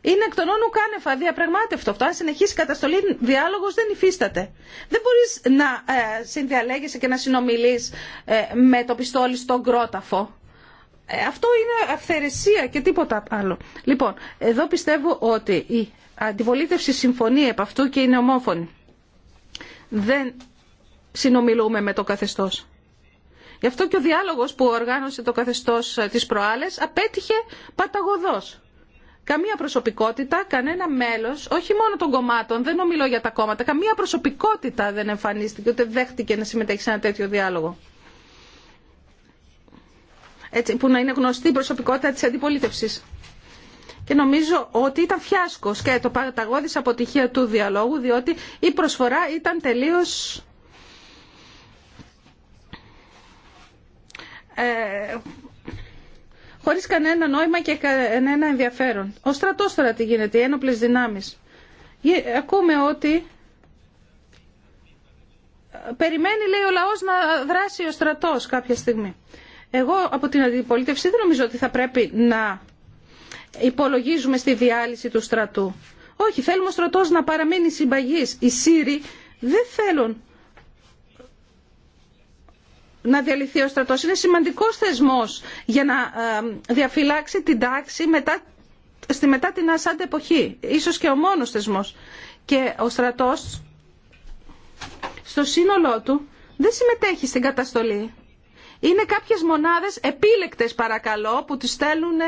Είναι εκ των όνων κάνεφα, διαπραγμάτευτο αυτό. Αν συνεχίσει η καταστολή, διάλογο δεν υφίσταται. Δεν μπορεί να ε, συνδιαλέγεσαι και να συνομιλεί ε, με το πιστόλι στον κρόταφο. Ε, αυτό είναι αυθαιρεσία και τίποτα άλλο. Λοιπόν, εδώ πιστεύω ότι η αντιπολίτευση συμφωνεί επ' αυτού και είναι ομόφωνη. Δεν συνομιλούμε με το καθεστώ. Γι' αυτό και ο διάλογο που οργάνωσε το καθεστώ ε, τη προάλλε απέτυχε παταγωδός καμία προσωπικότητα, κανένα μέλος, όχι μόνο των κομμάτων, δεν ομιλώ για τα κόμματα, καμία προσωπικότητα δεν εμφανίστηκε, ούτε δέχτηκε να συμμετέχει σε ένα τέτοιο διάλογο. Έτσι, που να είναι γνωστή η προσωπικότητα τη αντιπολίτευση. Και νομίζω ότι ήταν φιάσκο και το παραταγώδη αποτυχία του διαλόγου, διότι η προσφορά ήταν τελείω. Ε, χωρίς κανένα νόημα και κανένα ενδιαφέρον. Ο στρατός τώρα τι γίνεται, οι ένοπλες δυνάμεις. Ακούμε ότι περιμένει λέει ο λαό να δράσει ο στρατός κάποια στιγμή. Εγώ από την αντιπολίτευση δεν νομίζω ότι θα πρέπει να υπολογίζουμε στη διάλυση του στρατού. Όχι, θέλουμε ο στρατός να παραμείνει συμπαγής. Οι Σύροι δεν θέλουν να διαλυθεί ο στρατός. Είναι σημαντικός θεσμός για να ε, διαφυλάξει την τάξη μετά, στη μετά την Ασάντα εποχή. Ίσως και ο μόνος θεσμός. Και ο στρατός στο σύνολό του δεν συμμετέχει στην καταστολή. Είναι κάποιες μονάδες επίλεκτες παρακαλώ που τις στέλνουν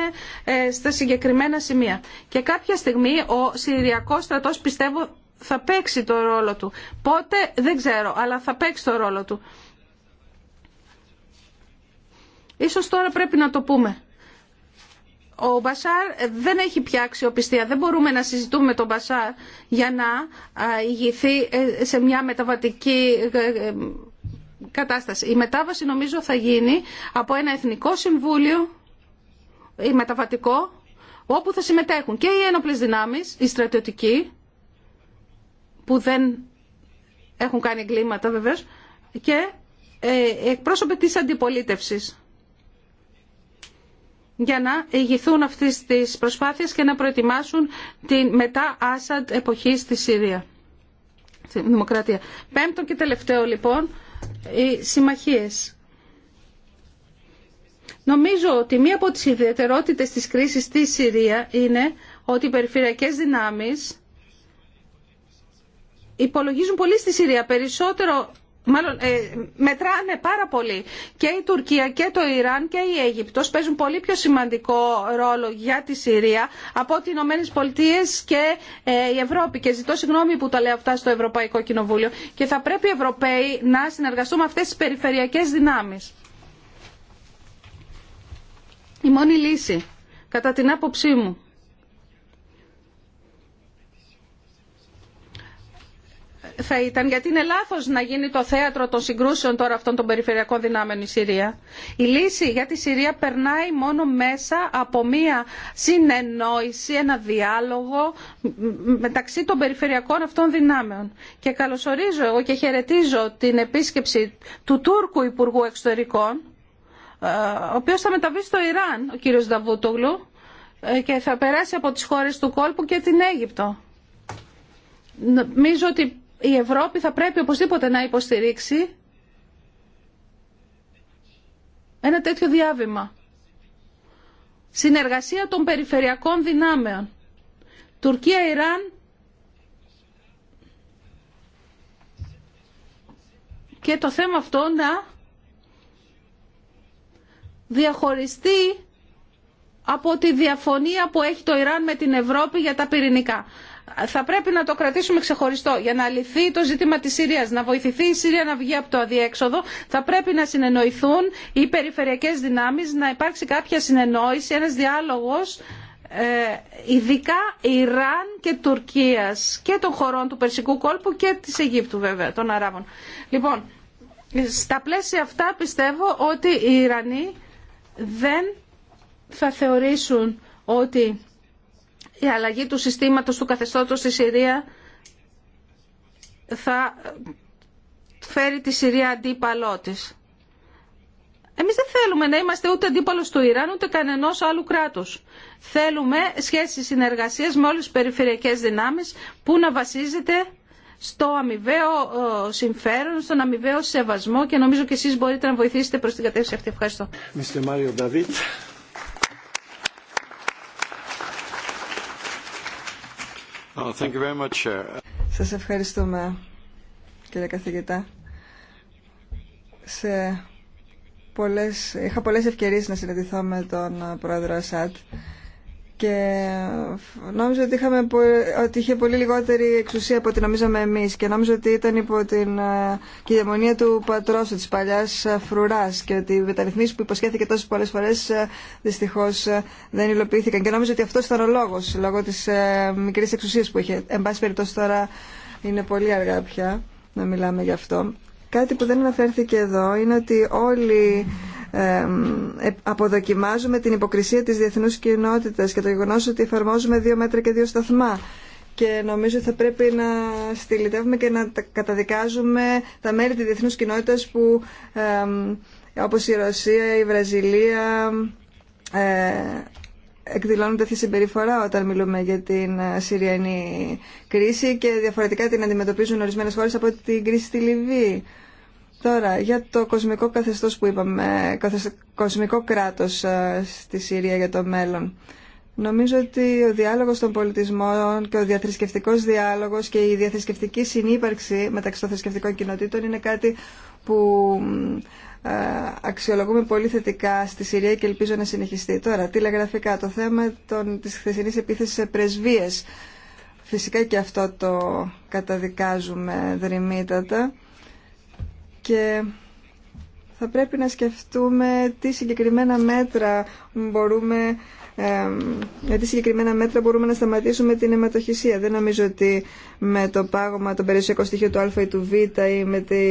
ε, στα συγκεκριμένα σημεία. Και κάποια στιγμή ο Συριακός στρατός πιστεύω θα παίξει το ρόλο του. Πότε δεν ξέρω, αλλά θα παίξει το ρόλο του. Ίσως τώρα πρέπει να το πούμε. Ο Μπασάρ δεν έχει πια αξιοπιστία. Δεν μπορούμε να συζητούμε με τον Μπασάρ για να ηγηθεί ε, σε μια μεταβατική ε, ε, κατάσταση. Η μετάβαση νομίζω θα γίνει από ένα εθνικό συμβούλιο ή μεταβατικό όπου θα συμμετέχουν και οι ένοπλες δυνάμεις, οι στρατιωτικοί που δεν έχουν κάνει εγκλήματα βεβαίως και εκπρόσωποι της αντιπολίτευσης για να ηγηθούν αυτής της προσπάθειας και να προετοιμάσουν την μετά Άσαντ εποχή στη Συρία. Στη δημοκρατία. Πέμπτο και τελευταίο λοιπόν, οι συμμαχίες. Νομίζω ότι μία από τις ιδιαιτερότητες της κρίσης στη Συρία είναι ότι οι περιφερειακές δυνάμεις υπολογίζουν πολύ στη Συρία, περισσότερο Μάλλον ε, μετράνε πάρα πολύ και η Τουρκία και το Ιράν και η Αίγυπτος παίζουν πολύ πιο σημαντικό ρόλο για τη Συρία από ότι οι Ηνωμένε Πολιτείε και ε, η Ευρώπη. Και ζητώ συγγνώμη που τα λέω αυτά στο Ευρωπαϊκό Κοινοβούλιο. Και θα πρέπει οι Ευρωπαίοι να συνεργαστούν με αυτές τις περιφερειακές δυνάμεις. Η μόνη λύση, κατά την άποψή μου, θα ήταν, γιατί είναι λάθος να γίνει το θέατρο των συγκρούσεων τώρα αυτών των περιφερειακών δυνάμεων η Συρία. Η λύση για τη Συρία περνάει μόνο μέσα από μία συνεννόηση, ένα διάλογο μεταξύ των περιφερειακών αυτών δυνάμεων. Και καλωσορίζω εγώ και χαιρετίζω την επίσκεψη του Τούρκου Υπουργού Εξωτερικών, ε, ο οποίος θα μεταβεί στο Ιράν, ο κύριος Νταβούτογλου, ε, και θα περάσει από τις χώρες του κόλπου και την Αίγυπτο. Νομίζω ότι η Ευρώπη θα πρέπει οπωσδήποτε να υποστηρίξει ένα τέτοιο διάβημα. Συνεργασία των περιφερειακών δυνάμεων. Τουρκία, Ιράν και το θέμα αυτό να διαχωριστεί από τη διαφωνία που έχει το Ιράν με την Ευρώπη για τα πυρηνικά θα πρέπει να το κρατήσουμε ξεχωριστό. Για να λυθεί το ζήτημα της Συρίας, να βοηθηθεί η Συρία να βγει από το αδιέξοδο, θα πρέπει να συνεννοηθούν οι περιφερειακές δυνάμεις, να υπάρξει κάποια συνεννόηση, ένας διάλογος ε, ειδικά Ιράν και Τουρκίας και των χωρών του Περσικού κόλπου και της Αιγύπτου βέβαια, των Αράβων. Λοιπόν, στα πλαίσια αυτά πιστεύω ότι οι Ιρανοί δεν θα θεωρήσουν ότι η αλλαγή του συστήματος του καθεστώτος στη Συρία θα φέρει τη Συρία αντίπαλό τη. Εμείς δεν θέλουμε να είμαστε ούτε αντίπαλος του Ιράν, ούτε κανενός άλλου κράτους. Θέλουμε σχέσεις συνεργασίας με όλες τις περιφερειακές δυνάμεις που να βασίζεται στο αμοιβαίο ε, συμφέρον, στον αμοιβαίο σεβασμό και νομίζω και εσείς μπορείτε να βοηθήσετε προς την κατεύθυνση αυτή. Ευχαριστώ. Oh, Σας ευχαριστούμε, κύριε καθηγητά. Σε πολλές, είχα πολλές ευκαιρίες να συναντηθώ με τον ε, πρόεδρο ΣΑΤ και νόμιζα ότι, είχαμε, ότι είχε πολύ λιγότερη εξουσία από ό,τι νομίζαμε εμείς και νόμιζα ότι ήταν υπό την ε, κυδαιμονία του πατρός της παλιάς ε, φρουράς και ότι οι μεταρρυθμίσεις που υποσχέθηκε τόσες πολλές φορές ε, δυστυχώς δεν υλοποιήθηκαν και νόμιζα ότι αυτό ήταν ο λόγος, λόγω της μικρής εξουσίας που είχε. Εν πάση περιπτώσει τώρα είναι πολύ αργά πια να μιλάμε γι' αυτό. Κάτι που δεν αναφέρθηκε εδώ είναι ότι όλοι ε, αποδοκιμάζουμε την υποκρισία της διεθνούς κοινότητας και το γεγονός ότι εφαρμόζουμε δύο μέτρα και δύο σταθμά και νομίζω θα πρέπει να στυλιτεύουμε και να καταδικάζουμε τα μέρη της διεθνούς κοινότητας που ε, όπως η Ρωσία, η Βραζιλία ε, εκδηλώνουν τέτοια συμπεριφορά όταν μιλούμε για την ε, Συριανή κρίση και διαφορετικά την αντιμετωπίζουν ορισμένες χώρες από την κρίση στη Λιβύη. Τώρα, για το κοσμικό καθεστώς που είπαμε, κοσμικό κράτος ε, στη Συρία για το μέλλον. Νομίζω ότι ο διάλογος των πολιτισμών και ο διαθρησκευτικός διάλογος και η διαθρησκευτική συνύπαρξη μεταξύ των θρησκευτικών κοινοτήτων είναι κάτι που ε, αξιολογούμε πολύ θετικά στη Συρία και ελπίζω να συνεχιστεί. Τώρα, τηλεγραφικά, το θέμα των, της χθεσινής επίθεσης σε πρεσβείες. Φυσικά και αυτό το καταδικάζουμε δρυμύτατα και θα πρέπει να σκεφτούμε τι συγκεκριμένα μέτρα μπορούμε ε, τι συγκεκριμένα μέτρα μπορούμε να σταματήσουμε την αιματοχυσία. Δεν νομίζω ότι με το πάγωμα των περιουσιακών στοιχείων του Α ή του Β ή με τη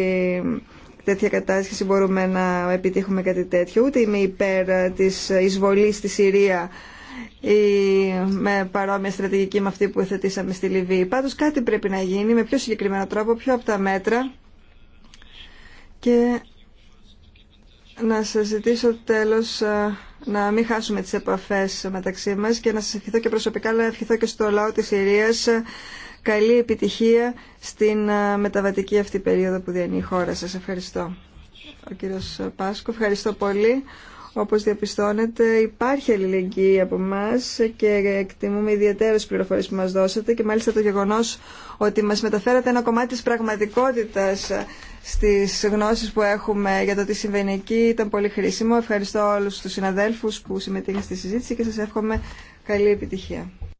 τέτοια κατάσχεση μπορούμε να επιτύχουμε κάτι τέτοιο. Ούτε είμαι υπέρ της εισβολής στη Συρία ή με παρόμοια στρατηγική με αυτή που θετήσαμε στη Λιβύη. Πάντως κάτι πρέπει να γίνει με πιο συγκεκριμένο τρόπο, πιο από τα μέτρα και να σας ζητήσω τέλος να μην χάσουμε τις επαφές μεταξύ μας και να σας ευχηθώ και προσωπικά αλλά ευχηθώ και στο λαό της Συρίας καλή επιτυχία στην μεταβατική αυτή περίοδο που διανύει η χώρα. Σας ευχαριστώ. Ο κύριος Πάσκο, ευχαριστώ πολύ. Όπως διαπιστώνετε υπάρχει αλληλεγγύη από εμά και εκτιμούμε ιδιαίτερες πληροφορίες που μας δώσατε και μάλιστα το γεγονός ότι μας μεταφέρατε ένα κομμάτι της πραγματικότητας ε, στις γνώσεις που έχουμε για το τι συμβαίνει εκεί. Ήταν πολύ χρήσιμο. Ευχαριστώ όλους τους συναδέλφους που συμμετείχαν στη συζήτηση και σας εύχομαι καλή επιτυχία.